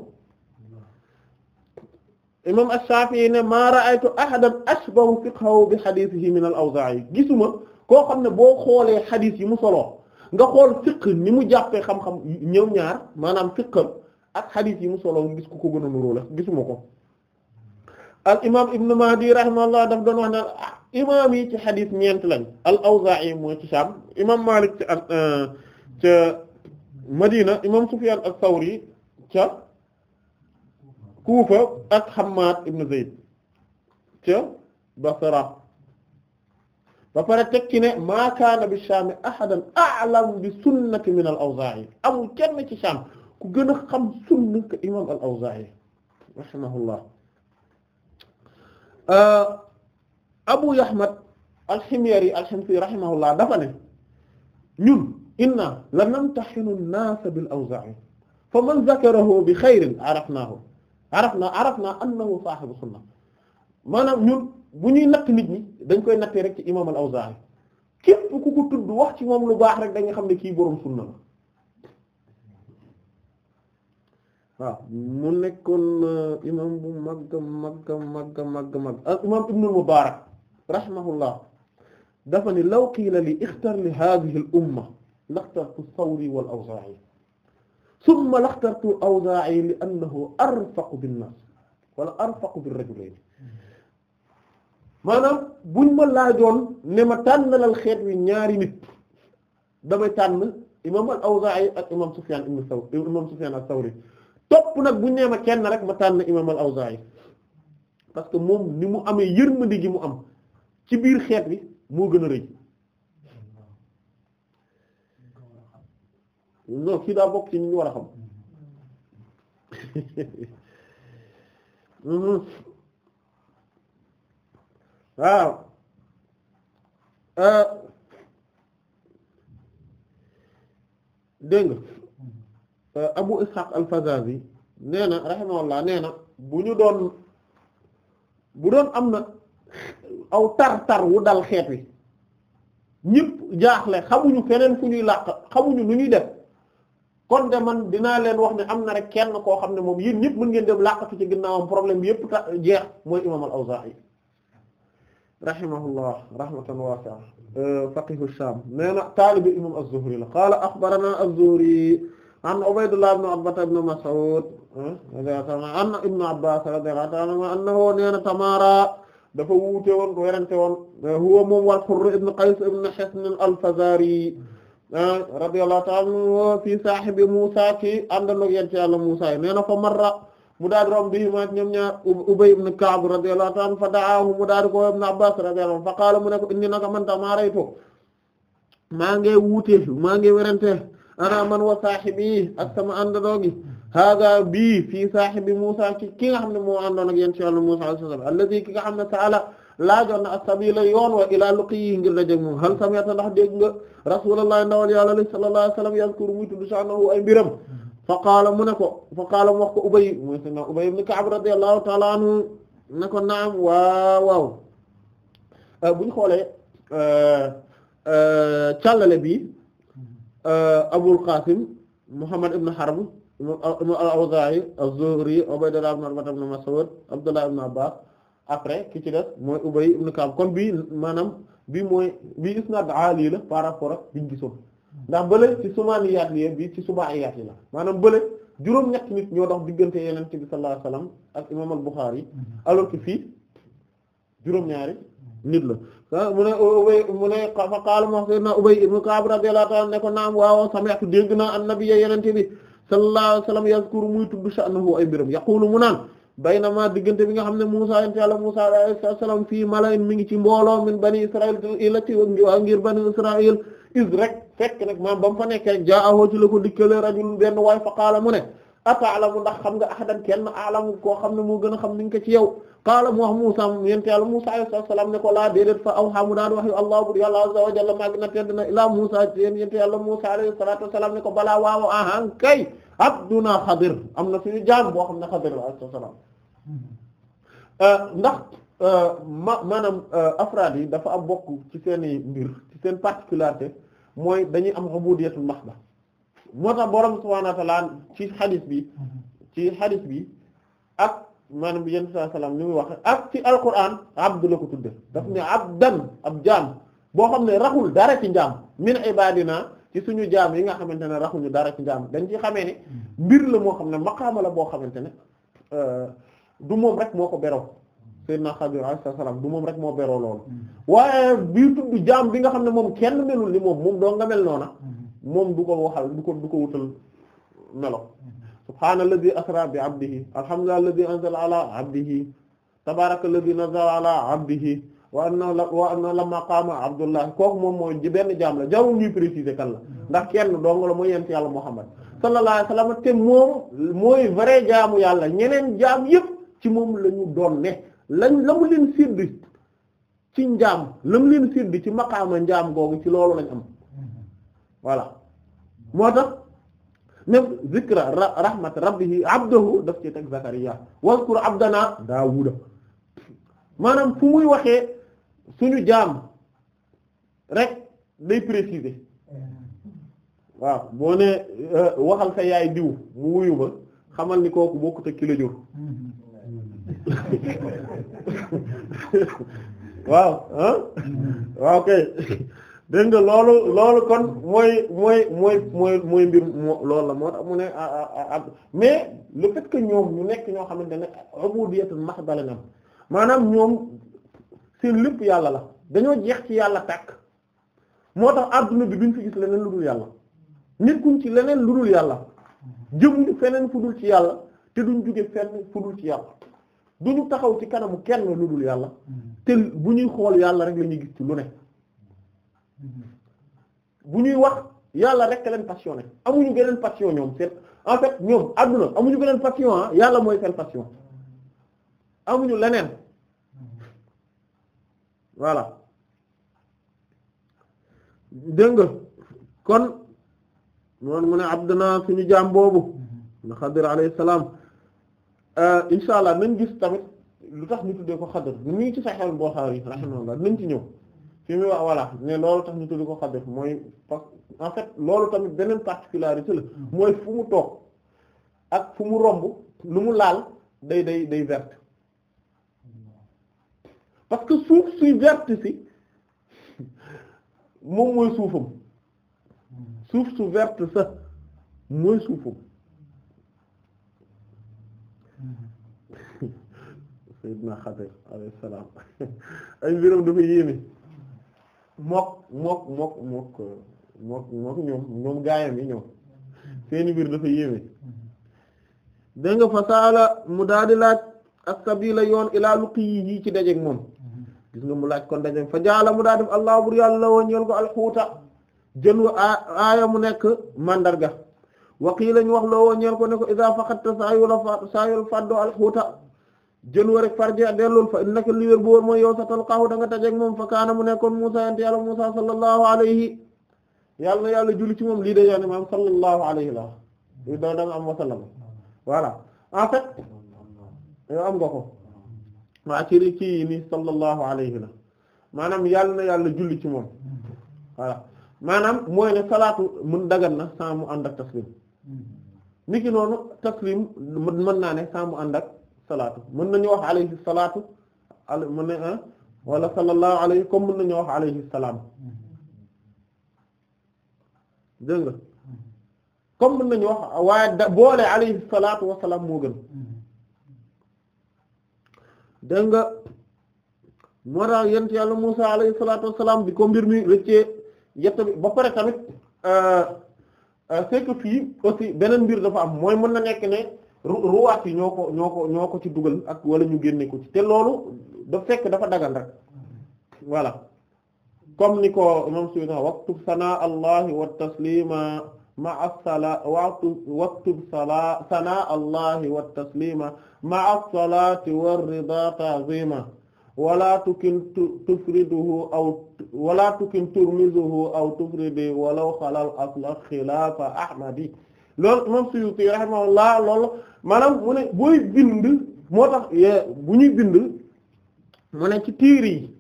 imam ash-Shafi'i ne maa ra'aytu ahadan ashbahu fiqhahu bi hadithihi min al-Awza'i gisuma koo xam ne boo xoolee xadis yi mu soloo nga xool fiq ni mu jàppee xam-xam ñëw ñaar maanaam fiqam ak xadis yi mu soloo gis ku ko gën a nuróo la gisuma ko al imaam Ibn Mahdi rahimahullah daf doon wax ne imaam yi ci xadis ñeent lañ al Awzaa'i mooy ci Saam imaam Maalik ca euh, ca Madina imaam Sufyaan as-Sawri ca Kuufa ak Hammaad ibn Zayd ca Basra ba pare teg ci ne maa kaana bi Saam ahadan a'lam bi sunnati min al Awzaa'i amul kenn ci Saam ku gën a xam sunna ka imaam al Awzaa'i rahimahullah Euh, Abu Yahmad al-Himyari al-Himsi rahimahullah dafa ne ñun inna la namtaxinu an-naasa bil Awzaa'i fa man zakarahu bi xayrin arafnaahu arafnaa arafnaa annahu saahibu sunna maanaam ñun bu ñuy natt nit ñi dañ koy nattee rek ci imaam al-Awzaa'i képp ku ko tudd wax ci moom lu baax rek dañu xam ne kii boroom sunna la waaw mu nekkoon euh, imam bu mag mag mag mag mag ak imam ibnul Mubaarak rahimahullah dafa ni law qiila li ixtar li haadihi al umma laxtartu Sawri wal Awzaa'i summa laxtartu Awzaa'i li annahu arfaqu binnaas wala arfaqu birrajulayni maanaam buñ ma laajoon ne ma tànnalal xeet wi ñaari nit damay tànn imam al Awzaa'i ak imam Sufyaan ibn Sawri imam Sufyaan as-Sawri topp nag bu ñeema kenn rek ma tànn imam al-Awzaa'i parce que moom ni mu amee yërmande gi mu am ci biir xeet wi moo gën a rëy non kii daa bokk ci ñu war a xam mhm. waaw euh. dégg nga Euh, Abu Ishaq al-Fazazi nee na rahimahullah nee na bu ñu doon bu doon am na aw tar-tar wu dal xeet wi ñëpp jaaxle xamuñu feneen fu ñuy làq xamuñu lu ñuy def kon de man dinaa leen wax ne am na rek kenn koo xam ne moom yéen ñëpp mën ngeen dem làqatu ci ginnaawam problème bi yëpp ta jeex mooy imaam al-Awzaa'i rahimahullah rahmatan waasi'a euh, faqihu Shaam nee na taalibi imaam az-Zuhri la qaala axbaranaa az-Zuhri an Ubaydullah ibn Abbas ibn Mas'ud eh, an Ibn Abbas radiyallahu ta'ala anhu annahu neena Tamara dafa wuute woon werante woon eh, huwa moom wal Hurr ibn Qays ibn Hisn al-Fazari eh, radiyallahu ta'ala anhu fi sahibi Musa ki àndandoo yéen ci Yàlla Musa yi nee na fa marra mu daal di romb bii ma ñoom ñaar Ubay ibn Ka'b radiyallahu ta'ala anhu fa da'ahu mu daal di ko woo Ibn Abbas radiyallahu anhu fa qaala mu ne ko inni naka man tamaraytu maa ngi wuute maa ngi werante ana man wa saahibi ak sama àndandoo gi haaga bii fii saahibi Muusaa ci ki nga xam ne moo àndoon ak yéen ci Yàlla Muusaa alayhi salaam allazi ki nga xam ne ta'ala laajoon na as-sabiila yoon wa ilaa liqayyihi ngir dajeek moom hal sami'ta ndax dégg nga rasuulullaah ndawal Yàlla sallallaahu alayhi wa sallam yazkuru muy tudd sha'nahu ay mbiram fa qaala mu ne ko fa qaala mu wax ko Ubay muy sayyidina Ubay ibn Ka'b radiyallaahu ta'aala anhu ne ko naam waaw waaw euh, bu ñu xoolee euh, euh, càllale bi Abul Qasim Muhammad ibn Harb al-Awza'i az-Zuhri Ubaydullah ibn Utba ibn Mas'ud Abdullah ibn Abbas après ki ci des mooy Ubay ibn Ka'b kon bii maanaam bii mooy bii isnad aali la par rapport ak biñ gisoon ndax bële ci sumaaniyaat yi bii ci subaa'iyaat yi la maanaam bële juróom ñett nit ñoo dox diggante Yonent bi sallallahu alayhi wasallam ak imaam al-Bukhari mm-hmm. alors que fii juróom ñaari nit la mu ne Ubay mu ne fa qaala moom sayyidina Ubay ibn Ka'b radiyallahu ta'ala ne ko naam waaw sami'tu dégg naa an-nabiyya yenente bi sallallahu alayhi wasallam yazkuru muy tudd sha'nahu ay mbiram yaqulu mu naan baynama diggante bi nga xam ne Musa yonent Yàlla Musa alayhi salaam fii mala'in mi ngi ci mbooloo min bani Israil ila ci waa ngir bani Israil is rek fekk nag maam ba mu fa nekkee rek jaa'ahu ci la ko dikkale rajul benn waay fa qaala mu ne ata'lamu ndax xam nga ahadan kenn a'lamu koo xam ne moo gën a xam niñ ko ci yow qaala mu wax Muusaa mu yent yàlla Muusaa alayhi salaam ne ko laa déedéet fa awhaa mu daan wax yu allah bur yàlla azza wa jalla maa gi na tedd na ilaa Muusaa yéen yent yàlla Muusaa alayhi salaatu wa salaam ne ko balaa waaw ahan kay abduna xadir am na suñu jaam boo xam ne xadir la alayhi salaam euh, ndax euh, ma maanaam euh, afraad yi dafa am bokk ci seen i mbir ci seen particularité mooy dañuy am ubudiyatul mahda moo tax borom subhaanahu wa ta'aala ci xadis bi ci xadis bi ak maanaam bi yenn saa salaam ni muy wax ak ci alquran abdu la ko tudde daf ne abdan ab jàmm boo xam ne raxul dara ci njaam min ibadina ci suñu jaam yi nga xamante ne raxuñu dara ci njaam dañ ci xame ne mbir la moo xam ne maqaama la boo xamante ne euh, du moom rek moo ko beroo sayyidina Xadir alayhi salaam du moom rek moo beroo loolu mm-hmm. waaye bii tudd jaam bi nga xam ne moom kenn melul ni moom moom doo moom du ko waxal du ko du ko wutal melo subhaanalladhi asra bi abdihi alhamdulilladhi anzala ala abdihi tabarakalladhi nazala ala abdihi wa anna wa anna lamma qaama abdullah kooku moom mooy ji benn jaam la jarul ñuy préciser kan la ndax kenn dong la mooy yent yàlla muhammad sallallahu alayhi wasallam te moom mooy vrai jaamu yàlla ñeneen jaam yépp ci moom lañu ñu doon ne lañ la mu leen sidd ci njaam la mu leen sidd ci maqaama njaam googu ci loolu lañ am voilà moo tax même zikra rahmat rabbihi abdahu daf ci teg zakariya wazkur abdana daawuda maanaam fu muy waxee suñu jaam rek day préciser waaw boo ne euh, waxal sa yaay diw mu wuyu ma xamal ni kooku bokkut ak ki la <laughs> waaw ah dégg nga loolu loolu kon mooy mooy mooy mooy mooy mbir loolu la moo tax mu ne mais le fait que ñoom ñu nekk ñoo xamante ne ubudiyatul mahdala nam maanaam ñoom seen lépp yàlla la dañoo jeex ci yàlla tàkk moo tax àdduna bi duñ fi gis leneen lu dul yàlla nekkuñ ci leneen lu dul yàlla jëmuñu feneen fu dul ci yàlla te duñ jóge fenn fu dul ci yàlla duñu taxaw ci kanamu kenn lu dul yàlla te bu ñuy xool yàlla rek la ñuy gis ci lu ne bu ñuy wax yàlla rek leen passionné amuñu beneen passion ñoom seen en fait ñoom àdduna amuñu beneen passion ah, yàlla mooy seen passion amuñu leneen voilà dégg kon noonu mu ne abduna suñu jaam boobu na xadir alayhi salaam euh, insha allah nañ gis tamit lu tax ñu tuddee ko xadir ñu ngi ci Sahih Bukhari rahimahullah nañ ci ñëw fi mu wax voilà ne loolu tax ñu tuddu ko xabir mooy parce que en fait loolu tamit beneen particularité la hmm. mooy fu mu toog ak fu mu romb lu mu laal day day day verte parce que suuf suy verte si moom mooy suufam suuf su verte sa mooy suufam hmm. Seydina <laughs> Xadir alayhi salaam <laughs> ay mbiram dafa yéeme mook mook mook mook euh, mook mook ñoom ñoom gaayam yi ñoom seeni mbir dafa yéeme dégg nga fasaala mu daal di laaj as-sabila yoon ilaa luqi yi ci dajeeg moom gis nga mu laaj kon dajeeg fa jaala mu daal def allah bur yàlla woo ñeel ko alxuuta jën wa aaya mu nekk mandarga waqiila ñu wax loo woo ñeel ko ne ko iza faqatta saa yu la saa yu la fàddoo alxuuta jën wa rek farji a dellul fa innaka li wér bu wóor mooy yow sa talqaahu da nga moom fa kaana mu nekkoon Musa yant yàlla Musa sallallahu alayhi yàlla na yàlla julli ci moom lii day yoone maam sallallahu alayhi la da danga am wasallam voilà en fait yow am nga ko waa ciri kii ni sallallahu la maanaam yàlla na yàlla julli ci moom voilà maanaam mooy ne salaatu mun dagan na sans mu ànd ak taslim niki noonu taslim mën naa ne sans mu ànd ak salaatu mën nañu wax alayhi salaatu al mën na ah, wala sallallahu alayhi comme mën nañu wax alayhi salaam dégg nga comme mën nañu wax waaye da boole alayhi salaatu wa moo gën dégg nga moo tax yent yàlla Musaa alayhi salaatu wa salaam bi ko mbir mi rëccee yett bi ba pare tamit euh, euh, c'est que fii aussi beneen mbir dafa am mooy mën na nekk ne. ruwaat yi ñoo ko ñoo ko ñoo ko ci dugal ak wala ñu génne ci te loolu da dafa dagan rek voilà comme ni ko imam Suyuti waqtub sanaa allahi wa taslima maa salaa waqtu waqtub wa taslima maa salaati warida ta'zima wala tukin tufriduhu aw wala tukin turmizuhu aw tufridi walaw xalal asla xilaafa ahmadi loolu imam Suyuti rahimahullah loolu maanaam mu ne booy bind moo tax bu bind mu ne ci tiir yi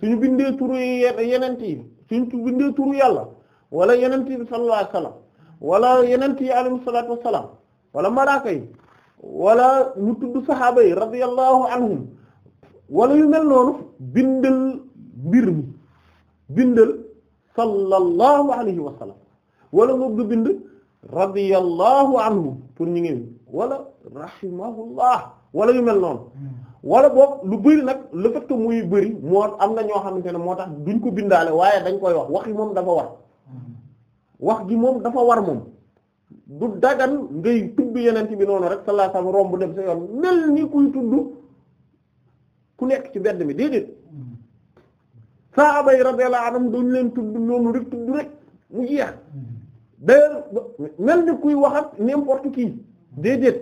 suñu bindee turu yenent yi suñu bindee turu yàlla wala yenent bi sallallahu alayhi wasallam wala yenent yi alayhi wala malaaka yi wala ñu tudd sahaaba yi radiyallahu anhum wala yu mel noonu bindal mbir mi bindal sallallahu alayhi wala nga bëgg bind radiyallahu anhu pour ñu ngi wala rahimahullah wala yu mel noonu wala boobu lu bëri nag le fait que muy bëri moo am na ñoo xamante ne moo tax duñ ko bindaale waaye dañ koy wax wax yi moom dafa war wax gi moom dafa war moom du dagan ngay tudd yeneen ci bi noonu rek sallallahu alayhi wasallam romb dem sa yoon mel ni kuy nekk ci bedd mi déedéet saaba radiyallahu anhum dañ leen tudd noonu rek tudd rek mu jeex d'ailleurs mel ni kuy waxat ak n'importe qui déedéet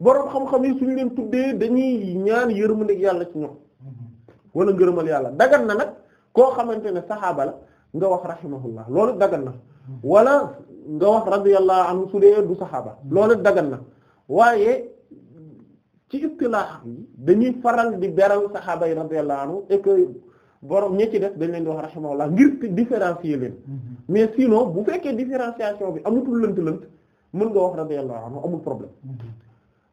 boroom xam-xam yi suñu leen tuddee dañuy ñaan yërmande yàlla ci ñoom wala ngërëmal yàlla dagan na nag koo xamante ne saxaaba la nga wax rahimahullah loolu dagan na wala nga wax radiyallahu anhu su dee du saxaaba dagan na waaye ci istilaax yi dañuy faral di beral saxaaba yi radiyallahu anhu et que borom ñi ci def dañ leen di wax rahimahullah ngir différencier leen mhm. mais sinon bu fekkee différenciation bi amatul lënt-lënt mën nga wax radiyallahu anhu amul problème mhm.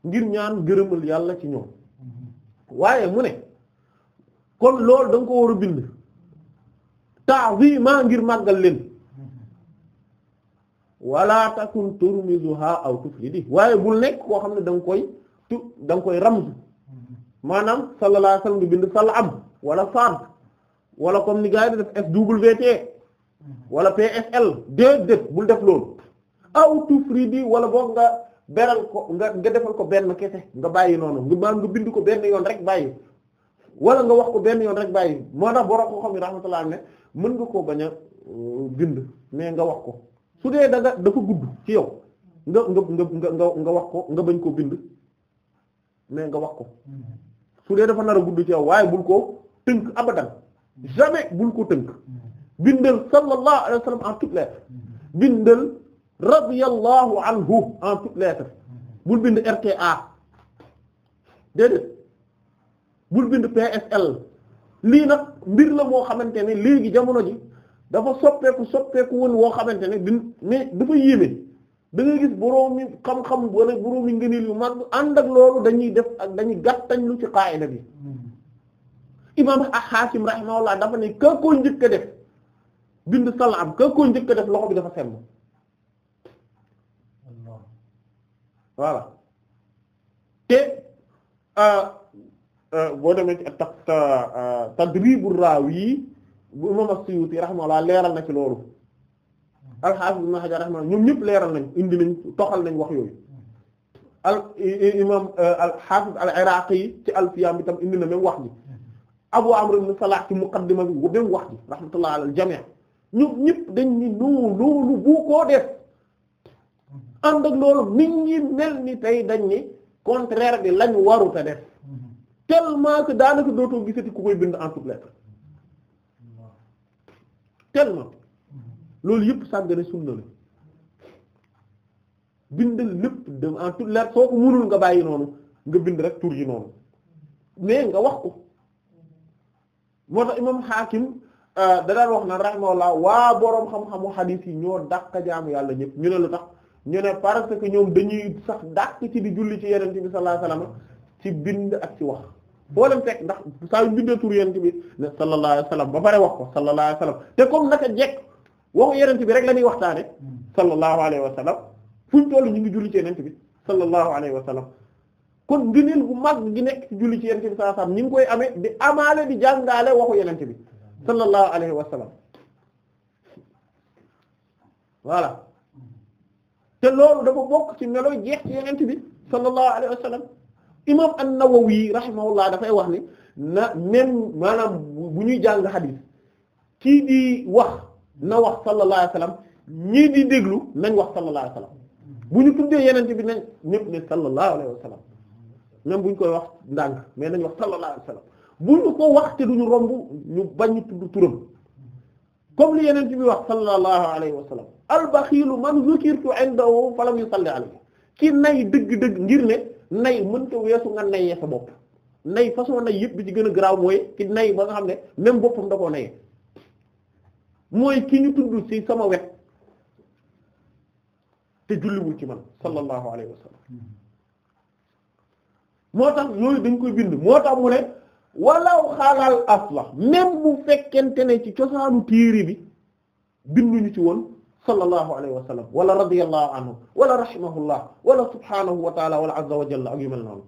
ngir ñaan gërëmal yàlla ci ñoom mhm. waaye mu ne kon lool danga ko war a bind ta'zima ngir màggal leen wala takun turmizuha aw tuflidi waaye bul nekk koo xam ne da koy tu da koy ramz maanaam sallallahu alayhi wasallam nga bind sal am wala faad wala comme ni gars yi di def SWT wala PSL déedéet bul def loolu aw tufridi wala boog nga beral ko nga nga defal ko benn kese nga bàyyi noonu nga maam nga bind ko benn yoon rek bàyyi wala nga wax ko benn yoon rek bàyyi moo tax borom ko xam yi rahmatullah ne mën nga koo bañ a euh, bind mais nga wax ko su dee da nga dafa gudd ci yow nga nga nga nga nga wax ko nga bañ koo bind mais nga wax ko mm-hmm. su dee dafa nar a gudd ci yow waaye bul ko tënk abadan jamais bul ko tënk bindal sallallahu alayhi wa sallam en toutes lettres bindal radiyallahu anhu en toutes bul bind RTA déedéet bul bind PSL lii nag mbir la moo xamante ne léegi jamono ji dafa soppeeku soppeeku woon woo xamante ne bi mais dafa yéeme da gis boroomi xam-xam wala boroomi ngëneel yu mag ànd ak loolu dañuy def ak dañuy gàttañ lu ci qaayida bi imam Xaasim rahimahullah dafa ne ka koo njëkk a def bind salaam ka koo njëkk a def loxo bi dafa semb voilà te euh, euh, boo demee ci ta euh, tadribu raawi bu imam as-Suyuti rahimahullah leeral na ci loolu hmm. al-Hafiz ibn Hajar rahimahullah ñoom ñëpp leeral nañ indi nañ toxal nañ wax yooyu hmm. al imam al-Hafiz al-Iraqi ci alfiyaam bi tam indi na même wax ji Abu Amr ibn Salah ci muqaddima bi dem wax ji rahmatullah alal jami' ñoom ñëpp dañ ni non loolu bu koo def ànd ak loolu nit ñi mel ni tey dañ ni contraire bi lañu warut def tellement daanaka dootoo gisati ku koy bind en toutes lettres tellement loolu yëpp sàggane sunna la bindal lépp de en toutes lettres soo ko mënul nga bàyyi noonu nga bind rek tur yi noonu mais nga wax ko. moo tax imam Hakim euh, da daan wax na rahimahullah waa boroom xam-xamu hadith yi ñoo dàq jaamu yàlla ñëpp ñu ne lu tax ñu ne parce que ñoom dañuy sax dàq ci di julli ci yonent bi sallallahu alayhi wasallam ci bind ak ci wax boo leen fekk ndax saa sa bindee tur yonent bi ne sallallahu alayhi wasallam ba pare wax ko sallallahu alayhi wasallam te comme naka jekk waxu yonent bi rek la ñuy waxtaane hmm. sallallahu alayhi wasallam fuñ tollu ñu ngi julli ci yonent bi sallallahu alayhi wasallam kon ngëneel bu mag gi nekk ci julli ci yonent bi sallallahu alayhi koy amee di amaale di jàngaale waxu yonent bi sallallahu alayhi wasallam voilà te loolu dafa bokk ci melo jeex ci yonent bi sallallahu alayhi wasallam imam an-Nawawi rahimahullah dafay wax ni na même maanaam bu ñuy jàng xadiis kii di wax na wax sallallahu alayhi wasallam ñii di déglu nañ wax sallallahu alayhi bu ñu tuddee yonent bi nañ ñëpp ne sallallahu alayhi wasallam même bu ñu koy wax ndànk mais nañu wax sallallahu alayhi wa bu ñu ko wax te duñu romb ñu bañ tudd turam comme li yeneen ci bi wax sallallahu alayhi wa sallam albaxiilu man zukirtu indahu falam yusalli alayhi ki nay dëgg-dëgg ngir ne nay mën ko weesu nga nayee sa bopp nay façon nay yëpp bi ci gën a garaaw mooy ki nay ba nga xam ne même boppam da koo mooy ki ñu tudd ci sama wet te julliwul ci man sallallahu alayhi moo tax yooyu dañ koy bind moo tax mu ne walaw xalal asla même bu fekkente ci cosaanu téere bi binduñu ci woon sallallahu alayhi wa wala radiyallahu anhu wala rahimahullah wala subhanahu wa taala wala azza wa jalla ak yu mel noonu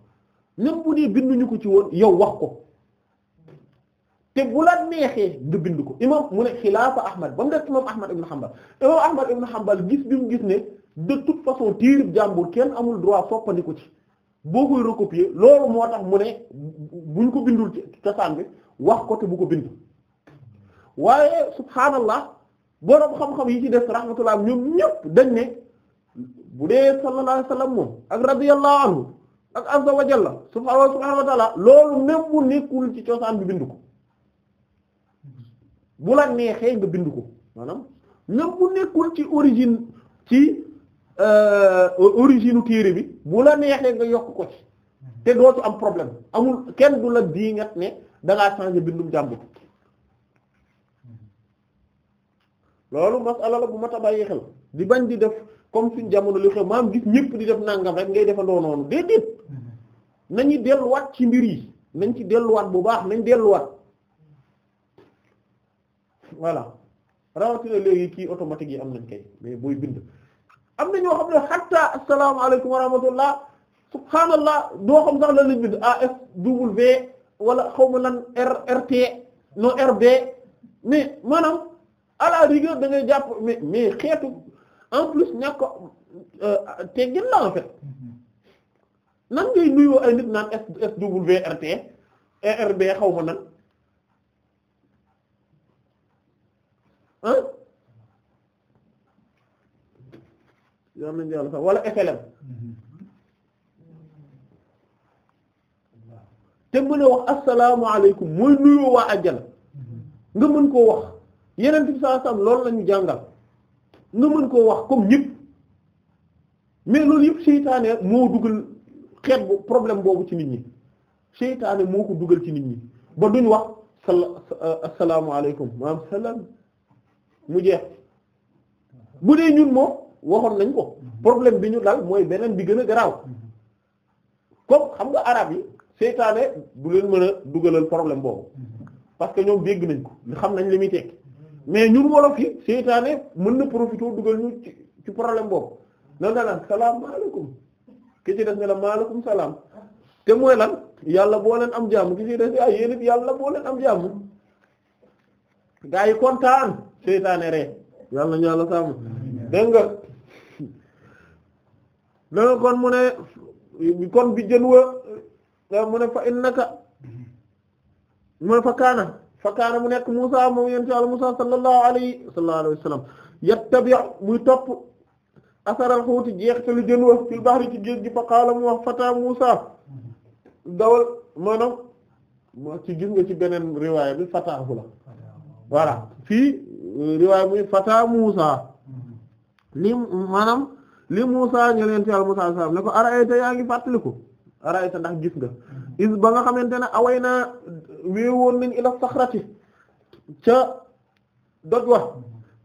même bu ko ci woon yow wax ko te bu la neexee nga bind ko imam mu ne xilaafa ahmad ba mu def imam ahmad ibn hanbal imam ahmad ibn hanbal gis bi gis ne de toute façon téereb jàmbur kenn amul droit soppandi ko ci boo koy recopier loolu moo tax mu ne buñ ko bindul ci cosaan bi wax ko te bu ko bind waaye subhaanallah borom xam-xam yi ci def rahmatullah ñoom ñëpp dañ ne bu dee sallallahu alayhi wasallam moom ak radiyallahu anhu ak azza wa jalla subhaanahu wa loolu même bu nekkul ci cosaan bi bind ko bu la neexee nga bind ko maanaam même bu nekkul ci origine ci Euh, origine téere bi bu la neexee nga yokk ko ci te doo ci am problème amul kenn du la diingat ne da ngaa changer bindum jàmbur loolu masala la bu mat a bàyyi xel di bañ di def comme suñ jamono li xew maam gis ñëpp di def nangam rek ngay defandoo noonu déedéet nañu delluwaat ci mbir yi nañ ci delluwaat bu baax nañ delluwaat voilà rawatina léegi kii automatique yi am nañ kay mais booy bind. am na ñoo xam ne hatta asalaamaaleykum wa rahmatullah subhaanallah doo xam sax la lañ bind ASW wala xaw ma lan RRT non RB mais maanaam à la rigueur da ngay jàpp mais mais xeetu en plus ñàkk ko euh, teggin la en mm-hmm. nan ngay nuyoo ay nit naan SW RT RB xaw ma nan. yal nañu yàlla sax wala FLM te mëne a wax asalaamaaleykum mooy nuyoo waa ajal nga mën koo wax yeneen bi saa sam loolu la ñu jàngal nga mën koo wax comme ñëpp mais loolu yëpp seytaane moo dugal xeet bu problème boobu ci nit ñi seytaane moo ko dugal ci nit ñi ba duñ wax asalaamaaleykum maam salaam mu jeex bu dee ñun moom waxoon nañ ko mhm. problème bi ñu dal mooy beneen bi gën a garaaw mhm. comme xam nga arab yi seytaane du leen mën a dugalal problème boobu mhm. parce que ñoom dégg nañ ko xam nañ li muy tekki mais ñun wolof yi seytaane mën na profiter dugal ñu ci problème boobu nan na lan salaamaaleykum ki ci def ne la maaleykum salaam te mooy lan yàlla boo leen am jàmm ki ci def ah yéen it yàlla boo leen am jàmm gaa yi kontaan seytaane ree yàlla ñu yàlla sàmm danga kon mu kon bi jën wa mu ne fa innaka mu ne fa kaana mu nekk Musa moom yéen ci àll Musa sallallahu alayhi sallallahu alayhi wa sallam yattabi' muy topp asaral xuuti jeextalu jën wa fil bahri ci géej gi fa qaala mu wax fata Musa dawal maanaam ci gis nga ci beneen riwaaya bi fataahu la voilà fii riwaaya muy fata Musa li maanaam li Musaa ñu leen teel Musaa salam ne ko arayta yaa ngi fàttaliku arayta ndax gis nga is ba nga xamante ne away naa wée woon nañ ila rati ca doj wa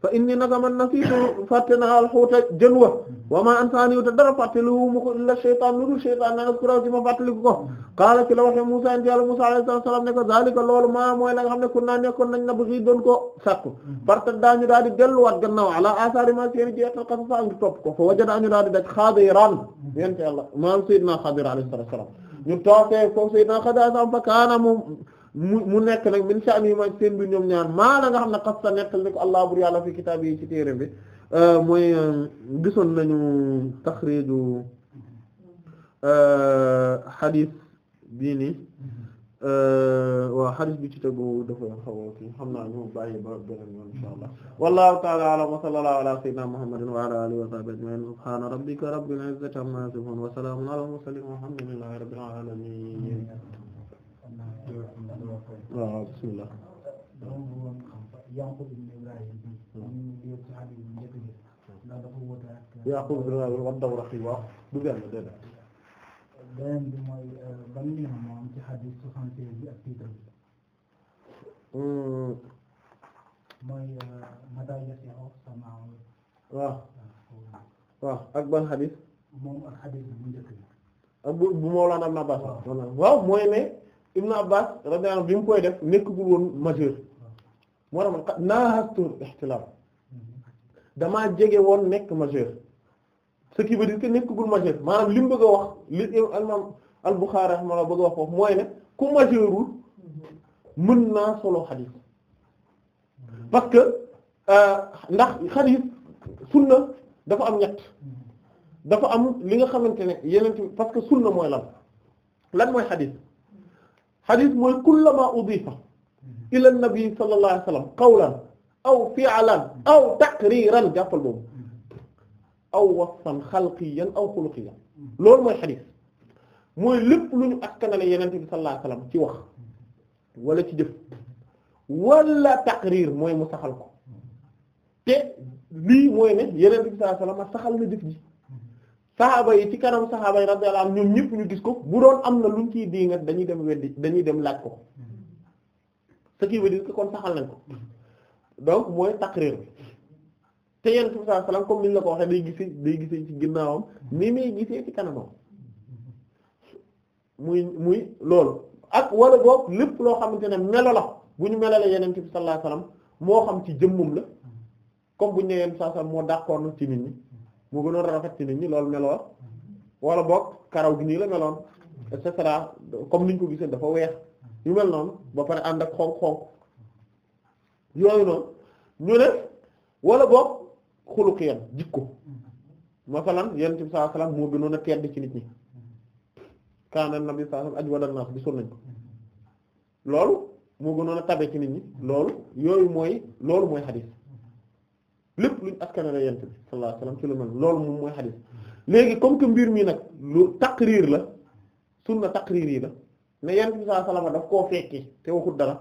fa inni naka man nasiitu fàtte naa alxuuta jën wa wa maa ansaanihu te dara fàttaliwu mu ko illa shaytaan lu dul shaytaan nana kuraw ci ma fàttaliku ko qaala ci la waxee Muusaa indi yàlla Muusaa alayhi salaam ne ko zaalika loolu maa mooy la nga xam ne kun naa nekkoon nañ na bëgg doon ko sàkku farta daañu daal di delluwaat gannaaw ala asaari ma seeni jeextal xasa fa ngi topp ko fa wajada ñu daal di daj Xadiraan yente yàlla maam Seydina Xadir alayhi salaam ñu toofee foofu Seydina Xadir fa kaana moom mu mu nekk nag min sha'ni ma seen mbir ñoom ñaar maana nga xam ne xas sa nekk ni ko allah bur yàlla fi kitaab yi ci téere bi euh, mooy euh, gisoon nañu taxriiju euh, xadiis bii nii waaw xadiis bi ci tegu dafa xaw a kii xam naa ñu bàyyi ba beneen yoon insha allah wallahu ta'ala a'lam wa sallallahu ala sayyidina muhammadin wa ala alihi wa sahbihi ajma'in subhana rabbika rabbil izzati amma yasifun wa salamun ala al mursalin walhamdulillahi rabbil alamin waaw bismillah dama bëggoon xam Yaqub ibn Ibrahim bi saxaabi bi njëkk bi ndax dafa wute ak Yaqub ibn Ibrahim wax daw raxi waaw du benn déedéet beneen bi mooy euh, ban lien moo am ci xadis soixante-seize bi ak titre bi hmm. mooy euh, mata yasihu ak bu njëkk bi ak bu Mawlana waaw mooy ne Ibn Abbas radiyallahu anhu bi mu koy def nekkagul woon majeur moo tax man naastu ihtilaam jege woon nekk majeur ce qui veut dire que nekkagul majeur maanaam li mu bëgg a wax li imam al-Bukhari rahimahullah wax mooy ne ku majeurul mën naa solo xadis parce que euh, ndax xadis sunna dafa am ñett dafa am li nga xamante ne yeneen parce que sunna mooy lan lan mooy xadis. xadis mooy kullama udifa ila nabi sallallahu alayhi wasallam qawlan aw fi'lan aw taqriran jàppal boobu aw wasfan xalqiyan aw xuluqiyan loolu mooy xadis mooy lépp lu ñu askanale yenente bi sallallahu alayhi wasallam ci wax wala ci jëf wala taqrir mooy mu saxal ko te lii mooy ne yenente bi sallallahu alayhi wasallam saxal na jëf ji saxaaba yi ci kanam saxaaba yi radiyallahu am ñoom ñëpp ñu gis ko bu doon am na lu ñu luñ ciy diingat dañuy dem weddi dañuy dem laaj ko mm-hmm. ce qui veut dire que kon saxal nañ ko donc mooy taqrir bi te yenn sallallahu alayhi wasallam comme niñ la ko waxee day gisee day gisee ci ginnaawam ni may gisee ci kanamam mm-hmm. muy muy loolu ak wala boog lépp loo xamante ne melo la bu ñu melale yeneen bi sallallahu alayhi wasallam moo xam ci jëmmum la mm-hmm. comme bu ñu nee yeneen sallallahu alayhi wasallam moo d'accord na ci nit ñi. mu gënoon rafet ci nit ñi loolu meloon wala boog karaw gi nii la meloon et comme niñ ko gisee dafa weex yu mel noonu ba pare ànd ak xonq-xonq yooyu noonu ñu ne wala boog xuluqiyan jikko masalan yonent bi sallallahu alayhi wasallam moo gënoon a tedd ci nit ñi kaana nabi sallallahu alayhi wasallam ajwada naas gisoon nañ ko loolu moo gënoon a tabe ci nit ñi loolu yooyu mooy loolu mooy xadiis lépp luñ askanale yent bi sallallahu alayhi wasallam ci lu loolu moom mooy xadis léegi comme que mbir mii nag lu taqrir la sunna taqrir yi la ne yent bi sallallahu alayhi wasallam daf koo fekki te waxul dara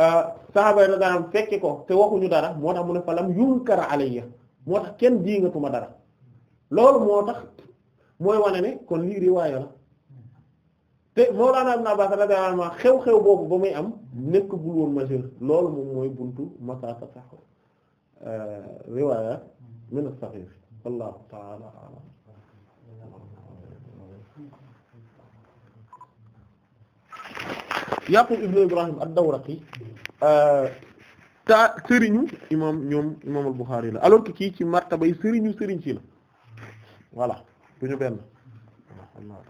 euh, saxaaba yi na daanaam fekki ko te waxuñu dara moo tax mu ne fa lam yunkar alayya moo tax kenn jii nga tuma dara loolu moo tax mooy wane ne kon lii riwaayo la te Mawlana Ibn Abbas radiyallahu anhu xew-xew boobu ba muy am nekk bul woon majeur loolu moom mooy buntu masaka sax euh, riwaaya min as-saxiix wallahu ta'ala a'lam Yaqub ibn Ibrahim euh, sëriñu imam ñoom imam al la alors que kii ci martaba yi sëriñu sëriñ ci la voilà du ñu benn